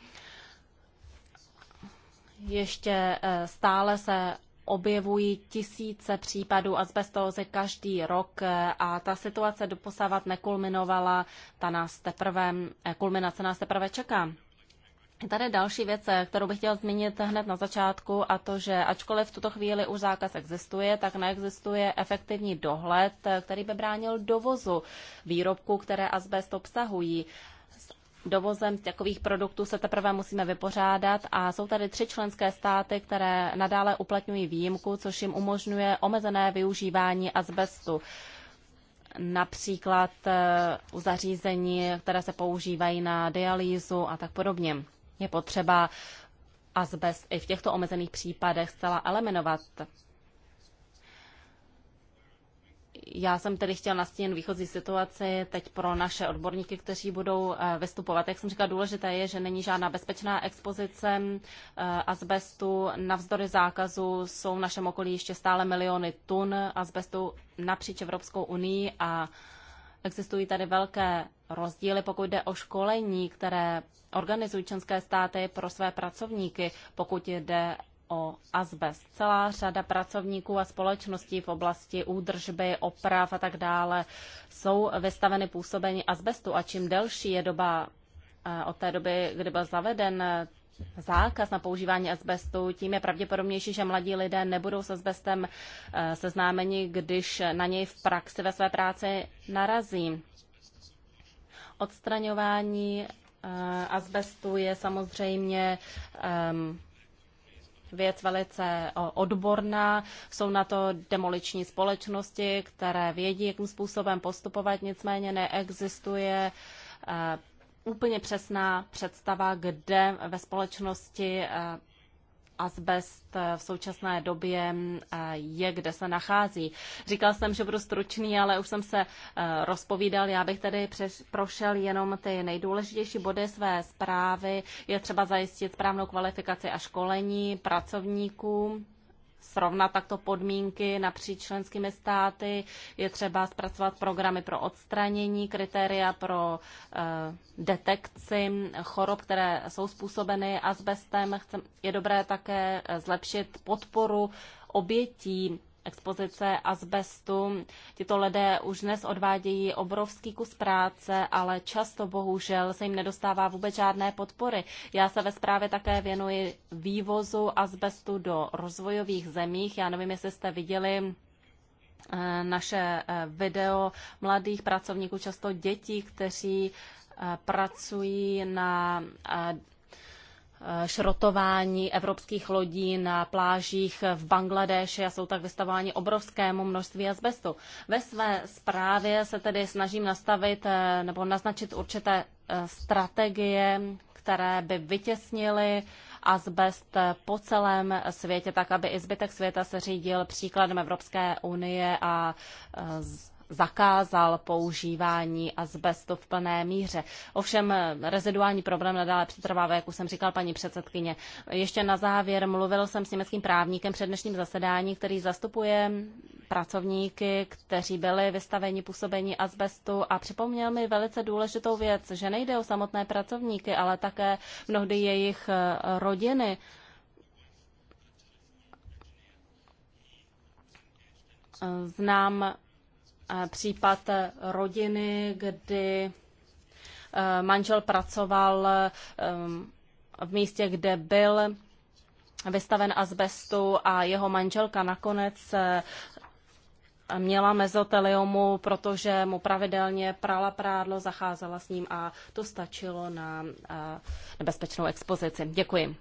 Ještě eh, stále se objevují tisíce případů azbestózy každý rok eh, a ta situace doposavat nekulminovala, ta nás teprve, kulminace nás teprve čeká. Tady další věc, kterou bych chtěla zmínit hned na začátku, a to, že ačkoliv v tuto chvíli už zákaz existuje, tak neexistuje efektivní dohled, který by bránil dovozu výrobků, které asbest obsahují. S dovozem takových produktů se teprve musíme vypořádat a jsou tady tři členské státy, které nadále uplatňují výjimku, což jim umožňuje omezené využívání asbestu například eh, u zařízení, které se používají na dialýzu a tak podobně je potřeba azbest i v těchto omezených případech zcela eliminovat. Já jsem tedy chtěl nastínit výchozí situaci teď pro naše odborníky, kteří budou eh, vystupovat. Jak jsem říkal, důležité je, že není žádná bezpečná expozice eh, azbestu. Navzdory zákazu jsou v našem okolí ještě stále miliony tun azbestu napříč Evropskou unii a Existují tady velké rozdíly, pokud jde o školení, které organizují členské státy pro své pracovníky, pokud jde o azbest. Celá řada pracovníků a společností v oblasti údržby, oprav a tak dále jsou vystaveny působení azbestu a čím delší je doba eh, od té doby, kdy byl zaveden zákaz na používání asbestu, tím je pravděpodobnější, že mladí lidé nebudou s asbestem eh, seznámeni, když na něj v praxi ve své práci narazí. Odstraňování eh, asbestu je samozřejmě ehm, věc velice odborná. Jsou na to demoliční společnosti, které vědí, jakým způsobem postupovat, nicméně neexistuje eh, úplně přesná představa, kde ve společnosti eh, asbest eh, v současné době eh, je, kde se nachází. Říkal jsem, že budu stručný, ale už jsem se rozpovídal. Já bych tedy přeš, prošel jenom ty nejdůležitější body své zprávy. Je třeba zajistit správnou kvalifikaci a školení pracovníků srovnat takto podmínky napříč členskými státy, je třeba zpracovat programy pro odstranění, kritéria pro eh, detekci chorob, které jsou způsobeny asbestem. Je dobré také eh, zlepšit podporu obětí expozice azbestu. Tito lidé už dnes odvádějí obrovský kus práce, ale často bohužel se jim nedostává vůbec žádné podpory. Já se ve zprávě také věnuji vývozu azbestu do rozvojových zemích. Já nevím, jestli jste viděli eh, naše eh, video mladých pracovníků, často dětí, kteří eh, pracují na šrotování evropských lodí na plážích v Bangladeši a jsou tak vystavováni obrovskému množství azbestu. Ve své zprávě se tedy snažím nastavit eh, nebo naznačit určité eh, strategie, které by vytěsnily azbest eh, po celém světě, tak aby i zbytek světa se řídil příkladem Evropské unie a zakázal používání azbestu v plné míře. Ovšem reziduální problém nadále přetrvává, jak už jsem říkal paní předsedkyně. Ještě na závěr mluvil jsem s německým právníkem před dnešním zasedání, který zastupuje pracovníky, kteří byli vystaveni působení azbestu a připomněl mi velice důležitou věc, že nejde o samotné pracovníky, ale také mnohdy jejich eh, rodiny, Znám Eh, případ eh, rodiny, kdy eh, manžel pracoval v místě, kde byl vystaven azbestu a jeho manželka nakonec měla mezoteliomu, protože mu pravidelně prala prádlo, zacházela s ním a to stačilo na nebezpečnou expozici. Děkuji.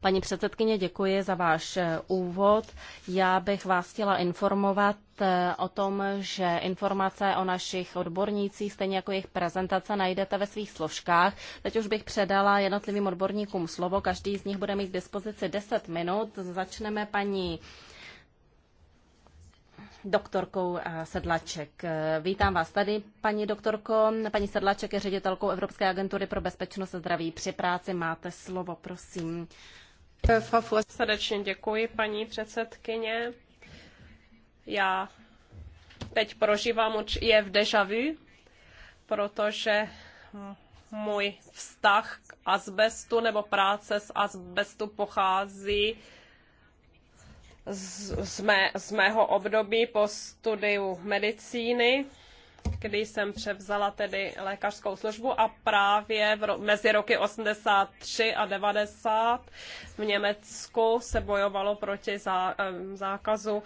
Paní předsedkyně, děkuji za váš eh, úvod. Já bych vás chtěla informovat eh, o tom, že informace o našich odbornících, stejně jako jejich prezentace, najdete ve svých složkách. Teď už bych předala jednotlivým odborníkům slovo. Každý z nich bude mít k dispozici 10 minut. Začneme paní doktorkou eh, Sedlaček. Vítám vás tady, paní doktorko. Paní Sedlaček je ředitelkou Evropské agentury pro bezpečnost a zdraví při práci. Máte slovo, prosím. Srdečně děkuji, paní předsedkyně. Já teď prožívám je v deja vu, protože můj vztah k azbestu nebo práce s asbestu pochází z, z, mé, z mého období po studiu medicíny kdy jsem převzala tedy lékařskou službu a právě v ro- mezi roky 83 a 90 v Německu se bojovalo proti zá- zákazu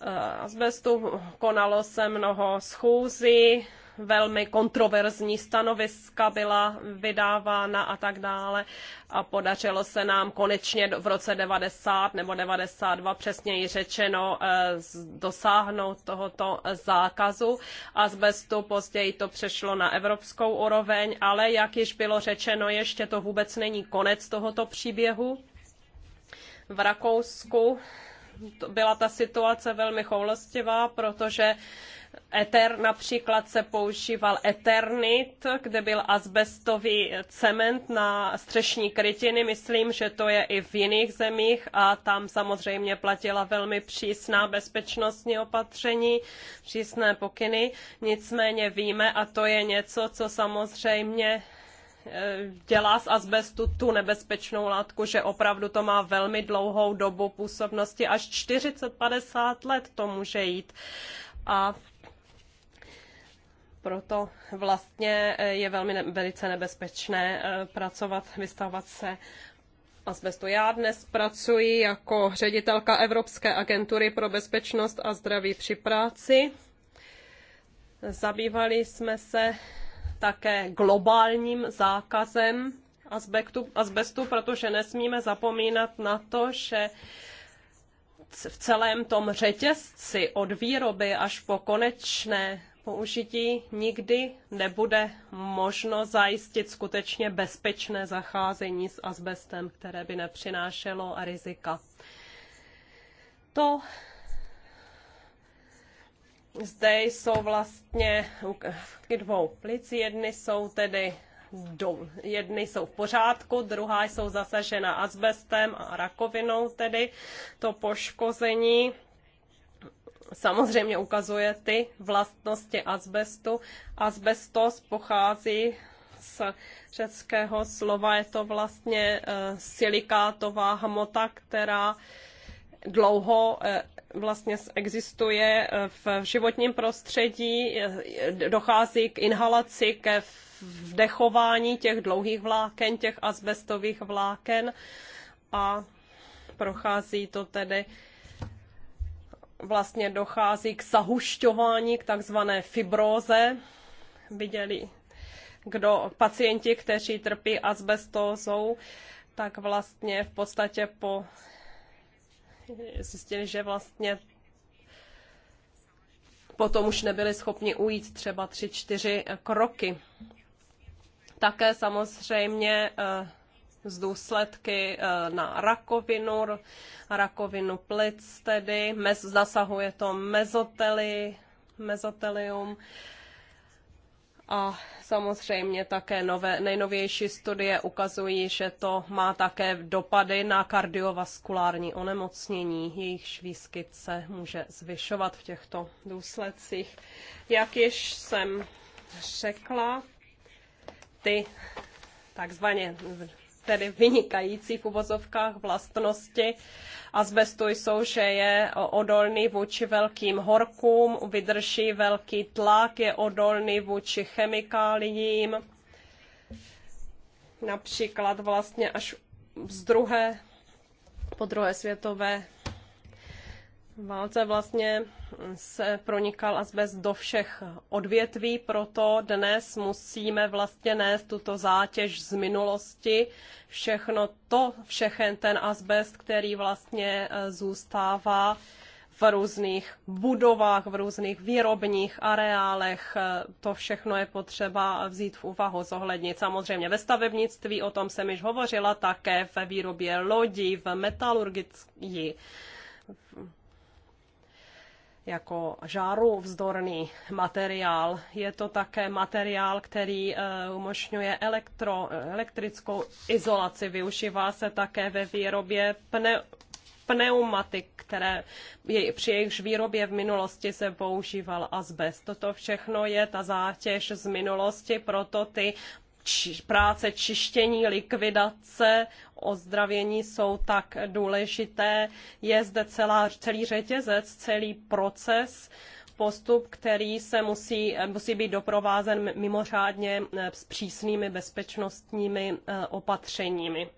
eh, asbestu. Konalo se mnoho schůzí, velmi kontroverzní stanoviska byla vydávána a tak dále. A podařilo se nám konečně v roce 90 nebo 92 přesněji řečeno eh, dosáhnout tohoto zákazu. a bestu později to přešlo na evropskou úroveň, ale jak již bylo řečeno, ještě to vůbec není konec tohoto příběhu. V Rakousku byla ta situace velmi choulostivá, protože Eter například se používal eternit, kde byl asbestový cement na střešní krytiny. Myslím, že to je i v jiných zemích a tam samozřejmě platila velmi přísná bezpečnostní opatření, přísné pokyny. Nicméně víme, a to je něco, co samozřejmě e, dělá z asbestu tu nebezpečnou látku, že opravdu to má velmi dlouhou dobu působnosti, až 40-50 let to může jít. A proto vlastně eh, je velmi ne- velice nebezpečné eh, pracovat, vystavovat se asbestu. Já dnes pracuji jako ředitelka Evropské agentury pro bezpečnost a zdraví při práci. Zabývali jsme se také globálním zákazem asbektu, asbestu, protože nesmíme zapomínat na to, že v celém tom řetězci od výroby až po konečné použití nikdy nebude možno zajistit skutečně bezpečné zacházení s asbestem, které by nepřinášelo rizika. To zde jsou vlastně dvou plic. Jedny jsou tedy do, jedny jsou v pořádku, druhá jsou zasažena asbestem a rakovinou tedy to poškození samozřejmě ukazuje ty vlastnosti azbestu. Azbestos pochází z řeckého slova, je to vlastně eh, silikátová hmota, která dlouho eh, vlastně existuje eh, v životním prostředí, dochází k inhalaci, ke vdechování těch dlouhých vláken, těch azbestových vláken a prochází to tedy vlastně dochází k zahušťování, k takzvané fibróze. Viděli, kdo pacienti, kteří trpí asbestózou, tak vlastně v podstatě po zjistili, že vlastně potom už nebyli schopni ujít třeba tři, čtyři kroky. Také samozřejmě eh, z důsledky eh, na rakovinu, rakovinu plic tedy, mez, zasahuje to mezoteli, mezotelium a samozřejmě také nové, nejnovější studie ukazují, že to má také dopady na kardiovaskulární onemocnění, jejichž výskyt se může zvyšovat v těchto důsledcích. Jak již jsem řekla, ty takzvaně tedy vynikající v uvozovkách vlastnosti azbestu jsou, že je odolný vůči velkým horkům, vydrží velký tlak, je odolný vůči chemikáliím, například vlastně až z druhé, po druhé světové válce vlastně se pronikal asbest do všech odvětví, proto dnes musíme vlastně nést tuto zátěž z minulosti. Všechno to, všechen ten azbest, který vlastně eh, zůstává v různých budovách, v různých výrobních areálech. Eh, to všechno je potřeba vzít v úvahu, zohlednit. Samozřejmě ve stavebnictví, o tom jsem již hovořila, také ve výrobě lodí, v metalurgii, jako žáru vzdorný materiál. Je to také materiál, který eh, umožňuje elektro, elektrickou izolaci. Využívá se také ve výrobě pne, pneumatik, které je, při jejichž výrobě v minulosti se používal azbest. Toto všechno je ta zátěž z minulosti, proto ty či, práce čištění, likvidace ozdravění jsou tak důležité. Je zde celá, celý řetězec, celý proces, postup, který se musí, musí být doprovázen mimořádně eh, s přísnými bezpečnostními eh, opatřeními.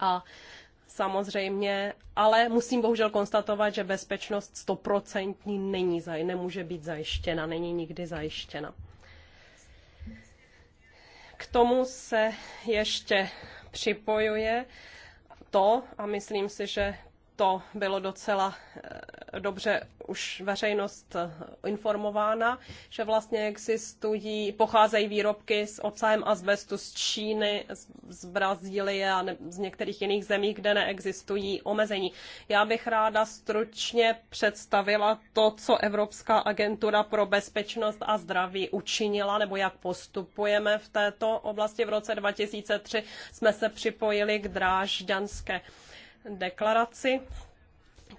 A samozřejmě, ale musím bohužel konstatovat, že bezpečnost stoprocentní není, nemůže být zajištěna, není nikdy zajištěna. K tomu se ještě připojuje to, a myslím si, že to bylo docela eh, dobře už veřejnost eh, informována, že vlastně existují, pocházejí výrobky s a azbestu z Číny, z Brazílie a ne, z některých jiných zemí, kde neexistují omezení. Já bych ráda stručně představila to, co Evropská agentura pro bezpečnost a zdraví učinila, nebo jak postupujeme v této oblasti. V roce 2003 jsme se připojili k drážďanské deklaraci,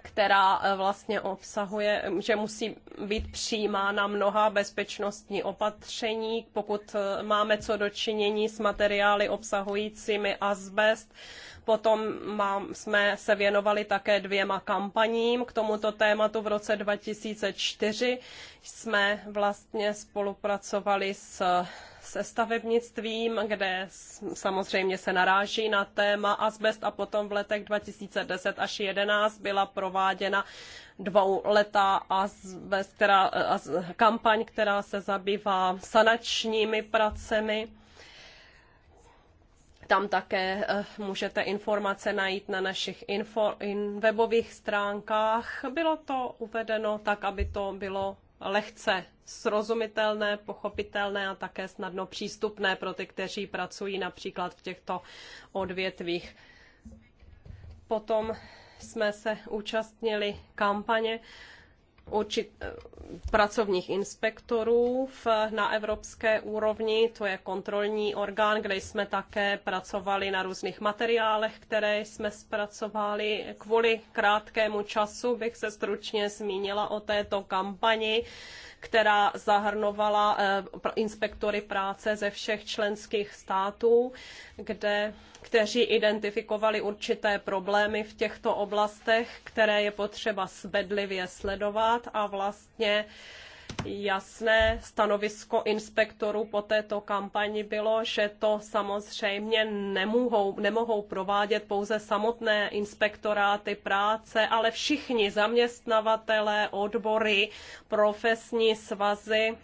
která eh, vlastně obsahuje, že musí být přijímána mnoha bezpečnostní opatření, pokud eh, máme co dočinění s materiály obsahujícími azbest. Potom mám, jsme se věnovali také dvěma kampaním k tomuto tématu v roce 2004. Jsme vlastně spolupracovali s se stavebnictvím, kde samozřejmě se naráží na téma asbest a potom v letech 2010 až 2011 byla prováděna dvouletá asbest, která, as, kampaň, která se zabývá sanačními pracemi. Tam také eh, můžete informace najít na našich info, in webových stránkách. Bylo to uvedeno tak, aby to bylo lehce srozumitelné, pochopitelné a také snadno přístupné pro ty, kteří pracují například v těchto odvětvích. Potom jsme se účastnili kampaně určit, eh, pracovních inspektorů v, na evropské úrovni, to je kontrolní orgán, kde jsme také pracovali na různých materiálech, které jsme zpracovali. Kvůli krátkému času bych se stručně zmínila o této kampani, která zahrnovala eh, inspektory práce ze všech členských států, kde, kteří identifikovali určité problémy v těchto oblastech, které je potřeba svedlivě sledovat a vlastně jasné stanovisko inspektorů po této kampani bylo, že to samozřejmě nemohou, nemohou provádět pouze samotné inspektoráty práce, ale všichni zaměstnavatelé odbory, profesní svazy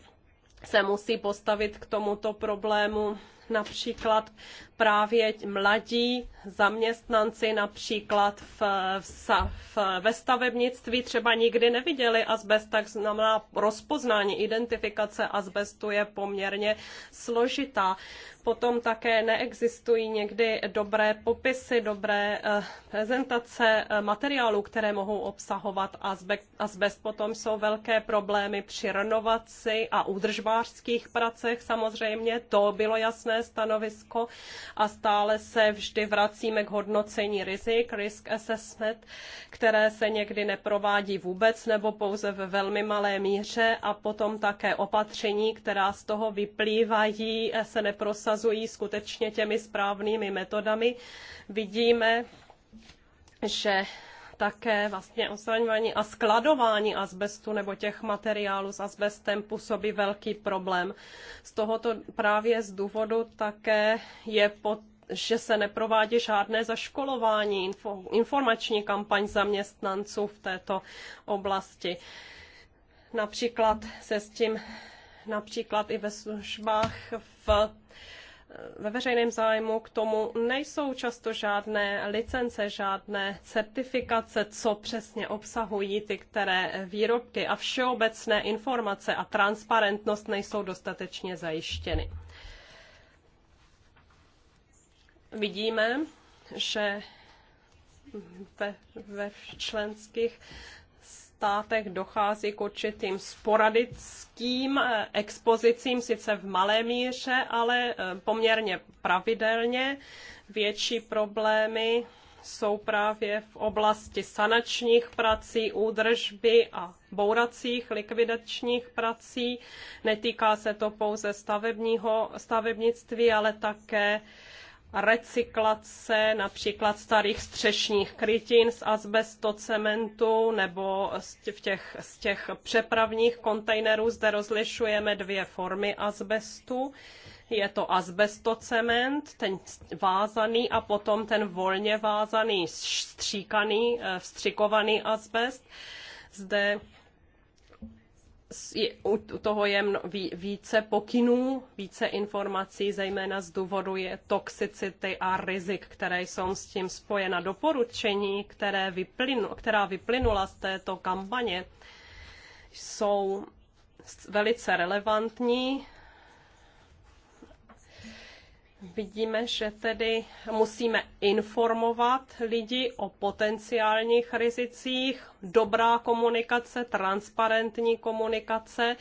se musí postavit k tomuto problému například právě mladí zaměstnanci například v, v, v, ve stavebnictví třeba nikdy neviděli azbest, tak znamená rozpoznání, identifikace azbestu je poměrně složitá. Potom také neexistují někdy dobré popisy, dobré eh, prezentace eh, materiálů, které mohou obsahovat azbest. azbest. Potom jsou velké problémy při renovaci a údržbářských pracech samozřejmě, to bylo jasné stanovisko a stále se vždy vracíme k hodnocení rizik, risk assessment, které se někdy neprovádí vůbec nebo pouze ve velmi malé míře a potom také opatření, která z toho vyplývají, se neprosazují skutečně těmi správnými metodami. Vidíme, že také vlastně odstraňování a skladování asbestu nebo těch materiálů s asbestem působí velký problém. Z tohoto právě z důvodu také je pod že se neprovádí žádné zaškolování, informační kampaň zaměstnanců v této oblasti. Například se s tím například i ve službách v ve veřejném zájmu k tomu nejsou často žádné licence, žádné certifikace, co přesně obsahují ty které výrobky a všeobecné informace a transparentnost nejsou dostatečně zajištěny. Vidíme, že ve, ve členských státech dochází k určitým sporadickým eh, expozicím, sice v malé míře, ale eh, poměrně pravidelně. Větší problémy jsou právě v oblasti sanačních prací, údržby a bouracích likvidačních prací. Netýká se to pouze stavebního, stavebnictví, ale také recyklace například starých střešních krytin z azbestocementu nebo v těch, z těch přepravních kontejnerů. Zde rozlišujeme dvě formy azbestu. Je to azbestocement, ten vázaný a potom ten volně vázaný, stříkaný, eh, vstřikovaný azbest. Zde u toho je více pokynů, více informací, zejména z důvodu je toxicity a rizik, které jsou s tím spojena. Doporučení, které vyplynu, která vyplynula z této kampaně, jsou velice relevantní Vidíme, že tedy musíme informovat lidi o potenciálních rizicích, dobrá komunikace, transparentní komunikace,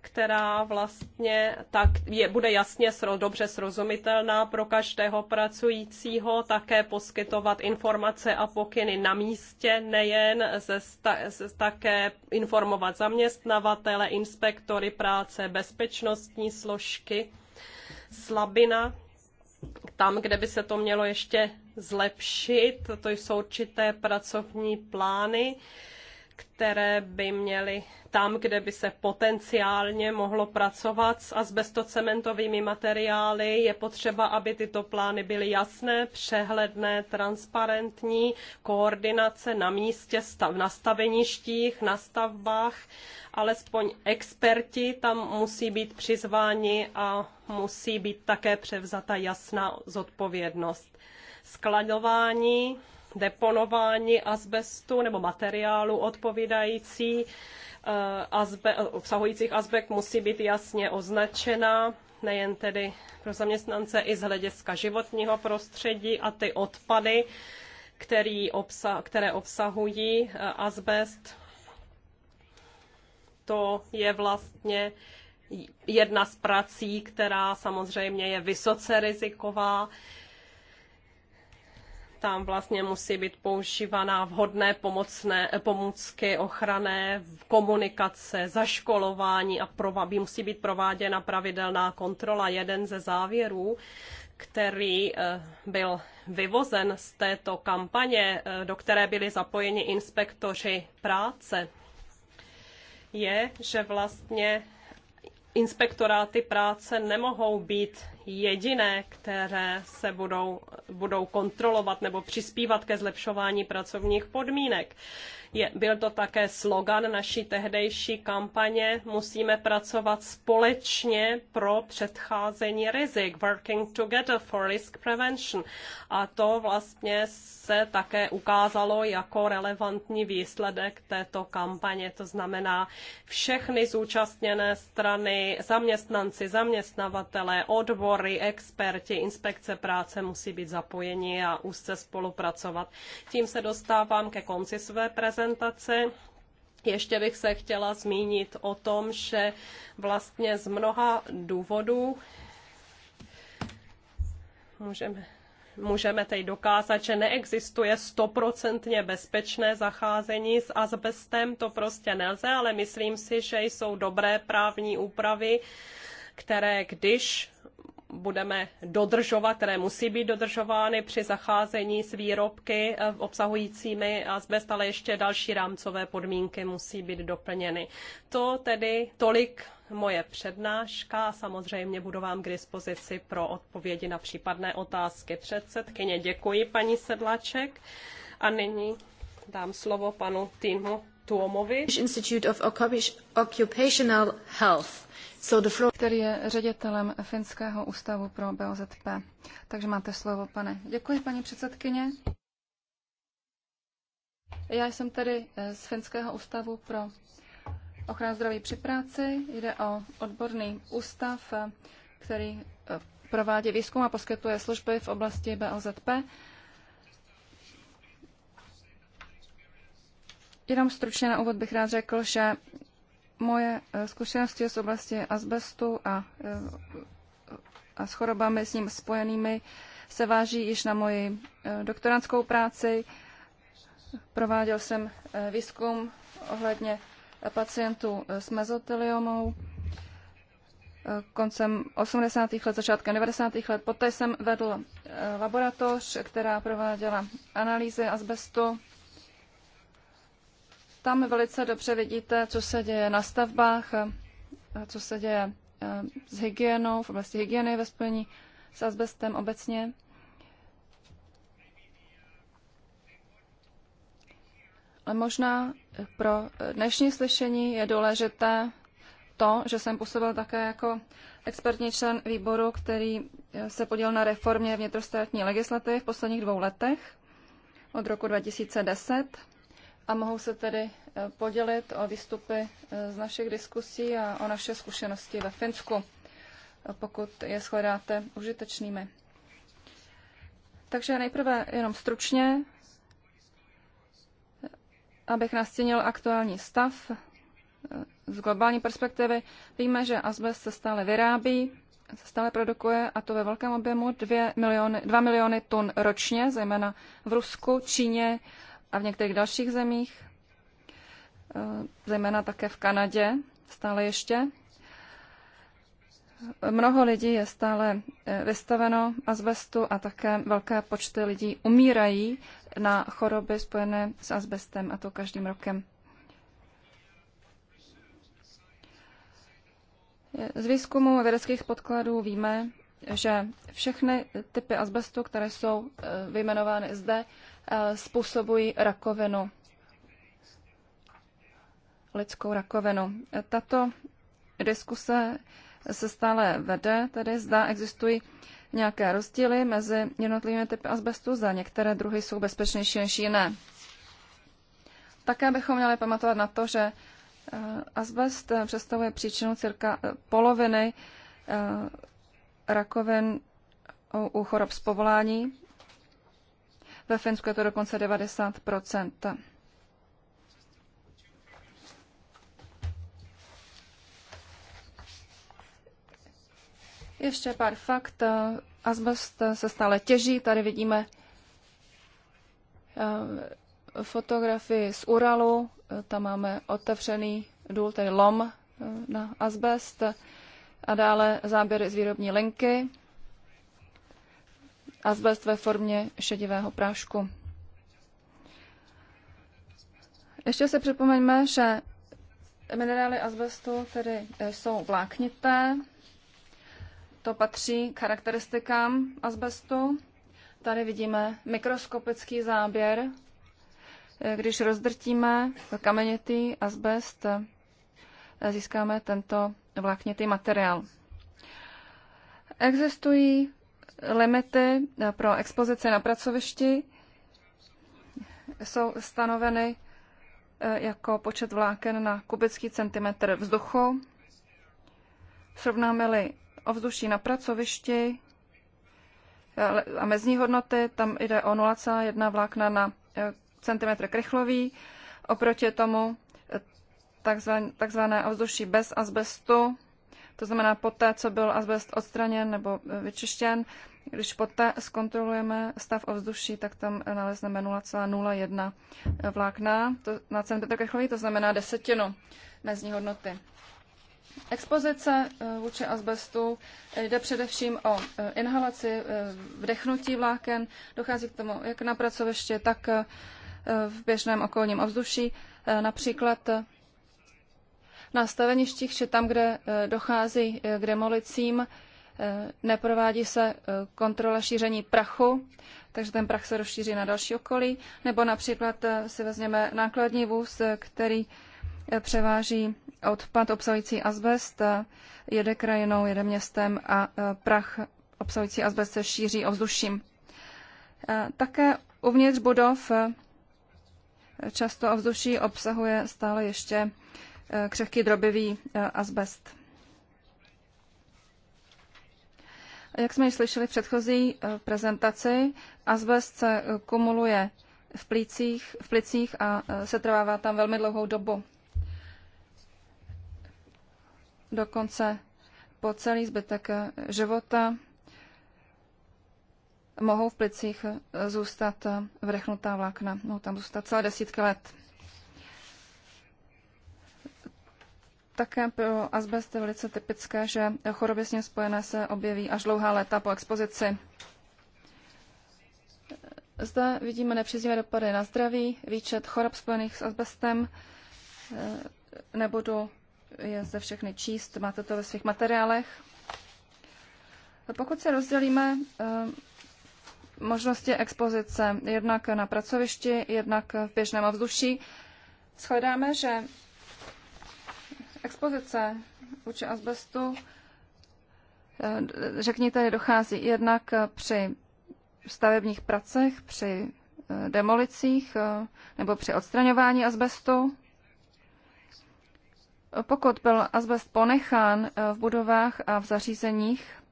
která vlastně tak je, bude jasně sro, dobře srozumitelná pro každého pracujícího, také poskytovat informace a pokyny na místě, nejen ze, ze, také informovat zaměstnavatele, inspektory práce, bezpečnostní složky. Slabina tam, kde by se to mělo ještě zlepšit, to jsou určité pracovní plány které by měly tam, kde by se potenciálně mohlo pracovat s asbestocementovými materiály. Je potřeba, aby tyto plány byly jasné, přehledné, transparentní, koordinace na místě, stav, na staveništích, na stavbách. Alespoň experti tam musí být přizváni a musí být také převzata jasná zodpovědnost. Skladování deponování asbestu nebo materiálu odpovídající eh, azbe, obsahujících azbest musí být jasně označena, nejen tedy pro zaměstnance, i z hlediska životního prostředí a ty odpady, který obsa, které obsahují eh, azbest. To je vlastně jedna z prací, která samozřejmě je vysoce riziková tam vlastně musí být používaná vhodné pomocné, pomůcky, ochranné, komunikace, zaškolování a prová, musí být prováděna pravidelná kontrola. Jeden ze závěrů který eh, byl vyvozen z této kampaně, eh, do které byli zapojeni inspektoři práce, je, že vlastně inspektoráty práce nemohou být jediné, které se budou, budou kontrolovat nebo přispívat ke zlepšování pracovních podmínek. Je, byl to také slogan naší tehdejší kampaně Musíme pracovat společně pro předcházení rizik, Working Together for Risk Prevention. A to vlastně se také ukázalo jako relevantní výsledek této kampaně. To znamená, všechny zúčastněné strany, zaměstnanci, zaměstnavatelé, odbor, odbory, experti, inspekce práce musí být zapojeni a úzce spolupracovat. Tím se dostávám ke konci své prezentace. Ještě bych se chtěla zmínit o tom, že vlastně z mnoha důvodů můžeme můžeme teď dokázat, že neexistuje stoprocentně bezpečné zacházení s azbestem, to prostě nelze, ale myslím si, že jsou dobré právní úpravy, které když budeme dodržovat, které musí být dodržovány při zacházení s výrobky eh, obsahujícími asbest, ale ještě další rámcové podmínky musí být doplněny. To tedy tolik moje přednáška a samozřejmě budu vám k dispozici pro odpovědi na případné otázky předsedkyně. Děkuji, paní Sedlaček. A nyní dám slovo panu Týmu Tuomovi, Institute of Occupational Health, který je ředitelem Finského ústavu pro BOZP. Takže máte slovo, pane. Děkuji, paní předsedkyně. Já jsem tady eh, z Finského ústavu pro ochranu zdraví při práci. Jde o odborný ústav, eh, který eh, provádí výzkum a poskytuje služby v oblasti BOZP. Jenom stručně na úvod bych rád řekl, že moje eh, zkušenosti z oblasti asbestu a, eh, a s chorobami s ním spojenými se váží již na moji eh, doktorantskou práci. Prováděl jsem výzkum ohledně pacientů s mezoteliomou koncem 80. let, začátkem 90. let. Poté jsem vedl laboratoř, která prováděla analýzy asbestu tam velice dobře vidíte, co se děje na stavbách, eh, co se děje eh, s hygienou, v oblasti hygieny ve spojení s asbestem obecně. Ale možná pro dnešní slyšení je důležité to, že jsem působil také jako expertní člen výboru, který eh, se podíl na reformě vnitrostátní legislativy v posledních dvou letech od roku 2010 a mohou se tedy eh, podělit o výstupy eh, z našich diskusí a o naše zkušenosti ve Finsku, eh, pokud je shledáte užitečnými. Takže nejprve jenom stručně, abych nastínil aktuální stav z globální perspektivy. Víme, že asbest se stále vyrábí, se stále produkuje a to ve velkém objemu 2 miliony, 2 miliony tun ročně, zejména v Rusku, Číně, a v některých dalších zemích, eh, zejména také v Kanadě, stále ještě. Mnoho lidí je stále eh, vystaveno azbestu a také velké počty lidí umírají na choroby spojené s azbestem, a to každým rokem. Z výzkumu vědeckých podkladů víme, že všechny typy azbestu, které jsou eh, vyjmenovány zde, způsobují rakovinu, lidskou rakovinu. Tato diskuse se stále vede, tedy zda existují nějaké rozdíly mezi jednotlivými typy asbestu, za některé druhy jsou bezpečnější než jiné. Také bychom měli pamatovat na to, že eh, asbest eh, představuje příčinu cirka eh, poloviny rakovin u chorob z povolání ve Finsku je to dokonce 90 Ještě pár fakt. Asbest se stále těží. Tady vidíme eh, fotografii z Uralu. Tam máme otevřený důl, tedy lom eh, na asbest. A dále záběry z výrobní linky azbest ve formě šedivého prášku. Ještě si připomeňme, že minerály azbestu tedy e, jsou vláknité, to patří k charakteristikám azbestu. Tady vidíme mikroskopický záběr. E, když rozdrtíme kamenitý azbest, e, získáme tento vláknitý materiál. Existují limity pro expozice na pracovišti jsou stanoveny eh, jako počet vláken na kubický centimetr vzduchu. Srovnáme-li ovzduší na pracovišti eh, a mezní hodnoty, tam jde o 0,1 vlákna na eh, centimetr krychlový. Oproti tomu takzvané ovzduší bez asbestu to znamená, poté, co byl azbest odstraněn nebo e, vyčištěn, když poté zkontrolujeme stav ovzduší, tak tam nalezneme 0,01 e, vlákna to, na centimetr krychlový, to znamená desetinu mezní hodnoty. Expozice e, vůči azbestu jde především o inhalaci, vdechnutí vláken. Dochází k tomu jak na pracovišti, tak v běžném okolním ovzduší. Například na staveništích či tam, kde eh, dochází eh, k demolicím, eh, neprovádí se kontrola šíření prachu, takže ten prach se rozšíří na další okolí, nebo například si vezměme nákladní vůz, který převáží odpad obsahující azbest, jede krajinou, jede městem a prach obsahující azbest se šíří ovzduším. Také uvnitř budov často ovzduší obsahuje stále ještě Eh, křehký drobivý eh, asbest. Jak jsme již slyšeli v předchozí eh, prezentaci, asbest se kumuluje v plicích, v plicích a setrvává tam velmi dlouhou dobu. Dokonce po celý zbytek života mohou v plicích zůstat vrchnutá vlákna, mohou tam zůstat celé desítky let. Také pro asbest je velice typické, že choroby s ním spojené se objeví až dlouhá léta po expozici. Zde vidíme nepříznivé dopady na zdraví, výčet chorob spojených s asbestem. E, nebudu je ze všechny číst, máte to ve svých materiálech. Pokud se rozdělíme e, možnosti expozice jednak na pracovišti, jednak v běžném ovzduší, shledáme, že expozice vůči asbestu, eh, řekněte, dochází jednak eh, při stavebních pracech, při eh, demolicích nebo při odstraňování asbestu. Pokud byl asbest ponechán v budovách a v zařízeních,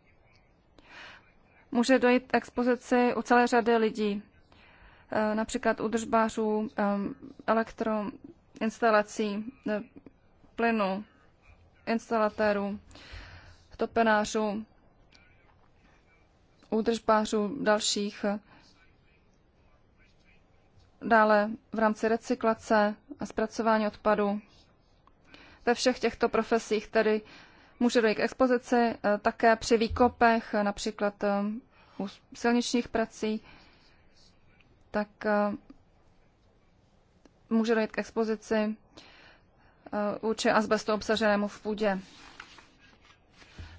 může dojít k expozici u celé řady lidí, například u držbářů elektroinstalací, plynu, instalatérů, topenářů, údržbářů dalších. Dále v rámci recyklace a zpracování odpadu. Ve všech těchto profesích tedy může dojít k expozici eh, také při výkopech, například eh, u silničních prací, tak eh, může dojít k expozici vůči asbestu obsaženému v půdě.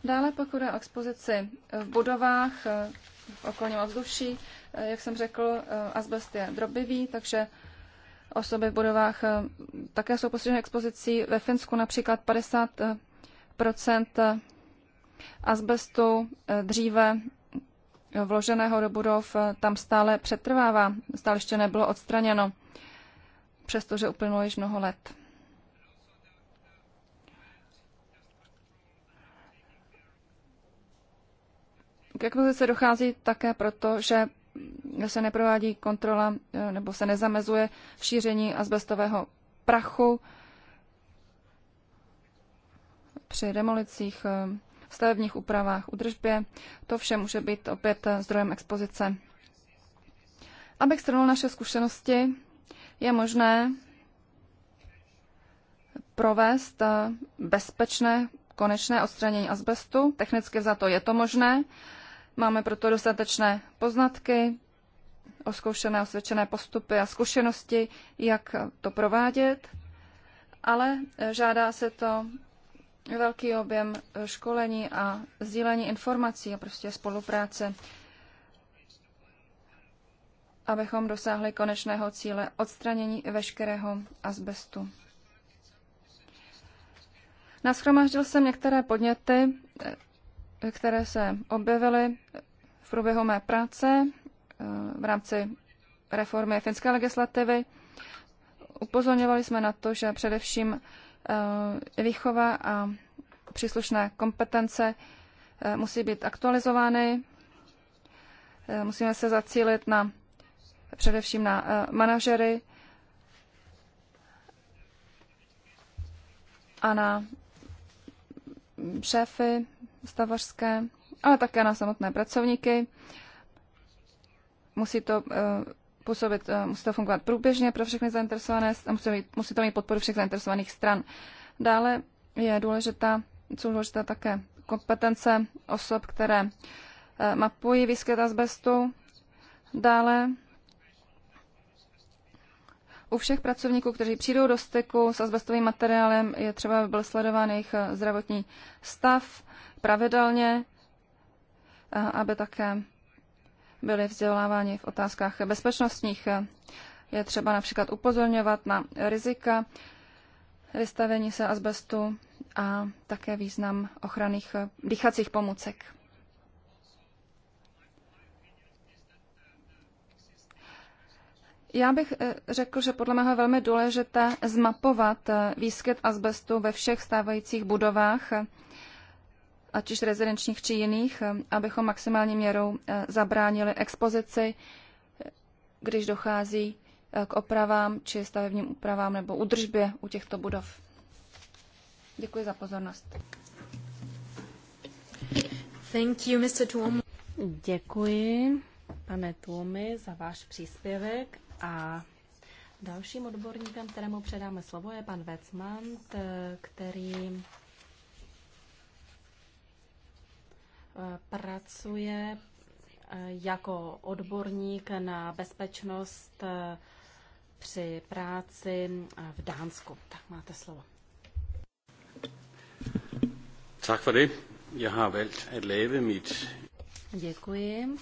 Dále pokud je o expozici v budovách, v okolním ovzduší, jak jsem řekl, asbest je drobivý, takže osoby v budovách také jsou postiženy expozicí. Ve Finsku například 50 asbestu dříve vloženého do budov tam stále přetrvává, stále ještě nebylo odstraněno, přestože uplynulo již mnoho let. K akvizici dochází také proto, že se neprovádí kontrola eh, nebo se nezamezuje šíření asbestového prachu při demolicích, eh, stavebních úpravách, udržbě. To vše může být opět eh, zdrojem expozice. Abych stranul naše zkušenosti, je možné provést bezpečné konečné odstranění asbestu. Technicky za to je to možné, Máme proto dostatečné poznatky, oskoušené, osvědčené postupy a zkušenosti, jak to provádět, ale žádá se to velký objem školení a sdílení informací a prostě spolupráce, abychom dosáhli konečného cíle odstranění veškerého asbestu. Naschromáždil jsem některé podněty které se objevily v průběhu mé práce eh, v rámci reformy finské legislativy. Upozorňovali jsme na to, že především eh, výchova a příslušné kompetence eh, musí být aktualizovány. Musíme se zacílit na, především na manažery a na šéfy stavařské, ale také na samotné pracovníky. Musí to eh, působit, eh, musí to fungovat průběžně pro všechny zainteresované, musí, mít, musí to mít podporu všech zainteresovaných stran. Dále je důležitá, jsou důležité také kompetence osob, které eh, mapují výskyt asbestu. Dále u všech pracovníků, kteří přijdou do styku s asbestovým materiálem, je třeba, aby byl sledován jejich zdravotní stav pravidelně, aby také byli vzděláváni v otázkách bezpečnostních. Je třeba například upozorňovat na rizika vystavení se asbestu a také význam ochranných dýchacích pomůcek. Já bych eh, řekl, že podle mého je velmi důležité zmapovat eh, výskyt asbestu ve všech stávajících budovách ať už rezidenčních či jiných, eh, abychom maximální měrou eh, zabránili expozici, eh, když dochází k opravám či stavebním úpravám nebo udržbě u těchto budov. Děkuji za pozornost. Thank you, Mr. Tuomi. Děkuji, pane Tuomi, za váš příspěvek a dalším odborníkem, kterému předáme slovo, je pan Vecmant, který pracuje eh, jako odborník na bezpečnost eh, při práci eh, v Dánsku. Tak máte slovo. Tak for det. Jeg har valgt at lave mit... Děkuji.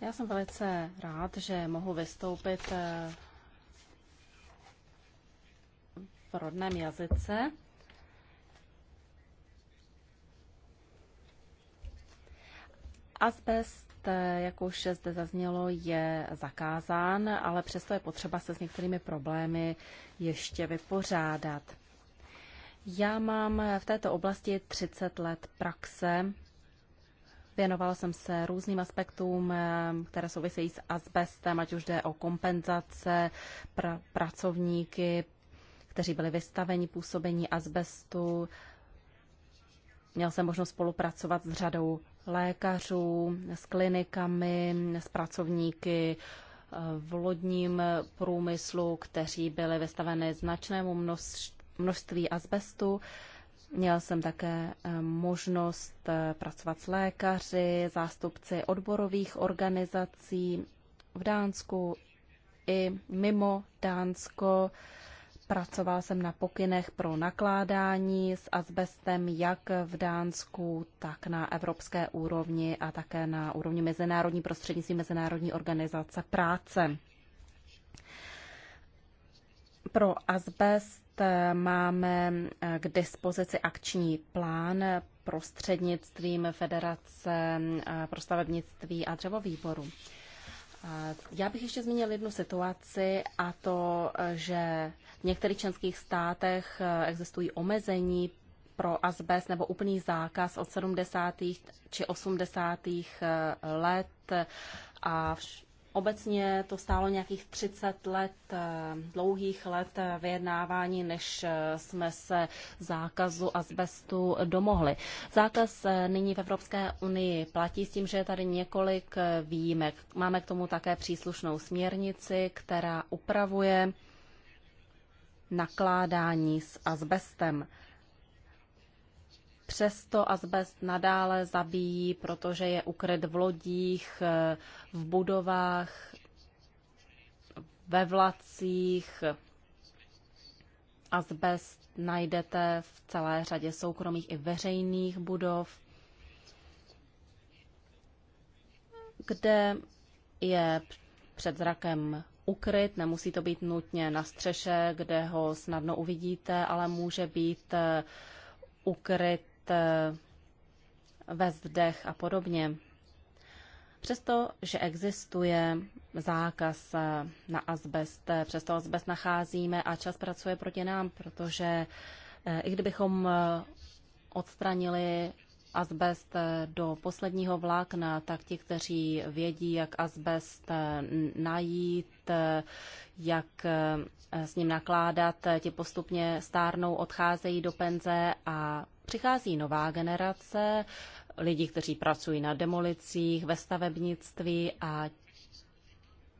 Já jsem velice rád, že mohu vystoupit rodném jazyce. Asbest, jak už zde zaznělo, je zakázán, ale přesto je potřeba se s některými problémy ještě vypořádat. Já mám v této oblasti 30 let praxe. Věnovala jsem se různým aspektům, které souvisejí s asbestem, ať už jde o kompenzace, pra- pracovníky, kteří byli vystaveni působení azbestu. Měl jsem možnost spolupracovat s řadou lékařů, s klinikami, s pracovníky eh, v lodním průmyslu, kteří byli vystaveni značnému množství azbestu. Měl jsem také eh, možnost eh, pracovat s lékaři, zástupci odborových organizací v Dánsku i mimo Dánsko. Pracoval jsem na pokynech pro nakládání s azbestem jak v Dánsku, tak na evropské úrovni a také na úrovni mezinárodní prostřednictví Mezinárodní organizace práce. Pro azbest eh, máme eh, k dispozici akční plán prostřednictvím Federace eh, pro stavebnictví a dřevovýboru. výboru. Já bych ještě zmínil jednu situaci a to, že v některých členských státech eh, existují omezení pro azbest nebo úplný zákaz od 70. či 80. Eh, let a Obecně to stálo nějakých 30 let, eh, dlouhých let eh, vyjednávání, než eh, jsme se zákazu azbestu domohli. Zákaz nyní v Evropské unii platí s tím, že je tady několik výjimek. Máme k tomu také příslušnou směrnici, která upravuje nakládání s azbestem. Přesto azbest nadále zabíjí, protože je ukryt v lodích, eh, v budovách, ve vlacích. Azbest najdete v celé řadě soukromých i veřejných budov, kde je před zrakem ukryt, nemusí to být nutně na střeše, kde ho snadno uvidíte, ale může být eh, ukryt Eh, ve zdech a podobně. Přesto, že existuje zákaz eh, na azbest, eh, přesto azbest nacházíme a čas pracuje proti nám, protože i kdybychom odstranili azbest do posledního vlákna, tak ti, kteří vědí, jak azbest najít, jak s ním nakládat, ti postupně stárnou, odcházejí do penze a Přichází nová generace lidí, kteří pracují na demolicích, ve stavebnictví a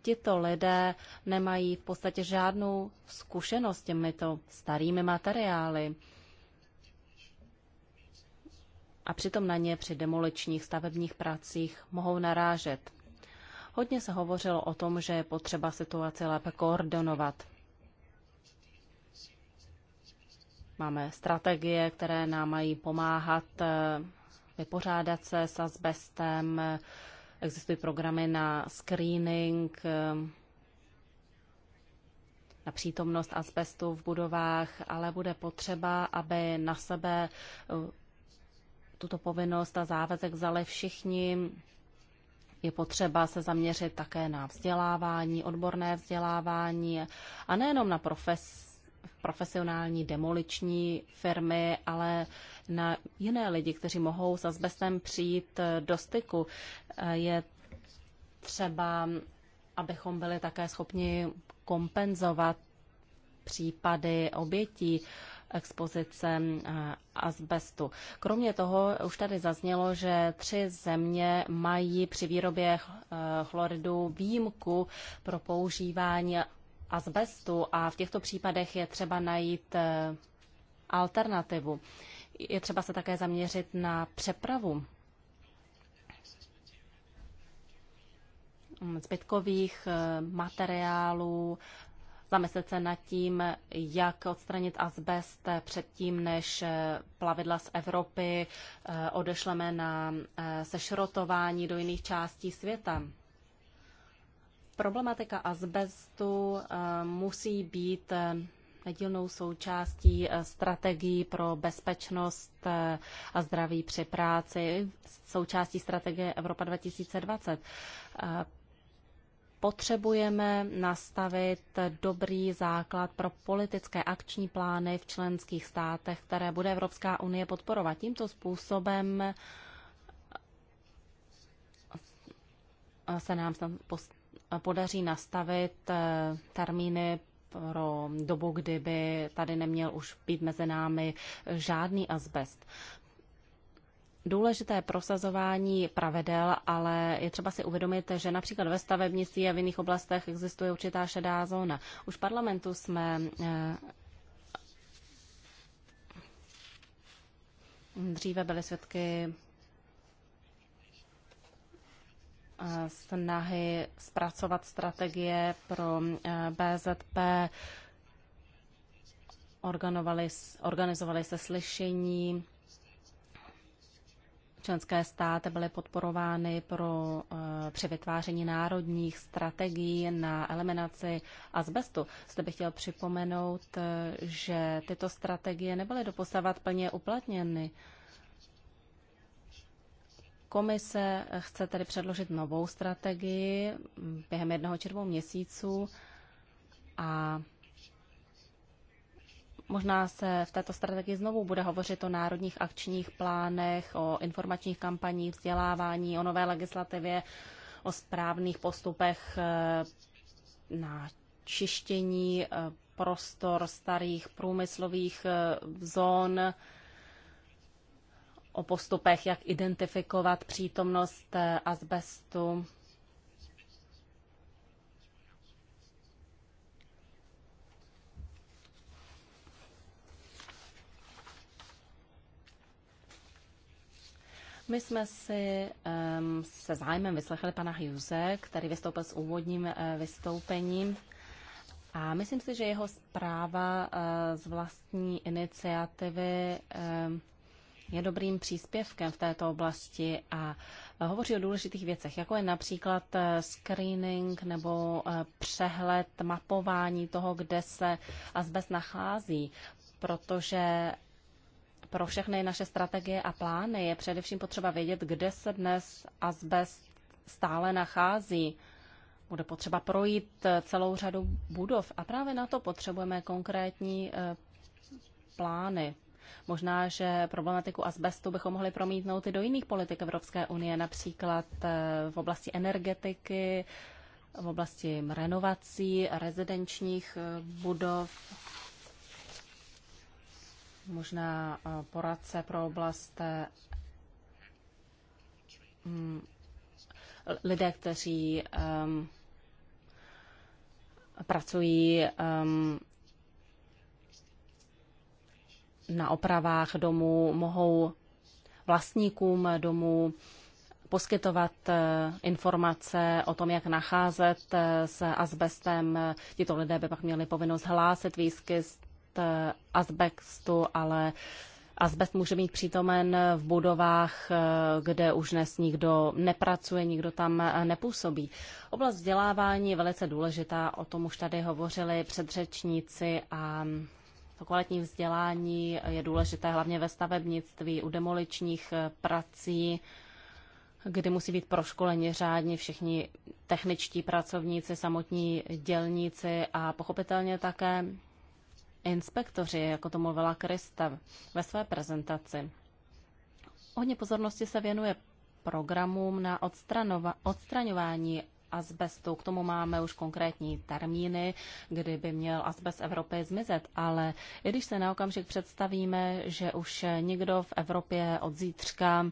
tito lidé nemají v podstatě žádnou zkušenost s těmito starými materiály. A přitom na ně při demoličních stavebních pracích mohou narážet. Hodně se hovořilo o tom, že je potřeba situaci lépe koordinovat. Máme strategie, které nám mají pomáhat eh, vypořádat se s asbestem. Existují programy na screening, eh, na přítomnost asbestu v budovách, ale bude potřeba, aby na sebe eh, tuto povinnost a závazek vzali všichni. Je potřeba se zaměřit také na vzdělávání, odborné vzdělávání a nejenom na profes, profesionální demoliční firmy, ale na jiné lidi, kteří mohou s asbestem přijít do styku. Je třeba, abychom byli také schopni kompenzovat případy obětí expozice asbestu. Kromě toho už tady zaznělo, že tři země mají při výrobě chloridu výjimku pro používání azbestu a v těchto případech je třeba najít eh, alternativu. Je třeba se také zaměřit na přepravu zbytkových eh, materiálů, zamyslet se nad tím, jak odstranit azbest předtím, než eh, plavidla z Evropy odešleme na sešrotování do jiných částí světa. Problematika azbestu eh, musí být eh, nedílnou součástí eh, strategií pro bezpečnost a zdraví při práci, součástí strategie Evropa 2020. Potřebujeme nastavit dobrý základ pro politické akční plány v členských státech, které bude Evropská unie podporovat. Tímto způsobem se nám podaří nastavit eh, termíny pro dobu, kdyby tady neměl už být mezi námi žádný azbest. Důležité je prosazování pravidel, ale je třeba si uvědomit, že například ve stavebnictví a v jiných oblastech existuje určitá šedá zóna. Už v parlamentu jsme eh, dříve byli svědky snahy zpracovat strategie pro eh, BZP. Organizovali se slyšení, členské státy byly podporovány pro, eh, při vytváření národních strategií na eliminaci azbestu. Zde bych chtěl připomenout, eh, že tyto strategie nebyly doposavat plně uplatněny. Komise chce tedy předložit novou strategii během jednoho či dvou měsíců a možná se v této strategii znovu bude hovořit o národních akčních plánech, o informačních kampaních, vzdělávání, o nové legislativě, o správných postupech eh, na čištění eh, prostor starých průmyslových eh, zón, o postupech, jak identifikovat přítomnost eh, asbestu. My jsme si um, se zájmem vyslechli pana Hughes, který vystoupil s úvodním uh, vystoupením. A myslím si, že jeho zpráva uh, z vlastní iniciativy uh, je dobrým příspěvkem v této oblasti a hovoří o důležitých věcech, jako je například eh, screening nebo eh, přehled mapování toho, kde se asbest nachází, protože pro všechny naše strategie a plány je především potřeba vědět, kde se dnes asbest stále nachází. Bude potřeba projít eh, celou řadu budov a právě na to potřebujeme konkrétní plány. Možná, že problematiku asbestu bychom mohli promítnout i do jiných politik Evropské unie, například eh, v oblasti energetiky, v oblasti renovací rezidenčních eh, budov, možná eh, poradce pro oblast mm, lidé, kteří um, pracují um, na opravách domů, mohou vlastníkům domů poskytovat eh, informace o tom, jak nacházet eh, s asbestem. Tito lidé by pak měli povinnost hlásit výskyt eh, asbestu, ale asbest může být přítomen v budovách, kde už dnes nikdo nepracuje, nikdo tam nepůsobí. Oblast vzdělávání je velice důležitá, o tom už tady hovořili předřečníci a to kvalitní vzdělání je důležité hlavně ve stavebnictví, u demoličních eh, prací, kdy musí být proškoleni řádně všichni techničtí pracovníci, samotní dělníci a pochopitelně také inspektoři, jako to mluvila Krista ve své prezentaci. Hodně pozornosti se věnuje programům na odstraňování azbestu. K tomu máme už konkrétní termíny, kdy by měl azbest Evropy zmizet, ale i když se na okamžik představíme, že už nikdo v Evropě od zítřka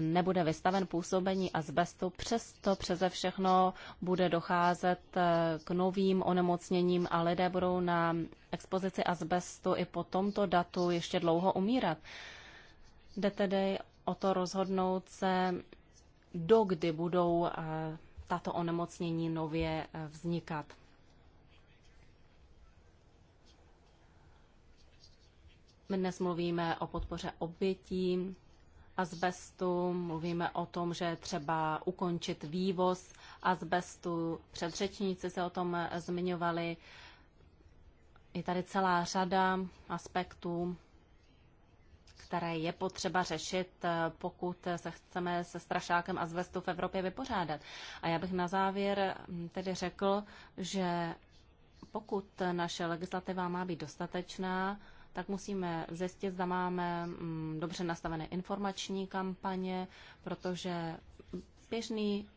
nebude vystaven působení azbestu, přesto přeze všechno bude docházet eh, k novým onemocněním a lidé budou na expozici azbestu i po tomto datu ještě dlouho umírat. Jde tedy o to rozhodnout se, dokdy budou eh, tato onemocnění nově eh, vznikat. My dnes mluvíme o podpoře obětí azbestu, mluvíme o tom, že třeba ukončit vývoz azbestu. Předřečníci se o tom eh, zmiňovali. Je tady celá řada aspektů, které je potřeba řešit, eh, pokud se chceme se strašákem azbestu v Evropě vypořádat. A já bych na závěr mm, tedy řekl, že pokud naše legislativa má být dostatečná, tak musíme zjistit, zda máme mm, dobře nastavené informační kampaně, protože běžný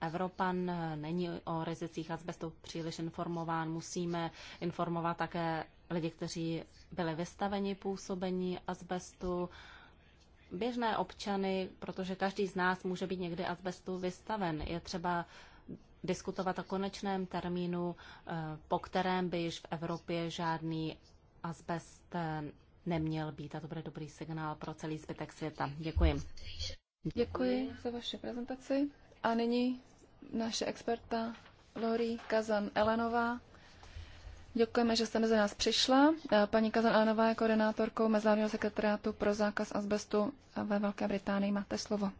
Evropan eh, není o rizicích azbestu příliš informován. Musíme informovat také lidi, kteří byli vystaveni působení azbestu, běžné občany, protože každý z nás může být někdy azbestu vystaven. Je třeba diskutovat o konečném termínu, eh, po kterém by již v Evropě žádný azbest eh, neměl být. A to bude dobrý signál pro celý zbytek světa. Děkuji. Děkuji za vaši prezentaci. A nyní naše experta Lori Kazan Elenová Děkujeme, že jste mezi nás přišla. Eh, Paní Kazan Alenová je koordinátorkou Mezinárodního sekretariátu pro zákaz asbestu ve Velké Británii. Máte slovo.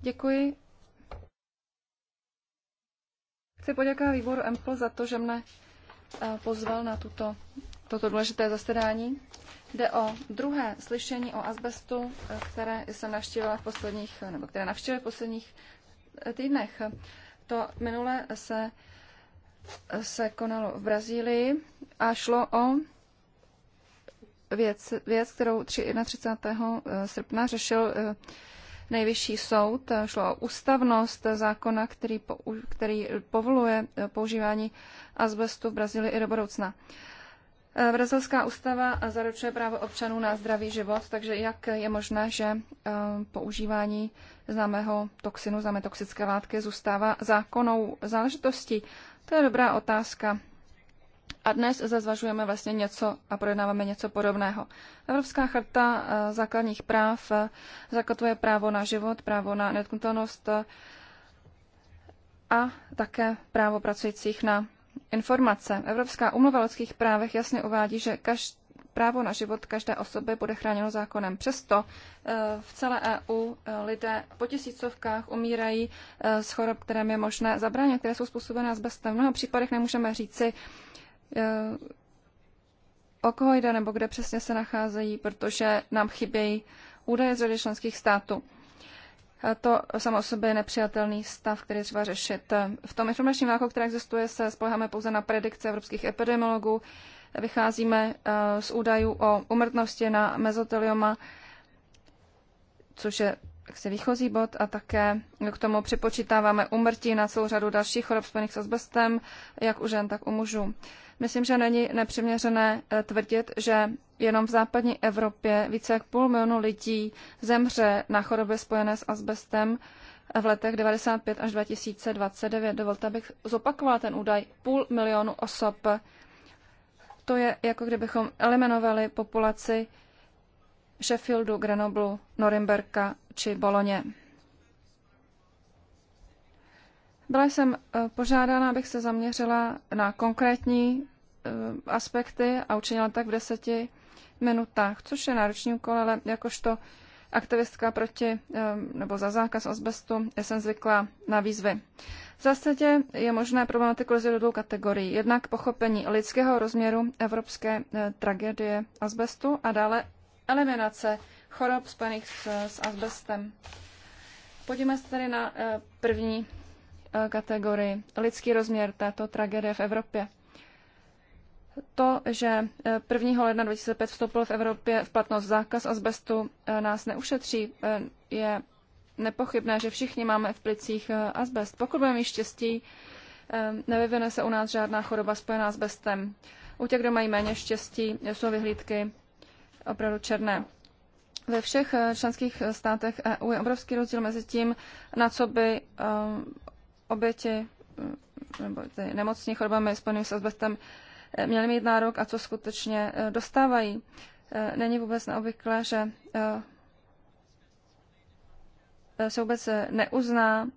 Děkuji. Chci poděkovat výboru EMPL za to, že mne eh, pozval na tuto, toto důležité zasedání. Jde o druhé slyšení o asbestu, které jsem navštívila v posledních, nebo které navštívila v posledních eh, týdnech. To minule se, se konalo v Brazílii a šlo o věc, věc kterou 31. Eh, srpna řešil eh, nejvyšší soud. Šlo o ústavnost zákona, který, který povoluje používání asbestu v Brazílii i do budoucna. Eh, brazilská ústava zaručuje právo občanů na zdravý život, takže jak je možné, že eh, používání známého toxinu, známé toxické látky zůstává zákonnou záležitostí? To je dobrá otázka. A dnes zazvažujeme vlastně něco a projednáváme něco podobného. Evropská charta eh, základních práv zakotvuje právo na život, právo na netknutelnost a také právo pracujících na informace. Evropská umluva o lidských právech jasně uvádí, že každý právo na život každé osoby bude chráněno zákonem. Přesto eh, v celé EU eh, lidé po tisícovkách umírají z eh, chorob, které je možné zabránit, které jsou způsobené asbestem. V mnoha případech nemůžeme říci, o koho jde nebo kde přesně se nacházejí, protože nám chybějí údaje z členských států to samo o sobě je nepřijatelný stav, který třeba řešit. V tom informačním váku, které existuje, se spoleháme pouze na predikce evropských epidemiologů. Vycházíme eh, z údajů o umrtnosti na mezotelioma, což je jaksi výchozí bod a také k tomu připočítáváme umrtí na celou řadu dalších chorob spojených s asbestem, jak u žen, tak u mužů. Myslím, že není nepřiměřené eh, tvrdit, že jenom v západní Evropě více jak půl milionu lidí zemře na choroby spojené s asbestem v letech 95 až 2029. Dovolte, abych zopakovala ten údaj. Půl milionu osob. To je jako kdybychom eliminovali populaci Sheffieldu, Grenoblu, Norimberka či Boloně. Byla jsem e, požádána, abych se zaměřila na konkrétní e, aspekty a učinila tak v deseti minutách, což je náročný úkol, ale jakožto aktivistka proti e, nebo za zákaz asbestu jsem zvykla na výzvy. V zásadě je možné problematiku rozdělit do dvou kategorií. Jednak pochopení lidského rozměru evropské tragédie asbestu a dále eliminace chorob spojených s, s asbestem. Podívejme se tady na eh, první eh, kategorii, lidský rozměr této tragédie v Evropě. To, že 1. Eh, ledna 2005 vstoupil v Evropě v platnost zákaz asbestu, nás neušetří. Je nepochybné, že všichni máme v plicích asbest. Pokud budeme mít štěstí, nevyvine se u nás žádná choroba spojená s asbestem. U těch, kdo mají méně štěstí, jsou vyhlídky opravdu černé ve všech eh, členských eh, státech EU je obrovský rozdíl mezi tím, na co by eh, oběti mm, nebo ty nemocní chorobami spojenými s asbestem měli mít nárok a co skutečně dostávají. Není vůbec neobvyklé, že se vůbec neuzná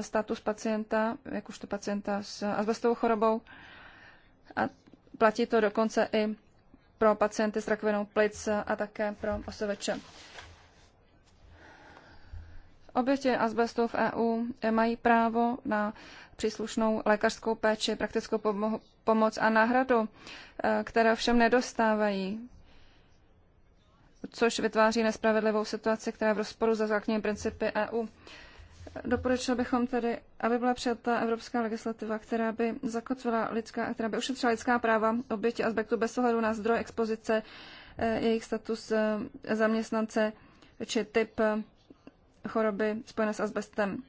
status pacienta, jakožto pacienta s asbestovou chorobou a platí to dokonce i pro pacienty s rakovinou plic a také pro osoveče. Oběti asbestu v EU mají právo na příslušnou lékařskou péči, praktickou pomoc a náhradu, eh, které všem nedostávají, což vytváří nespravedlivou situaci, která je v rozporu se základními principy EU. Doporučil bychom tedy, aby byla přijata evropská legislativa, která by zakotvila lidská, která by ušetřila lidská práva oběti aspektu bez ohledu na zdroj expozice, eh, jejich status eh, zaměstnance či typ eh, choroby spojené s asbestem.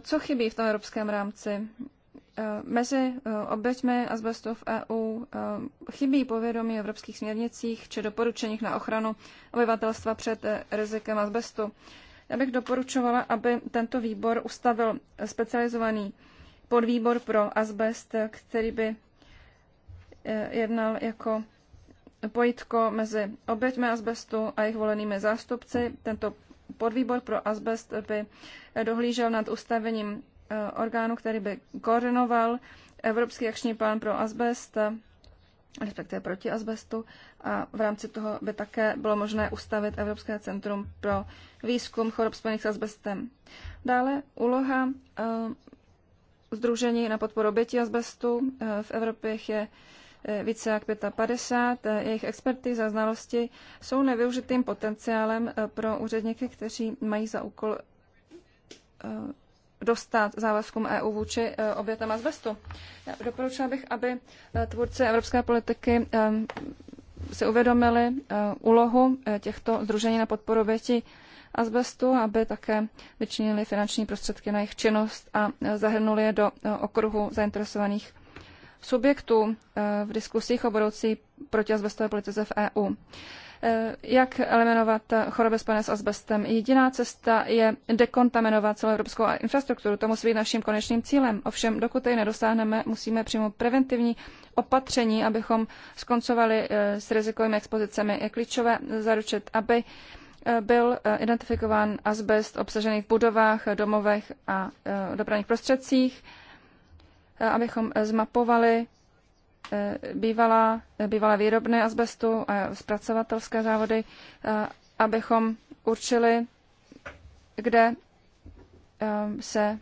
Co chybí v tom evropském rámci? Mezi oběťmi asbestu v EU chybí povědomí o evropských směrnicích či doporučeních na ochranu obyvatelstva před rizikem asbestu. Já bych doporučovala, aby tento výbor ustavil specializovaný podvýbor pro asbest, který by eh, jednal jako pojitko mezi oběťmi asbestu a jejich volenými zástupci. Tento podvýbor pro asbest by dohlížel nad ustavením eh, orgánu, který by koordinoval Evropský akční plán pro asbest respektive proti asbestu. A v rámci toho by také bylo možné ustavit Evropské centrum pro výzkum chorob spojených s asbestem. Dále úloha uh, eh, Združení na podporu obětí asbestu. Uh, v Evropě je eh, více jak 55. Jejich experty za znalosti jsou nevyužitým potenciálem pro úředníky, kteří mají za úkol dostat závazkům EU vůči e, obětem azbestu. Doporučila bych, aby e, tvůrci evropské politiky e, si uvědomili úlohu těchto združení na podporu obětí azbestu, aby také vyčinili finanční prostředky na jejich činnost a zahrnuli je do okruhu zainteresovaných subjektů v diskusích o budoucí protiazbestové politice v EU. Eh, jak eliminovat choroby spojené s asbestem. Jediná cesta je dekontaminovat celou evropskou infrastrukturu. To musí být naším konečným cílem. Ovšem, dokud jej nedosáhneme, musíme přijmout preventivní opatření, abychom skoncovali eh, s rizikovými expozicemi. Je klíčové zaručit, aby eh, byl identifikován asbest obsažený v budovách, domovech a dopravních prostředcích, abychom zmapovali Eh, bývalá, bývalé výrobny azbestu a zpracovatelské závody, eh, abychom určili, kde eh, se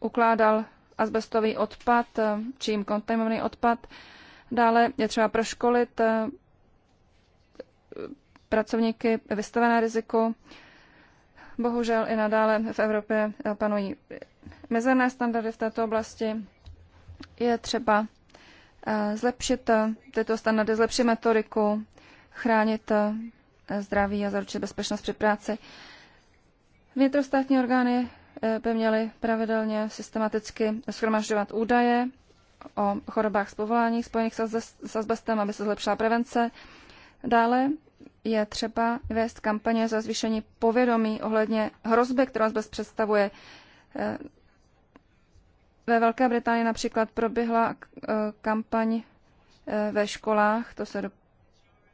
ukládal azbestový odpad, čím kontaminovaný odpad. Dále je třeba proškolit pracovníky vystavené riziku. Bohužel i nadále v Evropě panují mezerné standardy v této oblasti. Je třeba Eh, zlepšit eh, tyto standardy, zlepšit metodiku, chránit eh, zdraví a zaručit bezpečnost při práci. Vnitrostátní orgány by měly pravidelně systematicky schromažďovat údaje o chorobách z povolání spojených s asbestem, aby se zlepšila prevence. Dále je třeba vést kampaně za zvýšení povědomí ohledně hrozby, kterou asbest představuje ve Velké Británii například proběhla eh, kampaň eh, ve školách, to se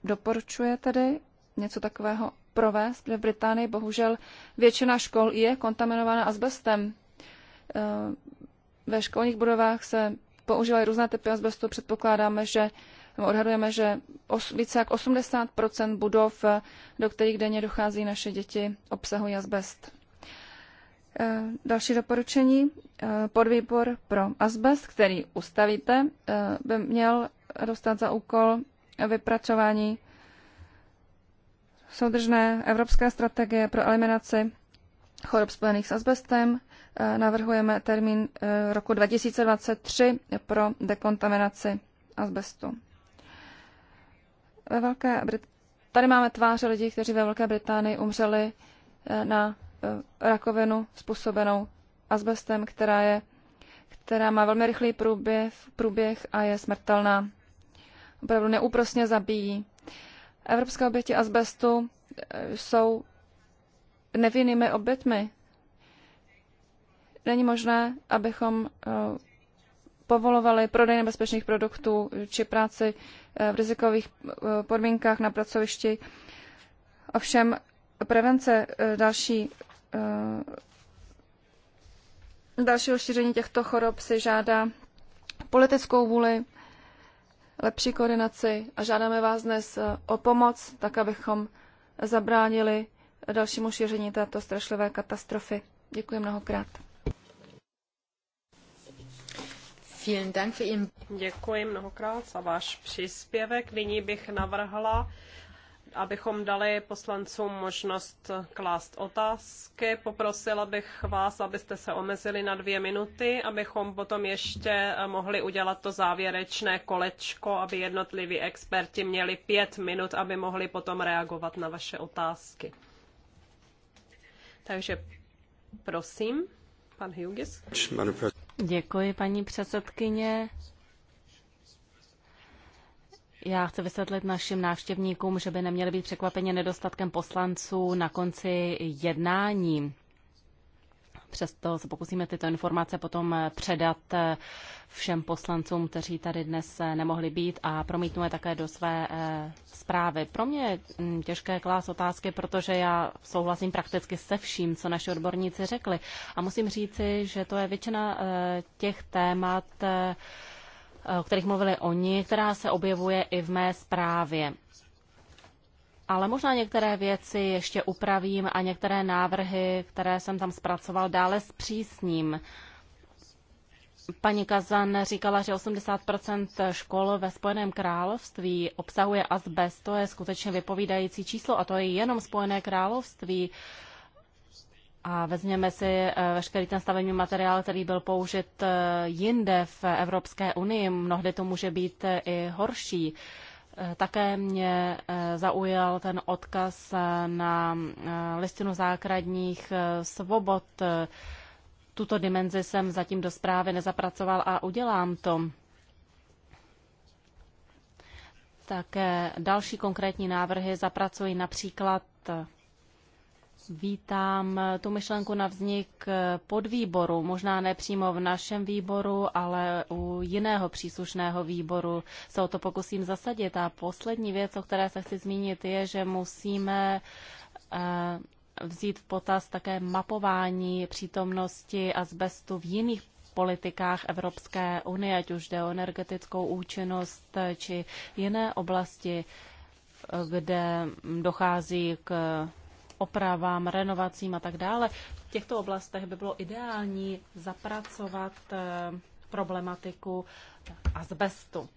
doporučuje tady něco takového provést. Ve Británii bohužel většina škol je kontaminována asbestem. Eh, ve školních budovách se používají různé typy asbestu. Předpokládáme, že odhadujeme, že os, více jak 80 budov, do kterých denně dochází naše děti, obsahují asbest. Eh, další doporučení. Eh, podvýbor pro asbest, který ustavíte, eh, by měl dostat za úkol vypracování soudržné evropské strategie pro eliminaci chorob spojených s asbestem. Navrhujeme termín roku 2023 pro dekontaminaci asbestu. Ve Velké Brit- Tady máme tváře lidí, kteří ve Velké Británii umřeli na Eh, rakovinu způsobenou asbestem, která, je, která má velmi rychlý průběh, průběh a je smrtelná. Opravdu neúprosně zabíjí. Evropské oběti asbestu eh, jsou nevinnými obětmi. Není možné, abychom eh, povolovali prodej nebezpečných produktů či práci v rizikových podmínkách na pracovišti. Ovšem prevence eh, další, eh, dalšího šíření těchto chorob si žádá politickou vůli, lepší koordinaci a žádáme vás dnes eh, o pomoc, tak abychom zabránili dalšímu šíření této strašlivé katastrofy. Děkuji mnohokrát. Děkuji mnohokrát za váš příspěvek. Nyní bych navrhla, abychom dali poslancům možnost klást otázky. Poprosila bych vás, abyste se omezili na dvě minuty, abychom potom ještě mohli udělat to závěrečné kolečko, aby jednotliví experti měli pět minut, aby mohli potom reagovat na vaše otázky. Takže prosím, pan Hugis. Děkuji, paní předsedkyně. Já chci vysvětlit našim návštěvníkům, že by neměli být překvapeně nedostatkem poslanců na konci jednání. Přesto se pokusíme tyto informace potom předat eh, všem poslancům, kteří tady dnes eh, nemohli být a je také do své eh, zprávy. Pro mě je mm, těžké klás otázky, protože já souhlasím prakticky se vším, co naši odborníci řekli. A musím říci, že to je většina těch témat, Eh, o kterých mluvili oni, která se objevuje i v mé zprávě. Ale možná některé věci ještě upravím a některé návrhy, které jsem tam zpracoval, dále zpřísním. Paní Kazan říkala, že 80 škol ve Spojeném království obsahuje asbest. To je skutečně vypovídající číslo a to je jenom Spojené království a vezměme si eh, veškerý ten stavební materiál, který byl použit eh, jinde v Evropské unii, mnohdy to může být eh, i horší. Také mě zaujal ten odkaz na listinu základních svobod. Tuto dimenzi jsem zatím do zprávy nezapracoval a udělám to. Také další konkrétní návrhy zapracuji například Vítám eh, tu myšlenku na vznik eh, podvýboru, možná ne přímo v našem výboru, ale u jiného příslušného výboru se o to pokusím zasadit. A poslední věc, o které se chci zmínit, je, že musíme eh, vzít v potaz také mapování přítomnosti azbestu v jiných politikách Evropské unie, ať už jde o energetickou účinnost či jiné oblasti, kde dochází k opravám, renovacím a tak dále. V těchto oblastech by bylo ideální zapracovat eh, problematiku azbestu.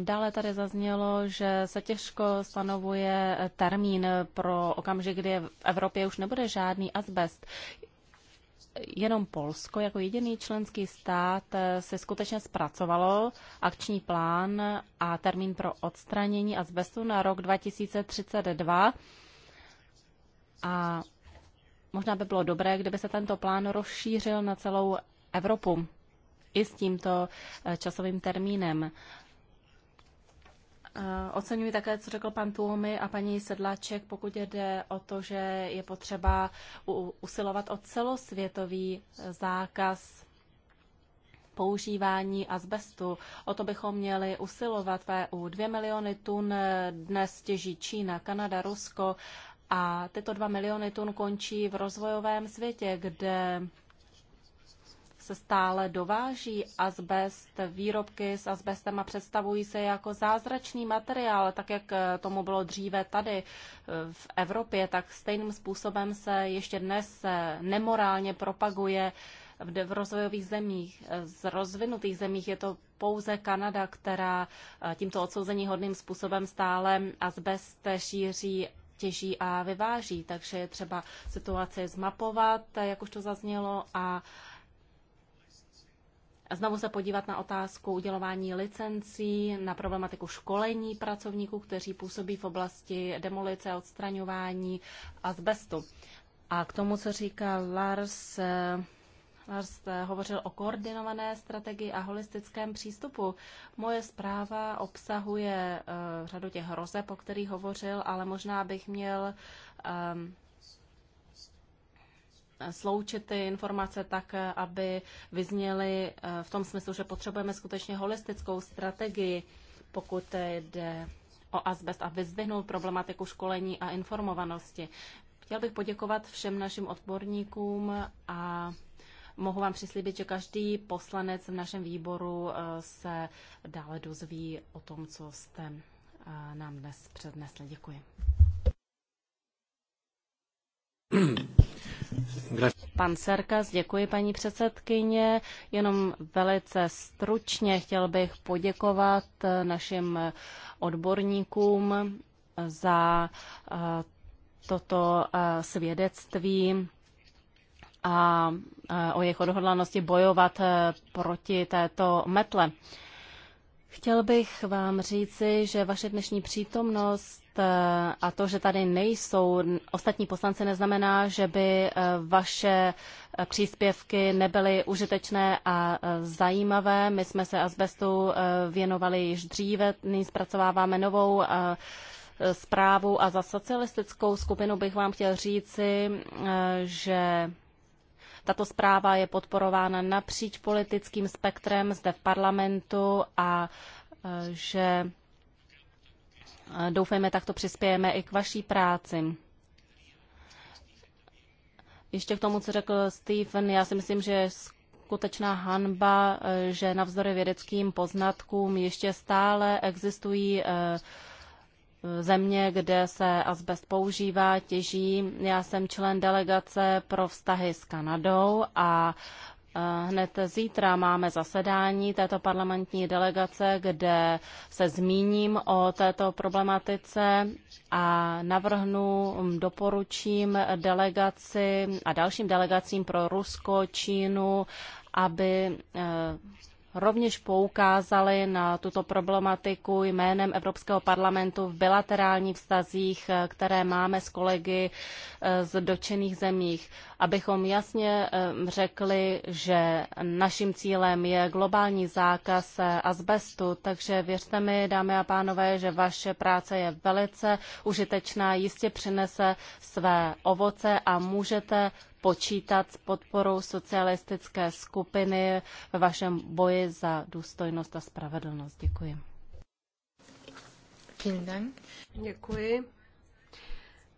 Dále tady zaznělo, že se těžko stanovuje termín pro okamžik, kdy v Evropě už nebude žádný asbest jenom Polsko jako jediný členský stát eh, se skutečně zpracovalo akční plán a termín pro odstranění azbestu na rok 2032. A možná by bylo dobré, kdyby se tento plán rozšířil na celou Evropu i s tímto eh, časovým termínem. Eh, oceňuji také, co řekl pan Tuomi a paní Sedláček, pokud jde o to, že je potřeba usilovat o celosvětový eh, zákaz používání azbestu. O to bychom měli usilovat v EU. Dvě miliony tun eh, dnes těží Čína, Kanada, Rusko a tyto dva miliony tun končí v rozvojovém světě, kde se stále dováží azbest, výrobky s azbestem a představují se jako zázračný materiál, tak jak eh, tomu bylo dříve tady eh, v Evropě, tak stejným způsobem se ještě dnes eh, nemorálně propaguje v rozvojových zemích. Z rozvinutých zemích je to pouze Kanada, která tímto odsouzení hodným způsobem stále azbest šíří těží a vyváží, takže je třeba situaci zmapovat, jak už to zaznělo, a znovu se podívat na otázku udělování licencí, na problematiku školení pracovníků, kteří působí v oblasti demolice, odstraňování asbestu. A k tomu, co říká Lars, eh, Lars eh, hovořil o koordinované strategii a holistickém přístupu. Moje zpráva obsahuje uh, řadu těch hrozeb, o kterých hovořil, ale možná bych měl um, sloučit ty informace tak, aby vyzněly eh, v tom smyslu, že potřebujeme skutečně holistickou strategii, pokud jde o asbest a vyzvihnout problematiku školení a informovanosti. Chtěl bych poděkovat všem našim odborníkům a mohu vám přislíbit, že každý poslanec v našem výboru eh, se dále dozví o tom, co jste eh, nám dnes přednesli. Děkuji. [CLEARS THROAT] Pan Serkas, děkuji paní předsedkyně. Jenom velice stručně chtěl bych poděkovat eh, našim odborníkům za eh, toto eh, svědectví a o jejich odhodlanosti bojovat proti této metle. Chtěl bych vám říci, že vaše dnešní přítomnost Eh, a to, že tady nejsou ostatní poslanci, neznamená, že by eh, vaše eh, příspěvky nebyly užitečné a zajímavé. My jsme se asbestu věnovali již dříve, nyní zpracováváme novou zprávu a za socialistickou skupinu bych vám chtěl říci, že tato zpráva je podporována napříč politickým spektrem zde v parlamentu a že doufejme, takto přispějeme i k vaší práci. Ještě k tomu, co řekl Stephen, já si myslím, že skutečná hanba, eh, že navzdory vědeckým poznatkům ještě stále existují eh, země, kde se asbest používá, těží. Já jsem člen delegace pro vztahy s Kanadou a Hned zítra máme zasedání této parlamentní delegace, kde se zmíním o této problematice a navrhnu, mm, doporučím delegaci a dalším delegacím pro Rusko, Čínu, aby eh, rovněž poukázali na tuto problematiku jménem Evropského parlamentu v bilaterálních vztazích, eh, které máme s kolegy eh, z dočených zemích, abychom jasně eh, řekli, že naším cílem je globální zákaz azbestu, takže věřte mi, dámy a pánové, že vaše práce je velice užitečná, jistě přinese své ovoce a můžete počítat s podporou socialistické skupiny ve vašem boji za důstojnost a spravedlnost. Děkuji. Děkuji.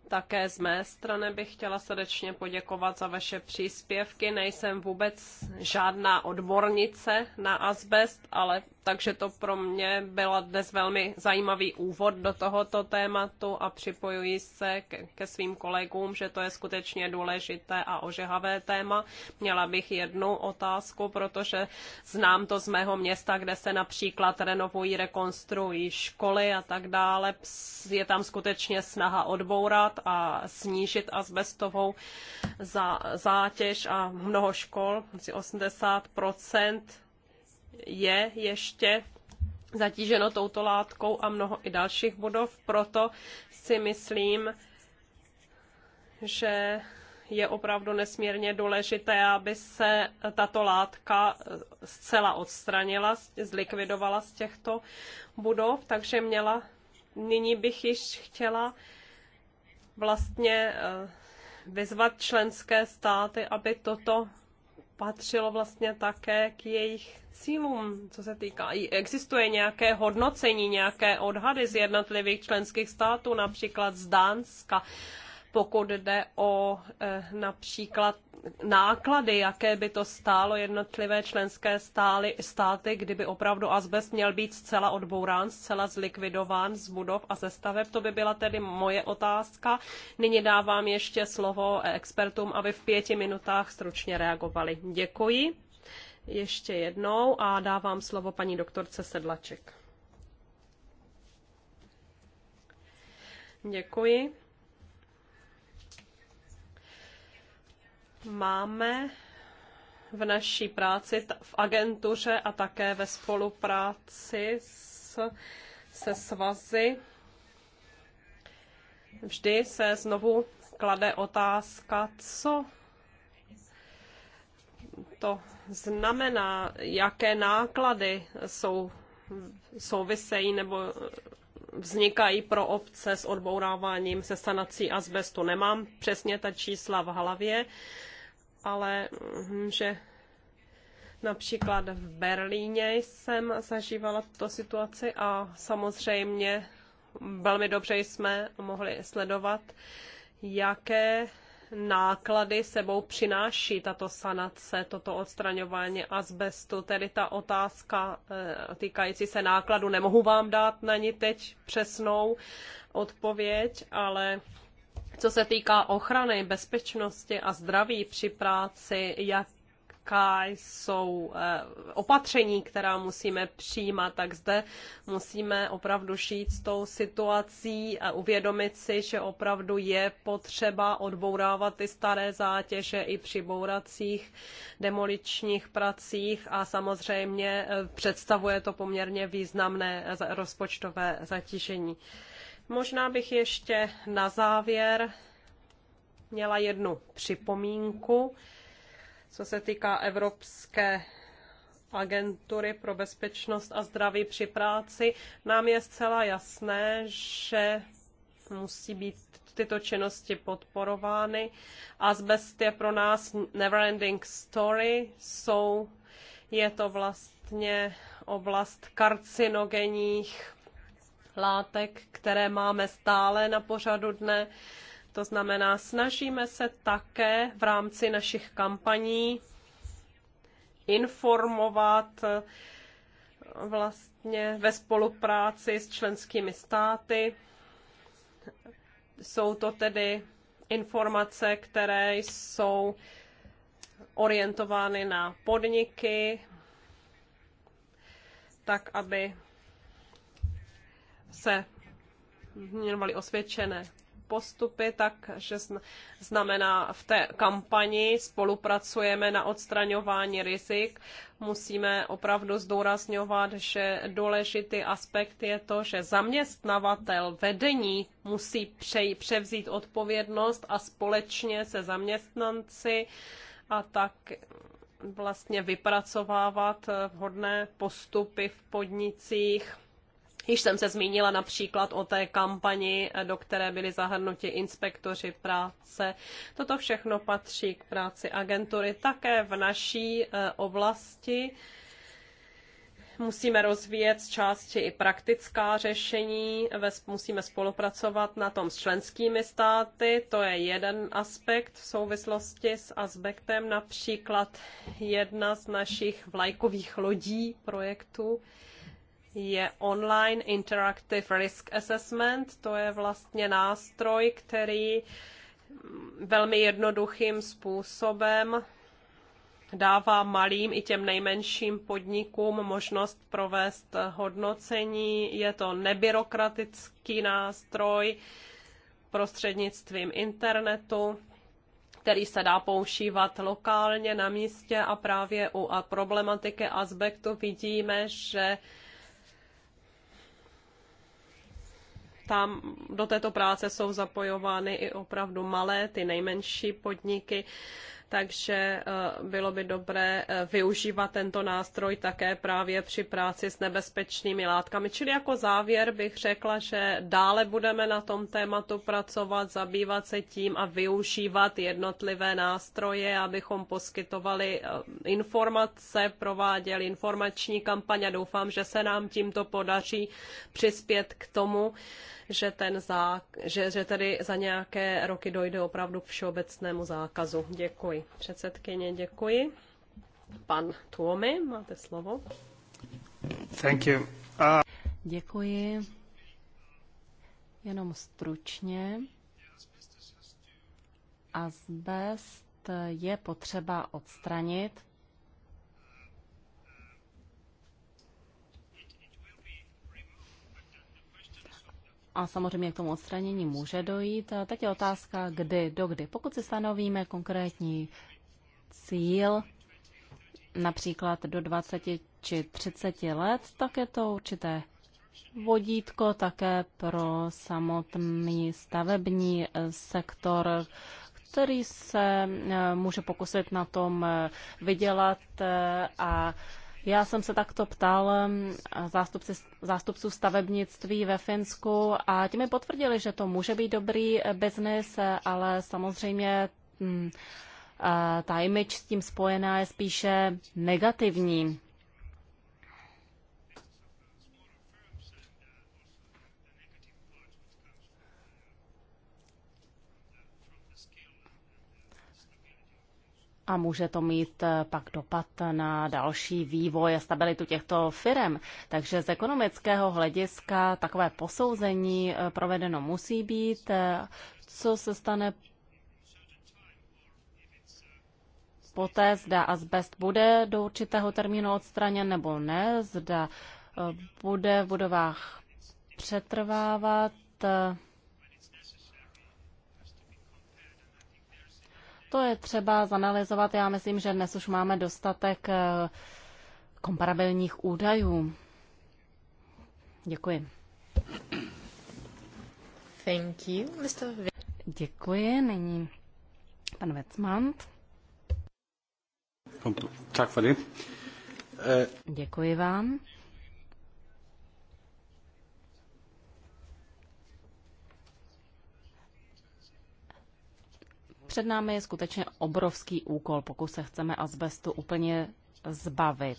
Také z mé strany bych chtěla srdečně poděkovat za vaše příspěvky. Nejsem vůbec žádná odbornice na asbest, ale takže to pro mě byla dnes velmi zajímavý úvod do tohoto tématu a připojuji se ke, ke svým kolegům, že to je skutečně důležité a ožehavé téma. Měla bych jednu otázku, protože znám to z mého města, kde se například renovují, rekonstruují školy a tak dále. Je tam skutečně snaha odbourat a snížit asbestovou za, zátěž a mnoho škol, asi 80 je ještě zatíženo touto látkou a mnoho i dalších budov, proto si myslím, že je opravdu nesmírně důležité, aby se tato látka zcela odstranila, zlikvidovala z těchto budov, takže měla, nyní bych již chtěla vlastně eh, vyzvat členské státy, aby toto patřilo vlastně také k jejich cílům, co se týká. Existuje nějaké hodnocení, nějaké odhady z jednotlivých členských států, například z Dánska, pokud jde o eh, například náklady, jaké by to stálo jednotlivé členské stály, státy, kdyby opravdu azbest měl být zcela odbourán, zcela zlikvidován z budov a ze staveb. To by byla tedy moje otázka. Nyní dávám ještě slovo expertům, aby v pěti minutách stručně reagovali. Děkuji ještě jednou a dávám slovo paní doktorce Sedlaček. Děkuji. Máme v naší práci v agentuře a také ve spolupráci s, se svazy vždy se znovu klade otázka, co to znamená, jaké náklady jsou, souvisejí nebo vznikají pro obce s odbouráváním, se sanací asbestu. Nemám přesně ta čísla v hlavě, ale hm, že například v Berlíně jsem zažívala tuto situaci a samozřejmě velmi dobře jsme mohli sledovat, jaké náklady sebou přináší tato sanace, toto odstraňování azbestu. tedy ta otázka eh, týkající se nákladu. Nemohu vám dát na ní teď přesnou odpověď, ale co se týká ochrany, bezpečnosti a zdraví při práci, jak jaká jsou eh, opatření, která musíme přijímat, tak zde musíme opravdu šít s tou situací a uvědomit si, že opravdu je potřeba odbourávat ty staré zátěže i při bouracích demoličních pracích a samozřejmě eh, představuje to poměrně významné eh, rozpočtové zatížení. Možná bych ještě na závěr měla jednu připomínku, co se týká Evropské agentury pro bezpečnost a zdraví při práci. Nám je zcela jasné, že musí být tyto činnosti podporovány. Asbest je pro nás neverending story, jsou, je to vlastně oblast karcinogenních látek, které máme stále na pořadu dne. To znamená, snažíme se také v rámci našich kampaní informovat eh, vlastně ve spolupráci s členskými státy. Jsou to tedy informace, které jsou orientovány na podniky, tak aby se měnovali osvědčené postupy, takže znamená v té kampani spolupracujeme na odstraňování rizik. Musíme opravdu zdůrazňovat, že důležitý aspekt je to, že zaměstnavatel vedení musí převzít odpovědnost a společně se zaměstnanci a tak vlastně vypracovávat vhodné postupy v podnicích Již jsem se zmínila například o té kampani, do které byli zahrnuti inspektoři práce. Toto všechno patří k práci agentury. Také v naší e, oblasti musíme rozvíjet z části i praktická řešení, musíme spolupracovat na tom s členskými státy, to je jeden aspekt v souvislosti s aspektem například jedna z našich vlajkových lodí projektu, je Online Interactive Risk Assessment. To je vlastně nástroj, který velmi jednoduchým způsobem dává malým i těm nejmenším podnikům možnost provést hodnocení. Je to nebyrokratický nástroj prostřednictvím internetu, který se dá používat lokálně na místě a právě u problematiky aspektu vidíme, že tam do této práce jsou zapojovány i opravdu malé, ty nejmenší podniky, takže eh, bylo by dobré eh, využívat tento nástroj také právě při práci s nebezpečnými látkami. Čili jako závěr bych řekla, že dále budeme na tom tématu pracovat, zabývat se tím a využívat jednotlivé nástroje, abychom poskytovali eh, informace, prováděli informační kampaně. doufám, že se nám tímto podaří přispět k tomu, že, ten zá, že, že tedy za nějaké roky dojde opravdu k všeobecnému zákazu. Děkuji. Předsedkyně, děkuji. Pan Tuomi, máte slovo. Thank you. Uh... Děkuji. Jenom stručně. Azbest je potřeba odstranit, a samozřejmě k tomu odstranění může dojít. A teď je otázka, kdy, dokdy. Pokud si stanovíme konkrétní cíl, například do 20 či 30 let, tak je to určité vodítko také pro samotný stavební eh, sektor, který se eh, může pokusit na tom eh, vydělat a já jsem se takto ptal zástupci, zástupců stavebnictví ve Finsku a ti mi potvrdili, že to může být dobrý eh, biznis, eh, ale samozřejmě mm, eh, ta image s tím spojená je spíše negativní. a může to mít eh, pak dopad na další vývoj a stabilitu těchto firm. Takže z ekonomického hlediska takové posouzení eh, provedeno musí být. Eh, co se stane poté, zda asbest bude do určitého termínu odstraněn nebo ne, zda bude v budovách přetrvávat. To je třeba zanalizovat. Já myslím, že dnes už máme dostatek eh, komparabilních údajů. Děkuji. Thank you, Mr. Děkuji. Nyní pan Vecmant. Tak, eh, Děkuji vám. Před námi je skutečně obrovský úkol, pokud se chceme azbestu úplně zbavit.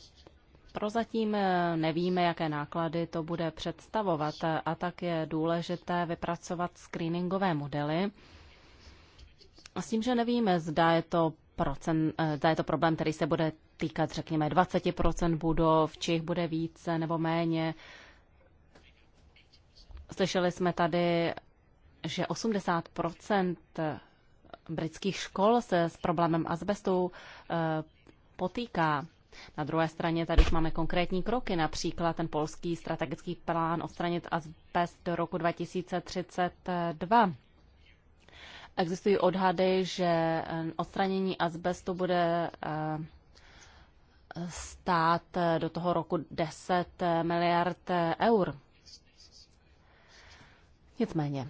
Prozatím eh, nevíme, jaké náklady to bude představovat eh, a tak je důležité vypracovat screeningové modely. A s tím, že nevíme, zda je to procent, eh, zda je to problém, který se bude týkat, řekněme, 20% budov, či jich bude více nebo méně. Slyšeli jsme tady, že 80% britských škol se s problémem azbestu eh, potýká. Na druhé straně tady už máme konkrétní kroky, například ten polský strategický plán odstranit azbest do roku 2032. Existují odhady, že eh, odstranění azbestu bude eh, stát do toho roku 10 miliard eur. Nicméně,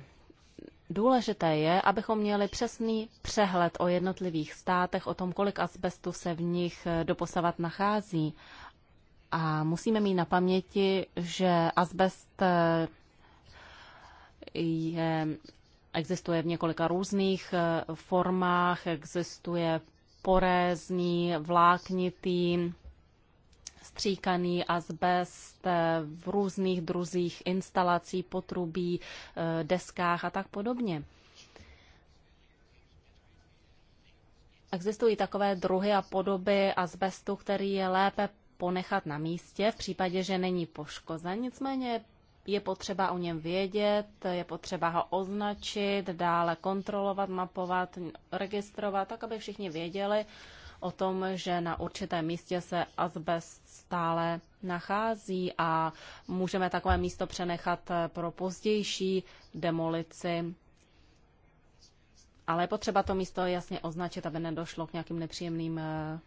Důležité je, abychom měli přesný přehled o jednotlivých státech, o tom, kolik asbestu se v nich eh, doposavat nachází. A musíme mít na paměti, že asbest eh, je, existuje v několika různých eh, formách, existuje porézní, vláknitý, nastříkaný azbest eh, v různých druzích instalací, potrubí, eh, deskách a tak podobně. Existují takové druhy a podoby azbestu, který je lépe ponechat na místě v případě, že není poškozen. Nicméně je potřeba o něm vědět, je potřeba ho označit, dále kontrolovat, mapovat, registrovat, tak aby všichni věděli, o tom, že na určitém místě se azbest stále nachází a můžeme takové místo přenechat pro pozdější demolici. Ale je potřeba to místo jasně označit, aby nedošlo k nějakým nepříjemným eh,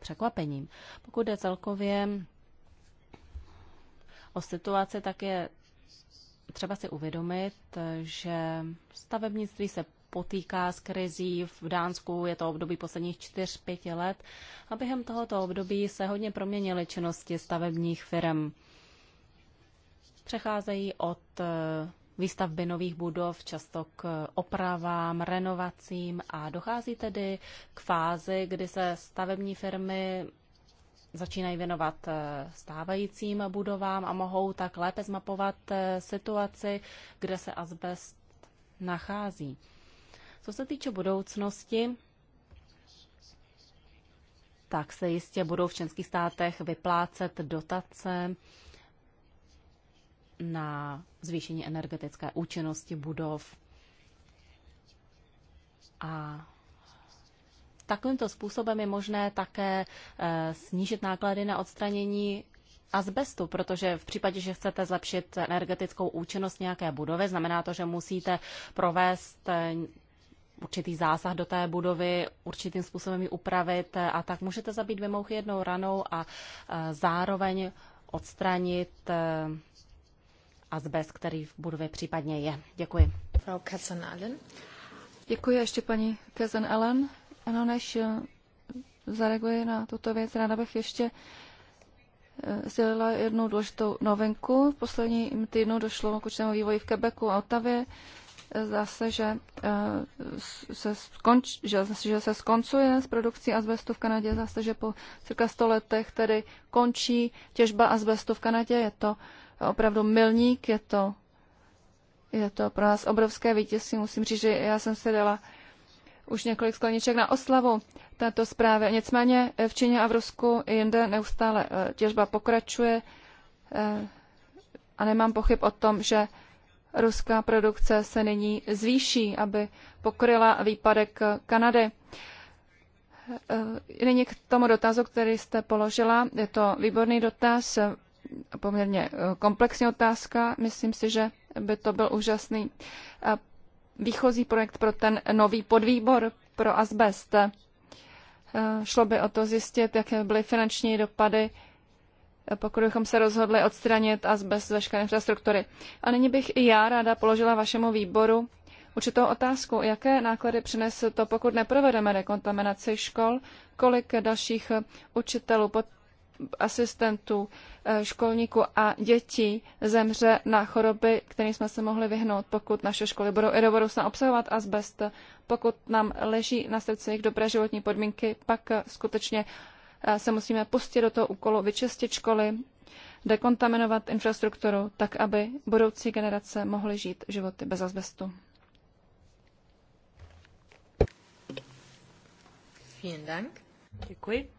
překvapením. Pokud jde celkově o situaci, tak je třeba si uvědomit, eh, že stavebnictví se potýká s krizí. V Dánsku je to období posledních 4-5 let a během tohoto období se hodně proměnily činnosti stavebních firm. Přecházejí od e, výstavby nových budov, často k e, opravám, renovacím a dochází tedy k fázi, kdy se stavební firmy začínají věnovat e, stávajícím budovám a mohou tak lépe zmapovat situaci, kde se asbest nachází. Co se týče budoucnosti, tak se jistě budou v členských státech vyplácet dotace na zvýšení energetické účinnosti budov. A takovýmto způsobem je možné také eh, snížit náklady na odstranění azbestu, protože v případě, že chcete zlepšit energetickou účinnost nějaké budovy, znamená to, že musíte provést eh, určitý zásah do té budovy, určitým způsobem ji upravit a tak můžete zabít dvě mouchy jednou ranou a e, zároveň odstranit e, azbest, který v budově případně je. Děkuji. Frau Kazan Allen. Děkuji ještě paní Kazan Allen. Ano, než e, zareaguji na tuto věc, ráda bych ještě sdělila jednu důležitou novinku. V posledním týdnu došlo k určitému vývoji v Quebecu a Otavě. Zase, že eh, se, skonč, že, že se skoncuje s produkcí azbestu v Kanadě. Zase, že po cirka 100 letech tedy končí těžba azbestu v Kanadě. Je to opravdu milník, je to, je to pro nás obrovské vítězství. Musím říct, že já jsem se dala už několik skleniček na oslavu této zprávy. Nicméně eh, v Číně a v Rusku i jinde neustále eh, těžba pokračuje a nemám pochyb o tom, že ruská produkce se nyní zvýší, aby pokryla výpadek Kanady. E, nyní k tomu dotazu, který jste položila. Je to výborný dotaz, e, poměrně e, komplexní otázka. Myslím si, že by to byl úžasný výchozí projekt pro ten nový podvýbor pro asbest. Šlo by o to zjistit, jaké byly finanční dopady pokud bychom se rozhodli odstranit a zbez veškeré infrastruktury. A nyní bych i já ráda položila vašemu výboru určitou otázku, jaké náklady přinese to, pokud neprovedeme rekontaminaci škol, kolik dalších učitelů, pod asistentů, eh, školníků a dětí zemře na choroby, kterým jsme se mohli vyhnout, pokud naše školy budou i do budoucna obsahovat asbest. Pokud nám leží na srdci jejich dobré životní podmínky, pak skutečně se musíme pustit do toho úkolu vyčistit školy, dekontaminovat infrastrukturu tak, aby budoucí generace mohly žít životy bez azbestu. Děkuji.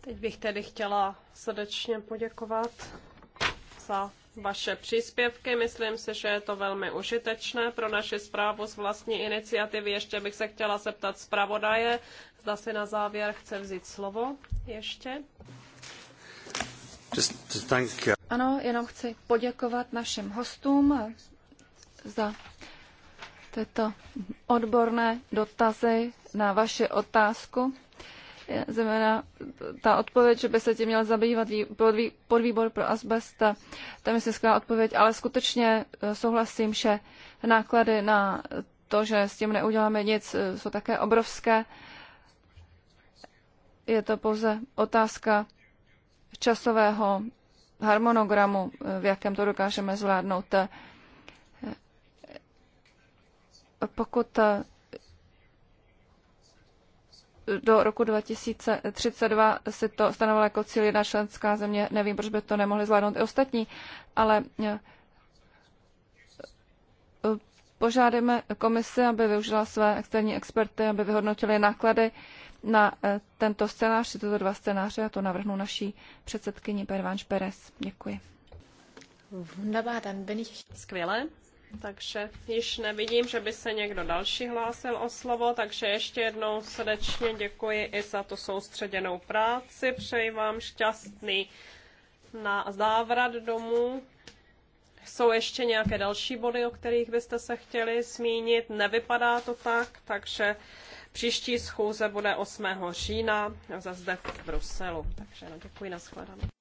Teď bych tedy chtěla srdečně poděkovat za vaše příspěvky. Myslím si, že je to velmi užitečné pro naši zprávu z vlastní iniciativy. Ještě bych se chtěla zeptat zpravodaje, zda si na závěr chce vzít slovo ještě. Ano, jenom chci poděkovat našim hostům za tyto odborné dotazy na vaši otázku. Znamená ta odpověď, že by se tím měl zabývat podvýbor pro asbest, tam je skvělá odpověď, ale skutečně eh, souhlasím, že náklady na to, že s tím neuděláme nic, eh, jsou také obrovské. Je to pouze otázka časového harmonogramu, eh, v jakém to dokážeme zvládnout. Pokud do roku 2032 si to stanovila jako cíl jedna členská země. Nevím, proč by to nemohli zvládnout i ostatní, ale eh, požádáme komisi, aby využila své externí experty, aby vyhodnotili náklady na eh, tento scénář, tyto dva scénáře a to navrhnu naší předsedkyni Pervanš Perez. Děkuji. Wunderbar, Skvěle. Takže již nevidím, že by se někdo další hlásil o slovo, takže ještě jednou srdečně děkuji i za tu soustředěnou práci. Přeji vám šťastný na závrat domů. Jsou ještě nějaké další body, o kterých byste se chtěli zmínit? Nevypadá to tak, takže příští schůze bude 8. října zase zde v Bruselu. Takže no, děkuji, nashledanou.